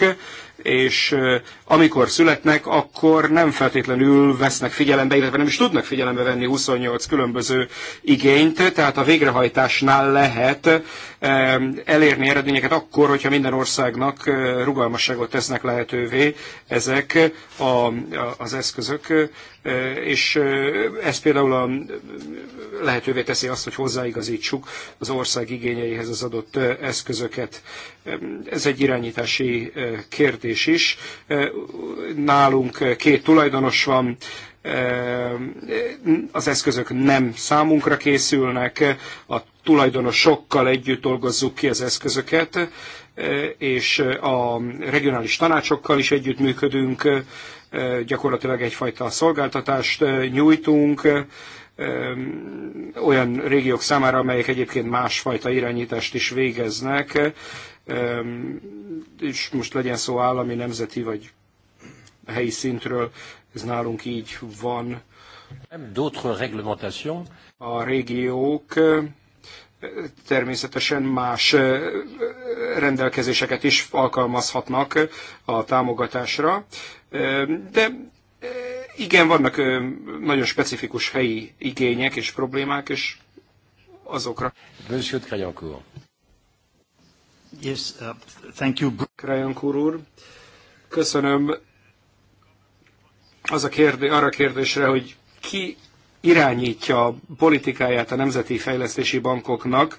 és amikor születnek, akkor nem feltétlenül vesznek figyelembe, illetve nem is tudnak figyelembe venni 28 különböző igényt, tehát a végrehajtásnál lehet elérni eredményeket akkor, hogyha minden országnak rugalmasságot tesznek lehetővé ezek a, az eszközök, és ez például a, lehetővé teszi azt, hogy hozzáigazítsuk az ország igényeihez az adott eszközöket. Ez egy irányítási kérdés is. Nálunk két tulajdonos van, az eszközök nem számunkra készülnek, a tulajdonosokkal együtt dolgozzuk ki az eszközöket, és a regionális tanácsokkal is együttműködünk, gyakorlatilag egyfajta szolgáltatást nyújtunk olyan régiók számára, amelyek egyébként másfajta irányítást is végeznek, és most legyen szó állami, nemzeti vagy helyi szintről, ez nálunk így van. A régiók természetesen más rendelkezéseket is alkalmazhatnak a támogatásra, de igen, vannak nagyon specifikus helyi igények és problémák, és azokra. Monsieur de Créancourt. Yes, uh, thank you. Krajankur úr, köszönöm az a kérdé, arra a kérdésre, hogy ki irányítja a politikáját a nemzeti fejlesztési bankoknak,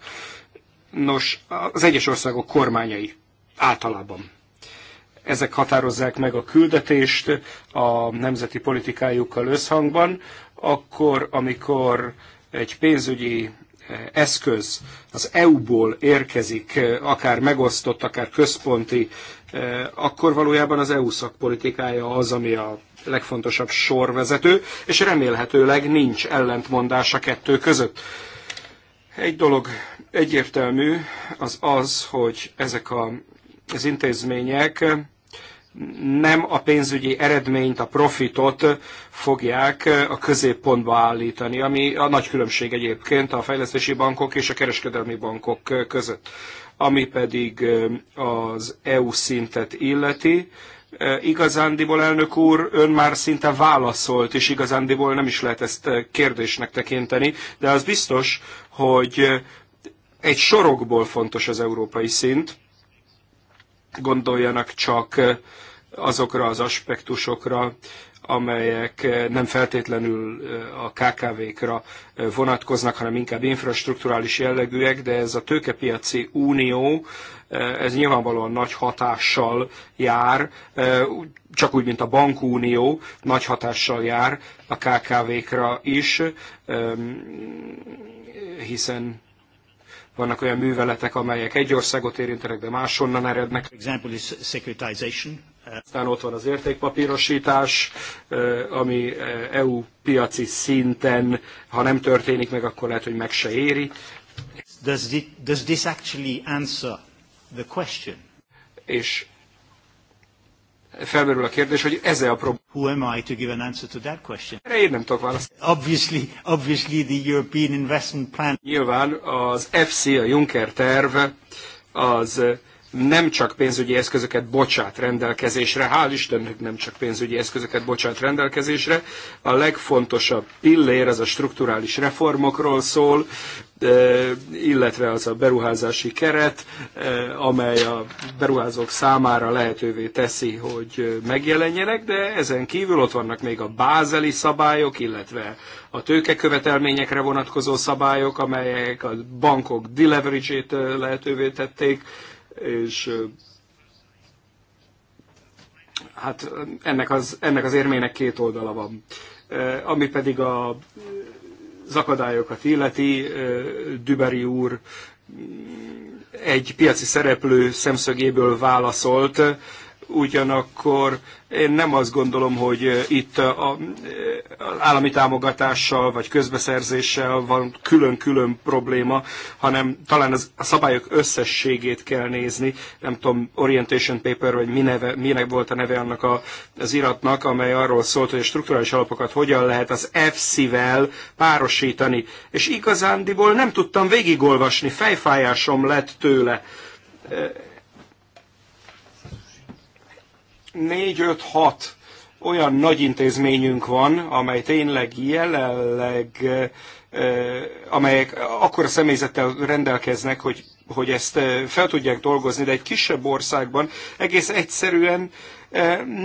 nos, az egyes országok kormányai általában. Ezek határozzák meg a küldetést a nemzeti politikájukkal összhangban, akkor, amikor egy pénzügyi eszköz az EU-ból érkezik, eh, akár megosztott, akár központi, eh, akkor valójában az EU szakpolitikája az, ami a legfontosabb sorvezető, és remélhetőleg nincs ellentmondás a kettő között. Egy dolog egyértelmű, az az, hogy ezek a, az intézmények nem a pénzügyi eredményt, a profitot fogják a középpontba állítani, ami a nagy különbség egyébként a fejlesztési bankok és a kereskedelmi bankok között. Ami pedig az EU szintet illeti, igazándiból elnök úr, ön már szinte válaszolt, és igazándiból nem is lehet ezt kérdésnek tekinteni, de az biztos, hogy egy sorokból fontos az európai szint, gondoljanak csak azokra az aspektusokra, amelyek eh, nem feltétlenül eh, a KKV-kra eh, vonatkoznak, hanem inkább infrastruktúrális jellegűek, de ez a tőkepiaci unió, ez nyilvánvalóan nagy hatással jár, csak úgy, mint a bankunió, nagy hatással jár a KKV-kra is, ehm, hiszen vannak olyan műveletek, amelyek egy országot érintenek, de máshonnan erednek. Aztán ott van az értékpapírosítás, ami EU piaci szinten, ha nem történik meg, akkor lehet, hogy meg se éri. Does this, actually answer the question? És felmerül a kérdés, hogy ez a probléma. Who am I to give an answer to that question? Erre én nem tudok válaszolni. Obviously, obviously the European Investment Plan. Nyilván az FC, a Juncker terv, az nem csak pénzügyi eszközöket bocsát rendelkezésre, hál' Istennek nem csak pénzügyi eszközöket bocsát rendelkezésre. A legfontosabb pillér az a strukturális reformokról szól, illetve az a beruházási keret, amely a beruházók számára lehetővé teszi, hogy megjelenjenek, de ezen kívül ott vannak még a bázeli szabályok, illetve a tőkekövetelményekre vonatkozó szabályok, amelyek a bankok deleverage-ét lehetővé tették, és hát ennek az, ennek az érmének két oldala van. Ami pedig a, zakadályokat illeti, Düberi úr mm, egy piaci szereplő szemszögéből válaszolt, ugyanakkor én nem azt gondolom, hogy eh, itt a, eh, állami támogatással vagy közbeszerzéssel van külön-külön probléma, hanem talán az, a szabályok összességét kell nézni. Nem tudom, orientation paper, vagy mi neve, minek volt a neve annak a, az iratnak, amely arról szólt, hogy a strukturális alapokat hogyan lehet az EFSI-vel párosítani. És igazándiból nem tudtam végigolvasni, fejfájásom lett tőle eh, 4-5-6 olyan nagy intézményünk van, amely tényleg jelenleg, amelyek a személyzettel rendelkeznek, hogy, hogy ezt fel tudják dolgozni, de egy kisebb országban egész egyszerűen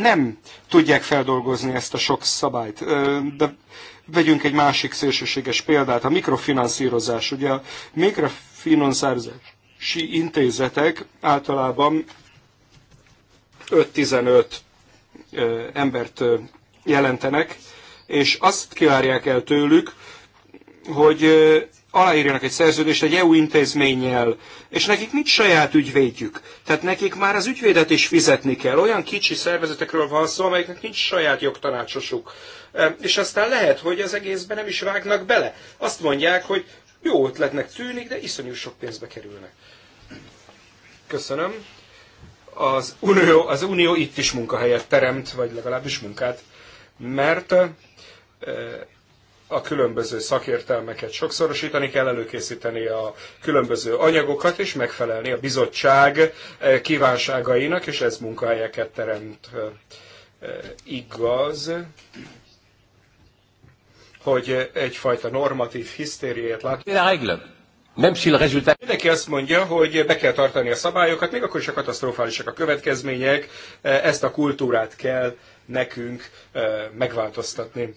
nem tudják feldolgozni ezt a sok szabályt. De vegyünk egy másik szélsőséges példát, a mikrofinanszírozás. Ugye a mikrofinanszírozás intézetek általában 5-15 embert jelentenek, és azt kivárják el tőlük, hogy aláírjanak egy szerződést egy EU intézménnyel, és nekik nincs saját ügyvédjük. Tehát nekik már az ügyvédet is fizetni kell. Olyan kicsi szervezetekről van szó, amelyeknek nincs saját jogtanácsosuk. És aztán lehet, hogy az egészben nem is vágnak bele. Azt mondják, hogy jó ötletnek tűnik, de iszonyú sok pénzbe kerülnek. Köszönöm az unió, az unió itt is munkahelyet teremt, vagy legalábbis munkát, mert a különböző szakértelmeket sokszorosítani kell, előkészíteni a különböző anyagokat, és megfelelni a bizottság kívánságainak, és ez munkahelyeket teremt. Igaz, hogy egyfajta normatív hisztériát látunk nem síl rezultát. Mindenki azt mondja, hogy be kell tartani a szabályokat, még akkor is a katasztrofálisak a következmények, ezt a kultúrát kell nekünk eh, megváltoztatni.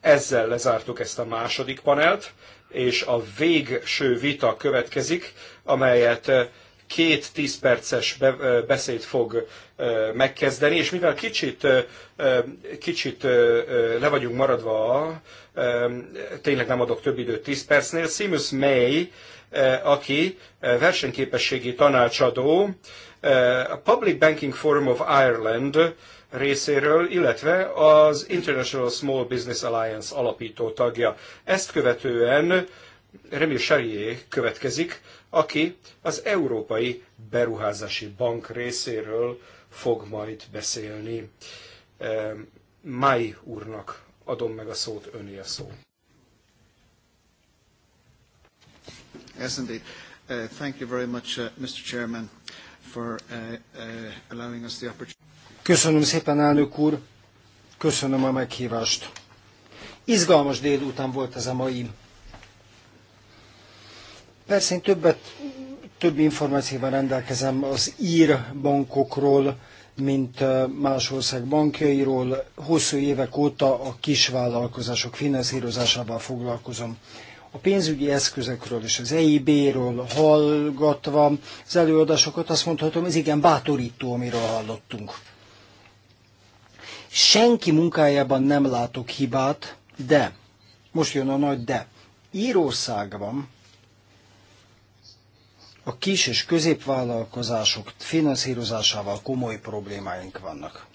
Ezzel lezártuk ezt a második panelt, és a végső vita következik, amelyet eh, két tízperces beszéd fog megkezdeni, és mivel kicsit, kicsit le vagyunk maradva, tényleg nem adok több időt tíz percnél, Simus May, aki versenyképességi tanácsadó, a Public Banking Forum of Ireland részéről, illetve az International Small Business Alliance alapító tagja. Ezt követően Remi Sarié következik, aki az Európai Beruházási Bank részéről fog majd beszélni. Mai úrnak adom meg a szót, öné a szó. Yes, indeed. Uh, thank you very much, uh, Mr. Chairman, for uh, uh, allowing us the opportunity. Köszönöm szépen, elnök úr. Köszönöm a meghívást. Izgalmas délután volt ez a mai Persze én többet, több információval rendelkezem az ír bankokról, mint más ország bankjairól. Hosszú évek óta a kisvállalkozások finanszírozásával foglalkozom. A pénzügyi eszközekről és az EIB-ről hallgatva az előadásokat azt mondhatom, ez igen bátorító, amiről hallottunk. Senki munkájában nem látok hibát, de, most jön a nagy de, Írországban a kis és középvállalkozások finanszírozásával komoly problémáink vannak.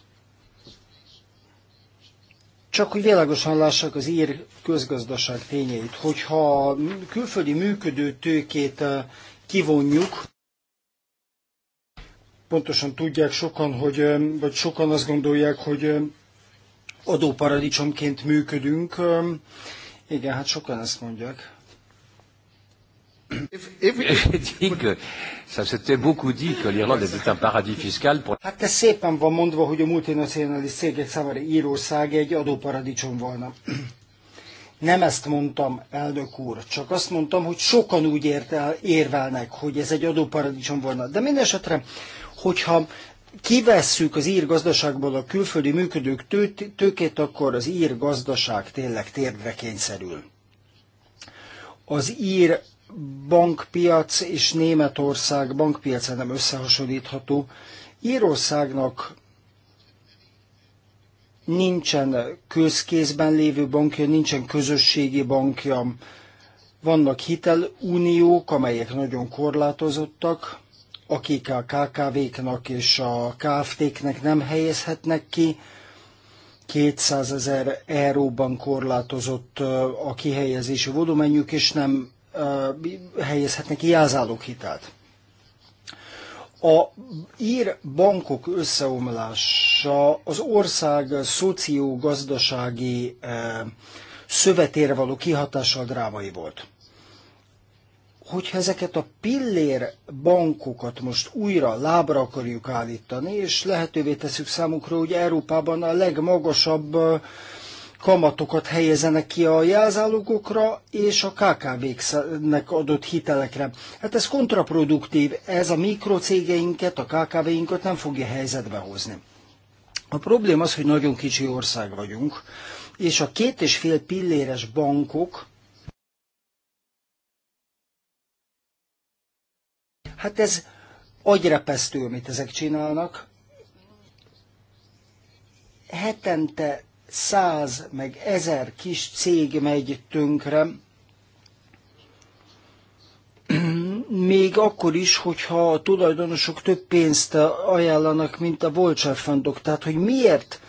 Csak hogy világosan lássak az ír közgazdaság tényeit, hogyha a külföldi működő tőkét eh, kivonjuk, pontosan tudják sokan, hogy, eh, vagy sokan azt gondolják, hogy eh, adóparadicsomként működünk. Igen, hát sokan ezt mondják. Hát ez szépen van mondva, hogy a multinacionális cégek számára Írország egy adóparadicsom volna. Nem ezt mondtam, elnök úr, csak azt mondtam, hogy sokan úgy ért el, érvelnek, hogy ez egy adóparadicsom volna. De mindesetre, hogyha kivesszük az ír gazdaságból a külföldi működők tőkét, akkor az ír gazdaság tényleg térdre kényszerül. Az ír bankpiac és Németország bankpiaca nem összehasonlítható. Írországnak nincsen közkézben lévő bankja, nincsen közösségi bankja, vannak hiteluniók, amelyek nagyon korlátozottak, akik a KKV-knak és a KFT-knek nem helyezhetnek ki. 200 ezer euróban korlátozott a kihelyezési volumenjük, és nem helyezhetnek jelzálók hitelt. A ír bankok összeomlása az ország szociogazdasági szövetére való kihatással drámai volt hogyha ezeket a pillér bankokat most újra lábra akarjuk állítani, és lehetővé teszük számukra, hogy Európában a legmagasabb kamatokat helyezenek ki a jelzálogokra és a KKV-knek adott hitelekre. Hát ez kontraproduktív, ez a mikrocégeinket, a KKV-inket nem fogja helyzetbe hozni. A probléma az, hogy nagyon kicsi ország vagyunk, és a két és fél pilléres bankok, hát ez agyrepesztő, amit ezek csinálnak. Hetente száz meg ezer kis cég megy tönkre, még akkor is, hogyha a tulajdonosok több pénzt ajánlanak, mint a Bolcher Tehát, hogy miért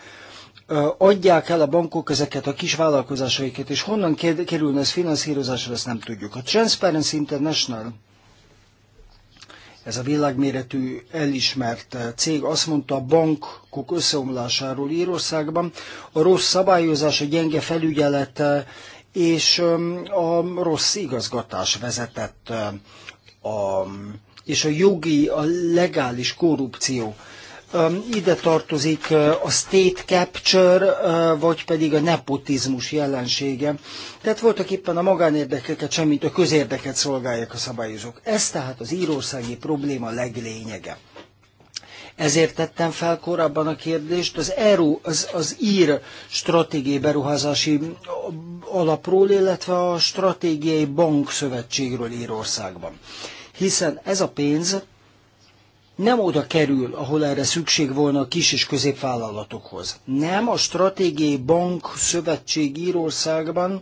adják el a bankok ezeket a kis vállalkozásaikat, és honnan kerülne ez finanszírozásra, ezt nem tudjuk. A Transparency International ez a világméretű elismert eh, cég azt mondta a bankok összeomlásáról Írországban, a rossz szabályozás, a gyenge felügyelet eh, és a rossz igazgatás vezetett eh, a, és a jogi, a legális korrupció ide tartozik a state capture, vagy pedig a nepotizmus jelensége. Tehát voltak éppen a magánérdekeket, semmint a közérdeket szolgálják a szabályozók. Ez tehát az írországi probléma leglényege. Ezért tettem fel korábban a kérdést az ERU, az, az ír stratégiai beruházási alapról, illetve a stratégiai bankszövetségről Írországban. Hiszen ez a pénz nem oda kerül, ahol erre szükség volna a kis és középvállalatokhoz. Nem a Stratégiai Bank Szövetség Írországban,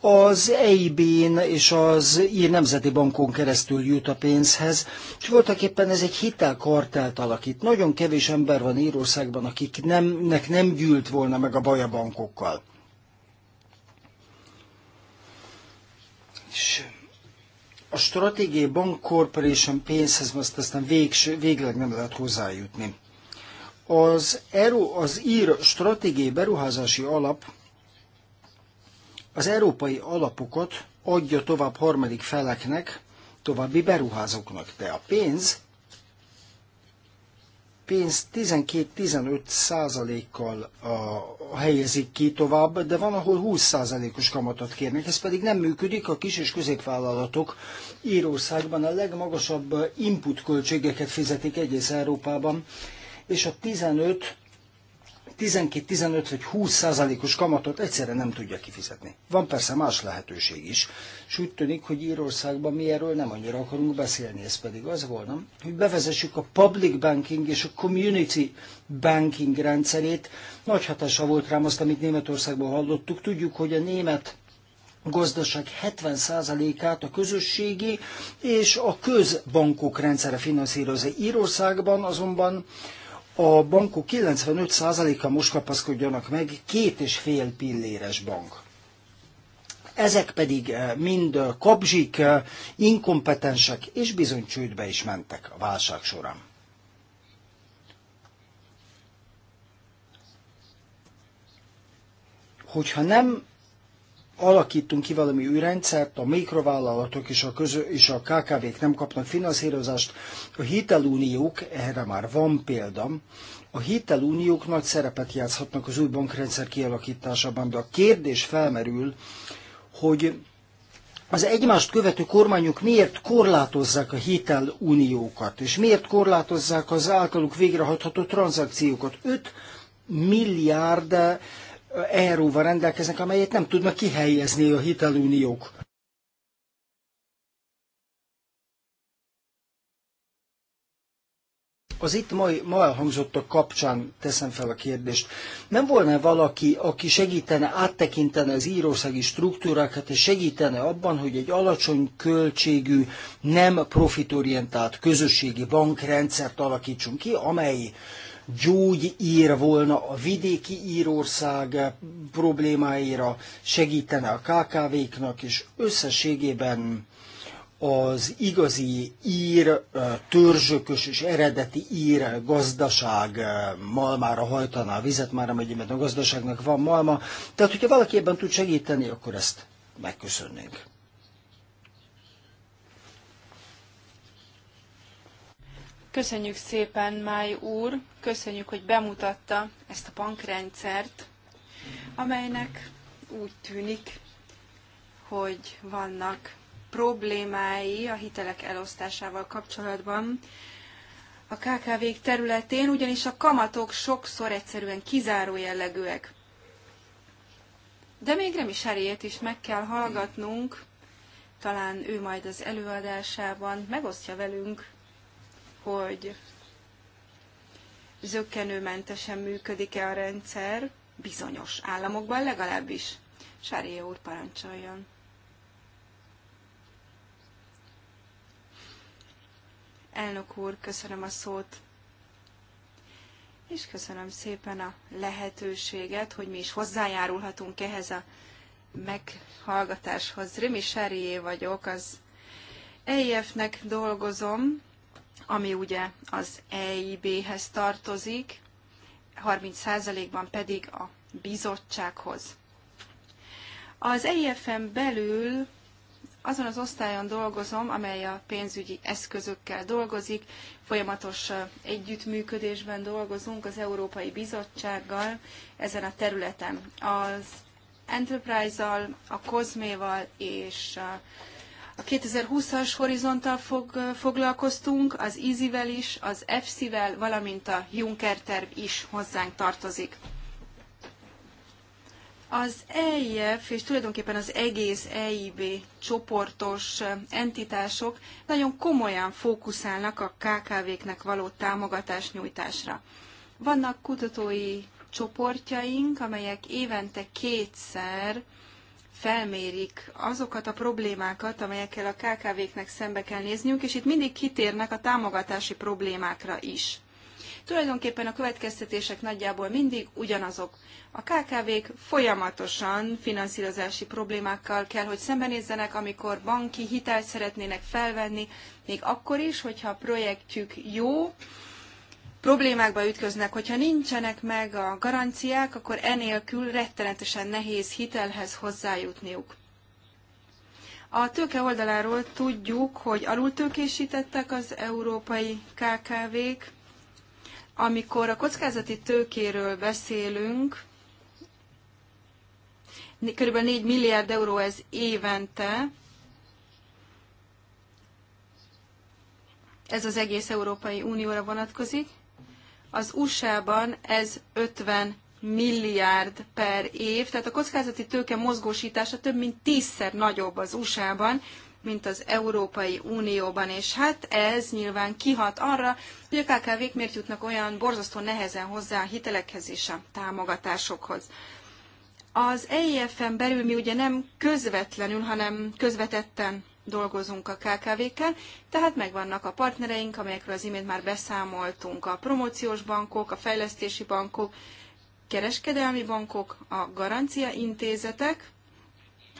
az EIB-n és az Ír Nemzeti Bankon keresztül jut a pénzhez, és voltak éppen ez egy hitelkartelt alakít. Nagyon kevés ember van Írországban, akiknek nem, gyűlt volna meg a baj a bankokkal. És a stratégiai Bank Corporation pénzhez azt aztán végs, végleg nem lehet hozzájutni. Az, Euró, az ír stratégiai beruházási alap az európai alapokat adja tovább harmadik feleknek, további beruházóknak. De a pénz pénz 12-15 százalékkal helyezik ki tovább, de van, ahol 20%-os kamatot kérnek. Ez pedig nem működik, a kis és középvállalatok Írországban a legmagasabb input költségeket fizetik egész Európában, és a 15 12-15 vagy 20 százalékos kamatot egyszerre nem tudja kifizetni. Van persze más lehetőség is, és úgy tűnik, hogy Írországban mi erről nem annyira akarunk beszélni, ez pedig az volna, hogy bevezessük a public banking és a community banking rendszerét. Nagy hatása volt rám azt, amit Németországban hallottuk. Tudjuk, hogy a német gazdaság 70%-át a közösségi és a közbankok rendszere finanszírozza. Írországban azonban a bankok 95%-a most kapaszkodjanak meg két és fél pilléres bank. Ezek pedig eh, mind eh, kapzsik, eh, inkompetensek, és bizony csődbe is mentek a válság során. Hogyha nem alakítunk ki valami új rendszert, a mikrovállalatok és a, közö, és a KKV-k nem kapnak finanszírozást, a hiteluniók, erre már van példa, a hiteluniók nagy szerepet játszhatnak az új bankrendszer kialakításában, de a kérdés felmerül, hogy az egymást követő kormányok miért korlátozzák a hiteluniókat, és miért korlátozzák az általuk végrehajtható tranzakciókat. 5 milliárd euróval rendelkeznek, amelyet nem tudnak kihelyezni a hiteluniók. Az itt ma, ma elhangzottak kapcsán teszem fel a kérdést. Nem volna valaki, aki segítene, áttekintene az írószági struktúrákat, és segítene abban, hogy egy alacsony költségű, nem profitorientált közösségi bankrendszert alakítsunk ki, amely ír volna a vidéki Írország problémáira, segítene a KKV-knak, és összességében az igazi ír, törzsökös és eredeti ír gazdaság malmára hajtaná a vizet, már amennyiben a gazdaságnak van malma. Tehát, hogyha valaki ebben tud segíteni, akkor ezt megköszönnénk. Köszönjük szépen, Máj úr, köszönjük, hogy bemutatta ezt a bankrendszert, amelynek úgy tűnik, hogy vannak problémái a hitelek elosztásával kapcsolatban a kkv területén, ugyanis a kamatok sokszor egyszerűen kizáró jellegűek. De még Remi Sáriét is meg kell hallgatnunk, talán ő majd az előadásában megosztja velünk hogy zöggenőmentesen működik-e a rendszer, bizonyos államokban legalábbis. Sária úr parancsoljon. Elnök úr, köszönöm a szót, és köszönöm szépen a lehetőséget, hogy mi is hozzájárulhatunk ehhez a meghallgatáshoz. Rimi Sárié vagyok, az EIF-nek dolgozom, ami ugye az EIB-hez tartozik, 30%-ban pedig a bizottsághoz. Az EIFM belül azon az osztályon dolgozom, amely a pénzügyi eszközökkel dolgozik, folyamatos együttműködésben dolgozunk az Európai Bizottsággal ezen a területen. Az enterprise al a Kozméval és a 2020-as horizonttal fog, foglalkoztunk, az EASY-vel is, az EFSI-vel, valamint a Juncker terv is hozzánk tartozik. Az EIF és tulajdonképpen az egész EIB csoportos entitások nagyon komolyan fókuszálnak a KKV-knek való támogatás nyújtásra. Vannak kutatói csoportjaink, amelyek évente kétszer felmérik azokat a problémákat, amelyekkel a KKV-knek szembe kell nézniük, és itt mindig kitérnek a támogatási problémákra is. Tulajdonképpen a következtetések nagyjából mindig ugyanazok. A KKV-k folyamatosan finanszírozási problémákkal kell, hogy szembenézzenek, amikor banki hitelt szeretnének felvenni, még akkor is, hogyha a projektjük jó, problémákba ütköznek. Hogyha nincsenek meg a garanciák, akkor enélkül rettenetesen nehéz hitelhez hozzájutniuk. A tőke oldaláról tudjuk, hogy alultőkésítettek az európai KKV-k. Amikor a kockázati tőkéről beszélünk, kb. 4 milliárd euró ez évente, ez az egész Európai Unióra vonatkozik, az USA-ban ez 50 milliárd per év, tehát a kockázati tőke mozgósítása több mint tízszer nagyobb az USA-ban, mint az Európai Unióban, és hát ez nyilván kihat arra, hogy a KKV-k miért jutnak olyan borzasztó nehezen hozzá a hitelekhez és a támogatásokhoz. Az EIF-en belül mi ugye nem közvetlenül, hanem közvetetten dolgozunk a KKV-kkel, tehát megvannak a partnereink, amelyekről az imént már beszámoltunk, a promóciós bankok, a fejlesztési bankok, kereskedelmi bankok, a garancia intézetek,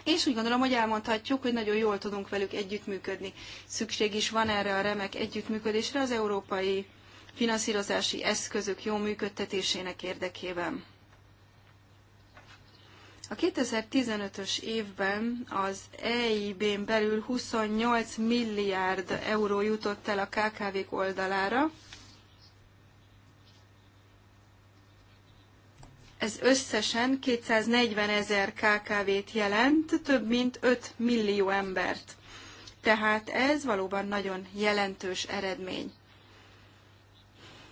és úgy gondolom, hogy elmondhatjuk, hogy nagyon jól tudunk velük együttműködni. Szükség is van erre a remek együttműködésre az európai finanszírozási eszközök jó működtetésének érdekében. A 2015-ös évben az EIB-n belül 28 milliárd euró jutott el a KKV-k oldalára. Ez összesen 240 ezer KKV-t jelent, több mint 5 millió embert. Tehát ez valóban nagyon jelentős eredmény.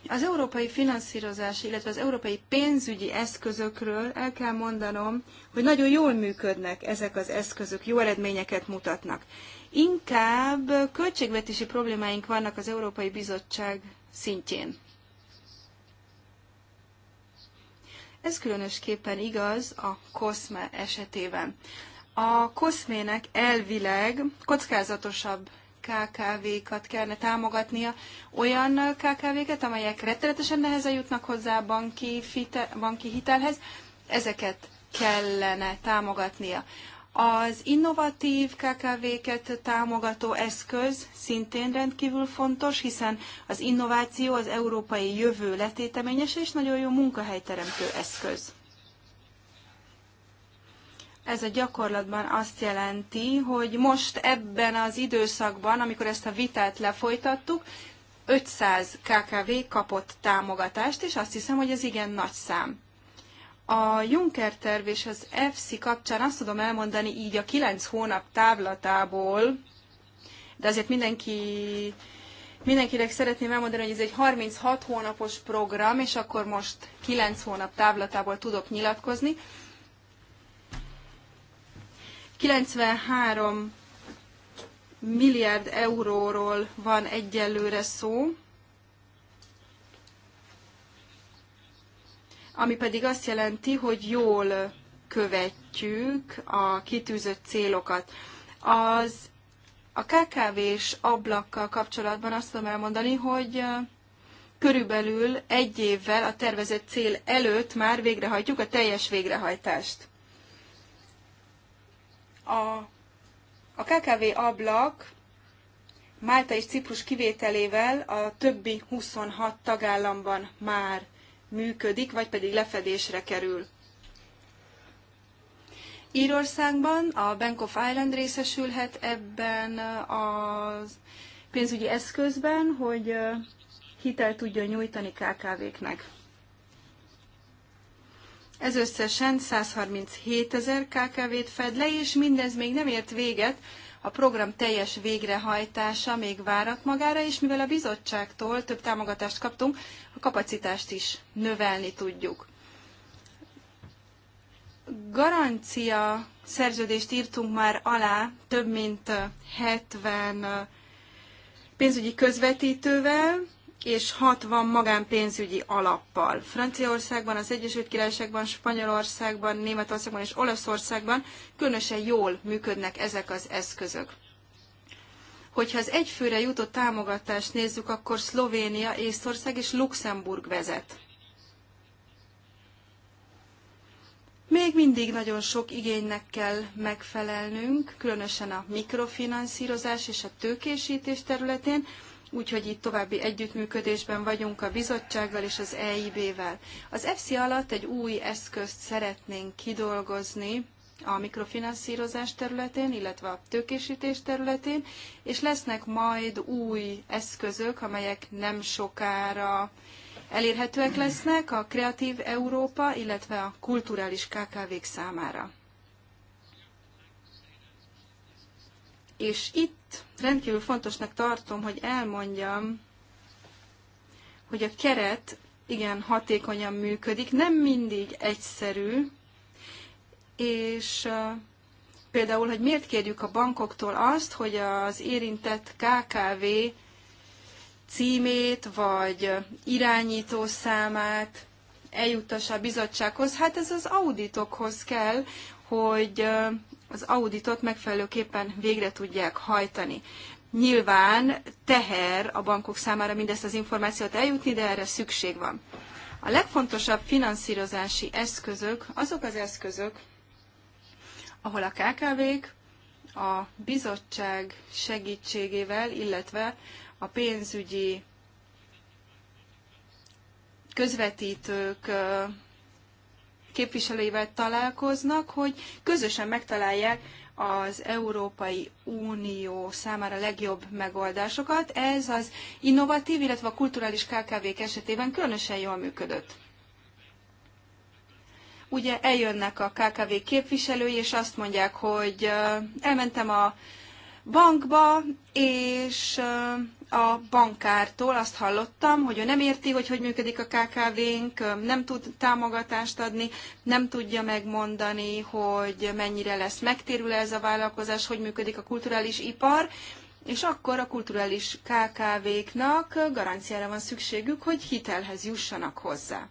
Az európai finanszírozás, illetve az európai pénzügyi eszközökről el kell mondanom, hogy nagyon jól működnek ezek az eszközök, jó eredményeket mutatnak. Inkább költségvetési problémáink vannak az Európai Bizottság szintjén. Ez különösképpen igaz a COSME esetében. A COSME-nek elvileg kockázatosabb KKV-kat kellene támogatnia, olyan KKV-ket, amelyek rettenetesen nehezen jutnak hozzá banki, fite, banki hitelhez, ezeket kellene támogatnia. Az innovatív KKV-ket támogató eszköz szintén rendkívül fontos, hiszen az innováció az európai jövő letéteményes és nagyon jó munkahelyteremtő eszköz. Ez a gyakorlatban azt jelenti, hogy most ebben az időszakban, amikor ezt a vitát lefolytattuk, 500 KKV kapott támogatást, és azt hiszem, hogy ez igen nagy szám. A Juncker terv és az EFSI kapcsán azt tudom elmondani így a 9 hónap távlatából, de azért mindenki mindenkinek szeretném elmondani, hogy ez egy 36 hónapos program, és akkor most 9 hónap távlatából tudok nyilatkozni. 93 milliárd euróról van egyelőre szó, ami pedig azt jelenti, hogy jól követjük a kitűzött célokat. Az a KKV-s ablakkal kapcsolatban azt tudom elmondani, hogy körülbelül egy évvel a tervezett cél előtt már végrehajtjuk a teljes végrehajtást. A, a KKV ablak Málta és Ciprus kivételével a többi 26 tagállamban már működik, vagy pedig lefedésre kerül. Írországban a Bank of Ireland részesülhet ebben a pénzügyi eszközben, hogy hitelt tudjon nyújtani KKV-knek. Ez összesen 137 ezer KKV-t fed le, és mindez még nem ért véget, a program teljes végrehajtása még várat magára, és mivel a bizottságtól több támogatást kaptunk, a kapacitást is növelni tudjuk. Garancia szerződést írtunk már alá több mint 70 pénzügyi közvetítővel, és 60 magánpénzügyi alappal. Franciaországban, az Egyesült Királyságban, Spanyolországban, Németországban és Olaszországban különösen jól működnek ezek az eszközök. Hogyha az egyfőre jutott támogatást nézzük, akkor Szlovénia, Észtország és Luxemburg vezet. Még mindig nagyon sok igénynek kell megfelelnünk, különösen a mikrofinanszírozás és a tőkésítés területén, úgyhogy itt további együttműködésben vagyunk a bizottsággal és az EIB-vel. Az EFSI alatt egy új eszközt szeretnénk kidolgozni, a mikrofinanszírozás területén, illetve a tőkésítés területén, és lesznek majd új eszközök, amelyek nem sokára elérhetőek lesznek a Kreatív Európa, illetve a kulturális KKV-k számára. És itt rendkívül fontosnak tartom, hogy elmondjam, hogy a keret igen hatékonyan működik, nem mindig egyszerű, és például, hogy miért kérjük a bankoktól azt, hogy az érintett KKV címét vagy irányító számát eljuttassa a bizottsághoz, hát ez az auditokhoz kell, hogy az auditot megfelelőképpen végre tudják hajtani. Nyilván teher a bankok számára mindezt az információt eljutni, de erre szükség van. A legfontosabb finanszírozási eszközök azok az eszközök, ahol a KKV-k a bizottság segítségével, illetve a pénzügyi közvetítők képviselőivel találkoznak, hogy közösen megtalálják az Európai Unió számára legjobb megoldásokat. Ez az innovatív, illetve a kulturális KKV-k esetében különösen jól működött. Ugye eljönnek a KKV képviselői, és azt mondják, hogy elmentem a bankba, és a bankártól azt hallottam, hogy ő nem érti, hogy hogy működik a KKV-nk, nem tud támogatást adni, nem tudja megmondani, hogy mennyire lesz megtérül ez a vállalkozás, hogy működik a kulturális ipar, és akkor a kulturális KKV-knak garanciára van szükségük, hogy hitelhez jussanak hozzá.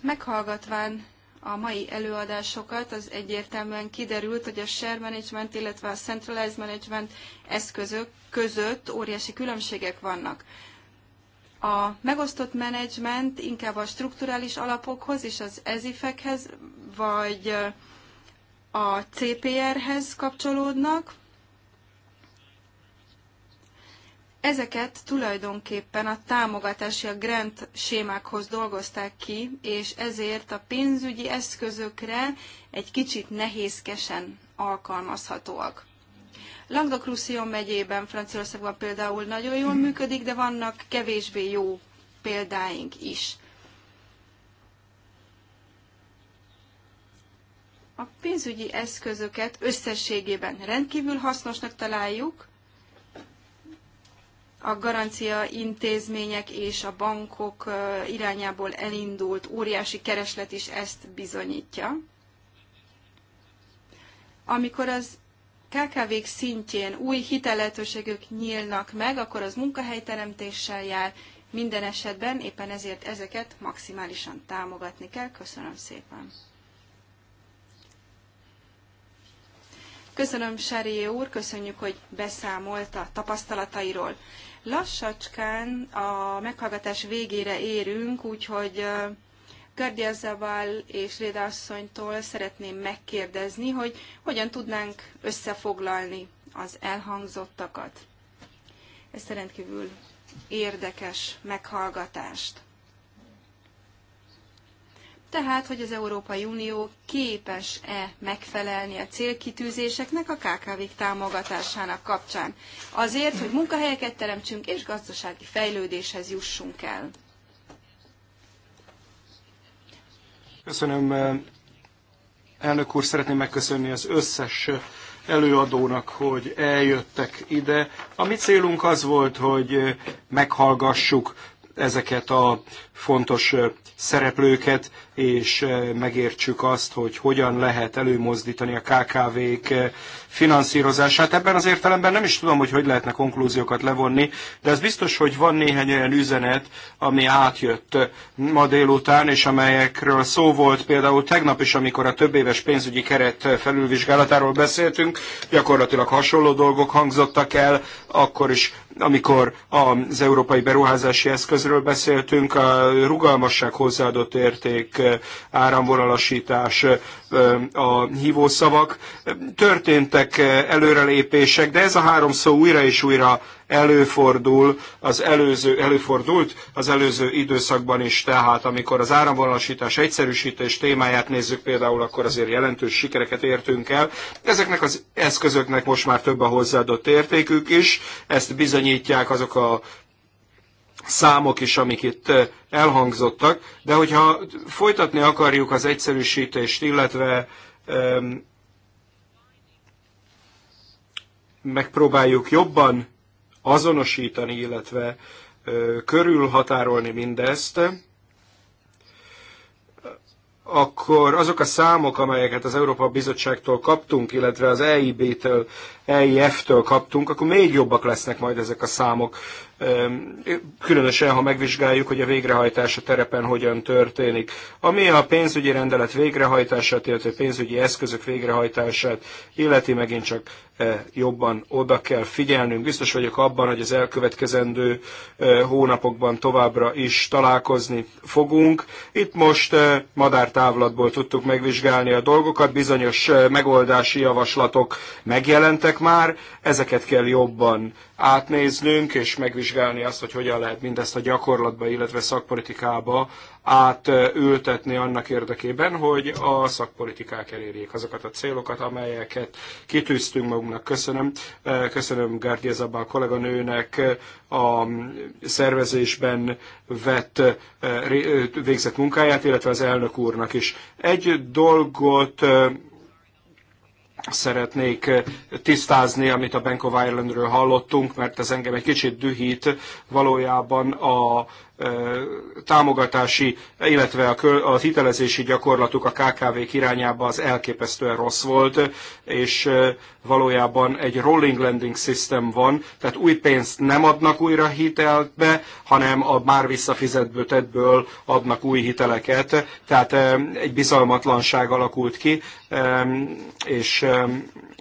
Meghallgatván a mai előadásokat, az egyértelműen kiderült, hogy a share management, illetve a centralized management eszközök között óriási különbségek vannak. A megosztott menedzsment inkább a strukturális alapokhoz és az ezifekhez, vagy a CPR-hez kapcsolódnak, Ezeket tulajdonképpen a támogatási, a grant sémákhoz dolgozták ki, és ezért a pénzügyi eszközökre egy kicsit nehézkesen alkalmazhatóak. Languedoc-Roussillon megyében, Franciaországban például nagyon jól működik, de vannak kevésbé jó példáink is. A pénzügyi eszközöket összességében rendkívül hasznosnak találjuk, a garancia intézmények és a bankok irányából elindult óriási kereslet is ezt bizonyítja. Amikor az KKV-k szintjén új hitellehetőségek nyílnak meg, akkor az munkahelyteremtéssel jár, minden esetben éppen ezért ezeket maximálisan támogatni kell. Köszönöm szépen! Köszönöm, Sárié úr, köszönjük, hogy beszámolt a tapasztalatairól. Lassacskán a meghallgatás végére érünk, úgyhogy Gardia Zabal és Réda asszonytól szeretném megkérdezni, hogy hogyan tudnánk összefoglalni az elhangzottakat. Ezt rendkívül érdekes meghallgatást tehát hogy az Európai Unió képes-e megfelelni a célkitűzéseknek a KKV-k támogatásának kapcsán. Azért, hogy munkahelyeket teremtsünk és gazdasági fejlődéshez jussunk el. Köszönöm, elnök úr, szeretném megköszönni az összes előadónak, hogy eljöttek ide. A mi célunk az volt, hogy meghallgassuk ezeket a fontos szereplőket, és megértsük azt, hogy hogyan lehet előmozdítani a KKV-k finanszírozását. Ebben az értelemben nem is tudom, hogy hogy lehetne konklúziókat levonni, de az biztos, hogy van néhány olyan üzenet, ami átjött ma délután, és amelyekről szó volt például tegnap is, amikor a több éves pénzügyi keret felülvizsgálatáról beszéltünk, gyakorlatilag hasonló dolgok hangzottak el, akkor is amikor az európai beruházási eszközről beszéltünk, a rugalmasság hozzáadott érték, áramvonalasítás, a hívószavak. Történtek előrelépések, de ez a három szó újra és újra előfordul az előző, előfordult az előző időszakban is, tehát amikor az áramvonalasítás egyszerűsítés témáját nézzük például, akkor azért jelentős sikereket értünk el. Ezeknek az eszközöknek most már több a hozzáadott értékük is, ezt bizonyítják azok a számok is, amik itt eh, elhangzottak, de hogyha folytatni akarjuk az egyszerűsítést, illetve megpróbáljuk jobban azonosítani, illetve körülhatárolni mindezt, akkor azok a számok, amelyeket az Európa Bizottságtól kaptunk, illetve az EIB-től EIF-től kaptunk, akkor még jobbak lesznek majd ezek a számok. Különösen, ha megvizsgáljuk, hogy a végrehajtása terepen hogyan történik. Ami a pénzügyi rendelet végrehajtását, illetve pénzügyi eszközök végrehajtását illeti, megint csak e, jobban oda kell figyelnünk. Biztos vagyok abban, hogy az elkövetkezendő e, hónapokban továbbra is találkozni fogunk. Itt most e, madártávlatból tudtuk megvizsgálni a dolgokat, bizonyos megoldási javaslatok megjelentek, ezek már, ezeket kell jobban átnéznünk, és megvizsgálni azt, hogy hogyan lehet mindezt a gyakorlatba, illetve szakpolitikába átültetni annak érdekében, hogy a szakpolitikák elérjék azokat a célokat, amelyeket kitűztünk magunknak. Köszönöm. Köszönöm Gárdi Zabál kolléganőnek a szervezésben vett eh, végzett munkáját, illetve az elnök úrnak is. Egy dolgot eh, szeretnék eh, tisztázni, amit a Bank of Irelandről hallottunk, mert ez engem egy kicsit dühít. Valójában a támogatási, illetve a hitelezési gyakorlatuk a KKV-k irányába az elképesztően rossz volt, és valójában egy rolling lending system van, tehát új pénzt nem adnak újra hitelbe, hanem a már visszafizetből adnak új hiteleket, tehát egy bizalmatlanság alakult ki, és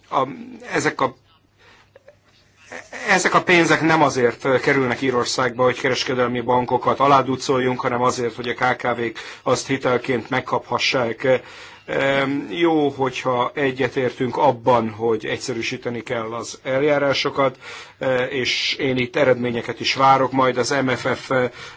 a, ezek a ezek a pénzek nem azért kerülnek Írországba, hogy kereskedelmi bankokat aláducoljunk, hanem azért, hogy a KKV-k azt hitelként megkaphassák. Jó, hogyha egyetértünk abban, hogy egyszerűsíteni kell az eljárásokat, e, és én itt eredményeket is várok majd az MFF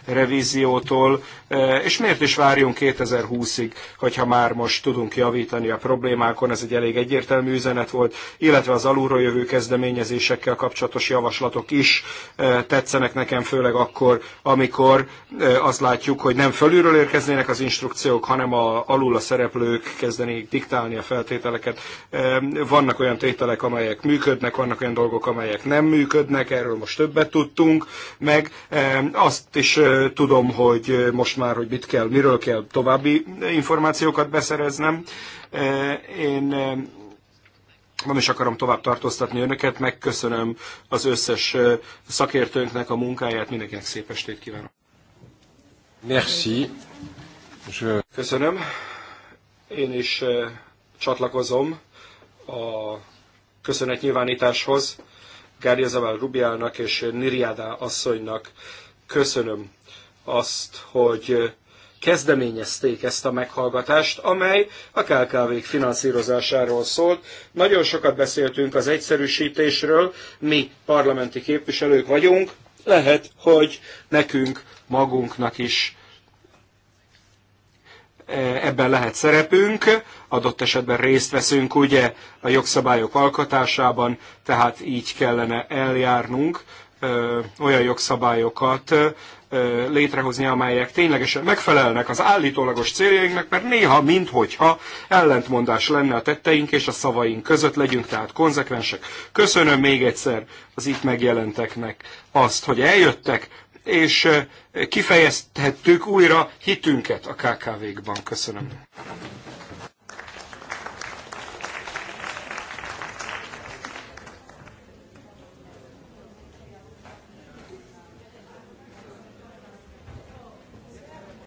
revíziótól, e, és miért is várjunk 2020-ig, hogyha már most tudunk javítani a problémákon, ez egy elég egyértelmű üzenet volt, illetve az alulról jövő kezdeményezésekkel kapcsolatos javaslatok is e, tetszenek nekem, főleg akkor, amikor azt látjuk, hogy nem fölülről érkeznének az instrukciók, hanem a, alul a szereplők kezdeni diktálni a feltételeket. Vannak olyan tételek, amelyek működnek, vannak olyan dolgok, amelyek nem működnek, erről most többet tudtunk, meg azt is tudom, hogy most már, hogy mit kell, miről kell további információkat beszereznem. Én nem is akarom tovább tartóztatni önöket, megköszönöm az összes szakértőnknek a munkáját, mindenkinek szép estét kívánok. Merci. Köszönöm. Én is eh, csatlakozom a köszönetnyilvánításhoz Gárja Zabel Rubiának és Niriádá asszonynak. Köszönöm azt, hogy eh, kezdeményezték ezt a meghallgatást, amely a kkv finanszírozásáról szólt. Nagyon sokat beszéltünk az egyszerűsítésről, mi parlamenti képviselők vagyunk, lehet, hogy nekünk magunknak is ebben lehet szerepünk, adott esetben részt veszünk ugye a jogszabályok alkotásában, tehát így kellene eljárnunk, olyan jogszabályokat létrehozni, amelyek ténylegesen megfelelnek az állítólagos céljainknak, mert néha, minthogyha ellentmondás lenne a tetteink és a szavaink között, legyünk tehát konzekvensek. Köszönöm még egyszer az itt megjelenteknek azt, hogy eljöttek, és eh, kifejezhettük újra hitünket a KKV-kban. Köszönöm.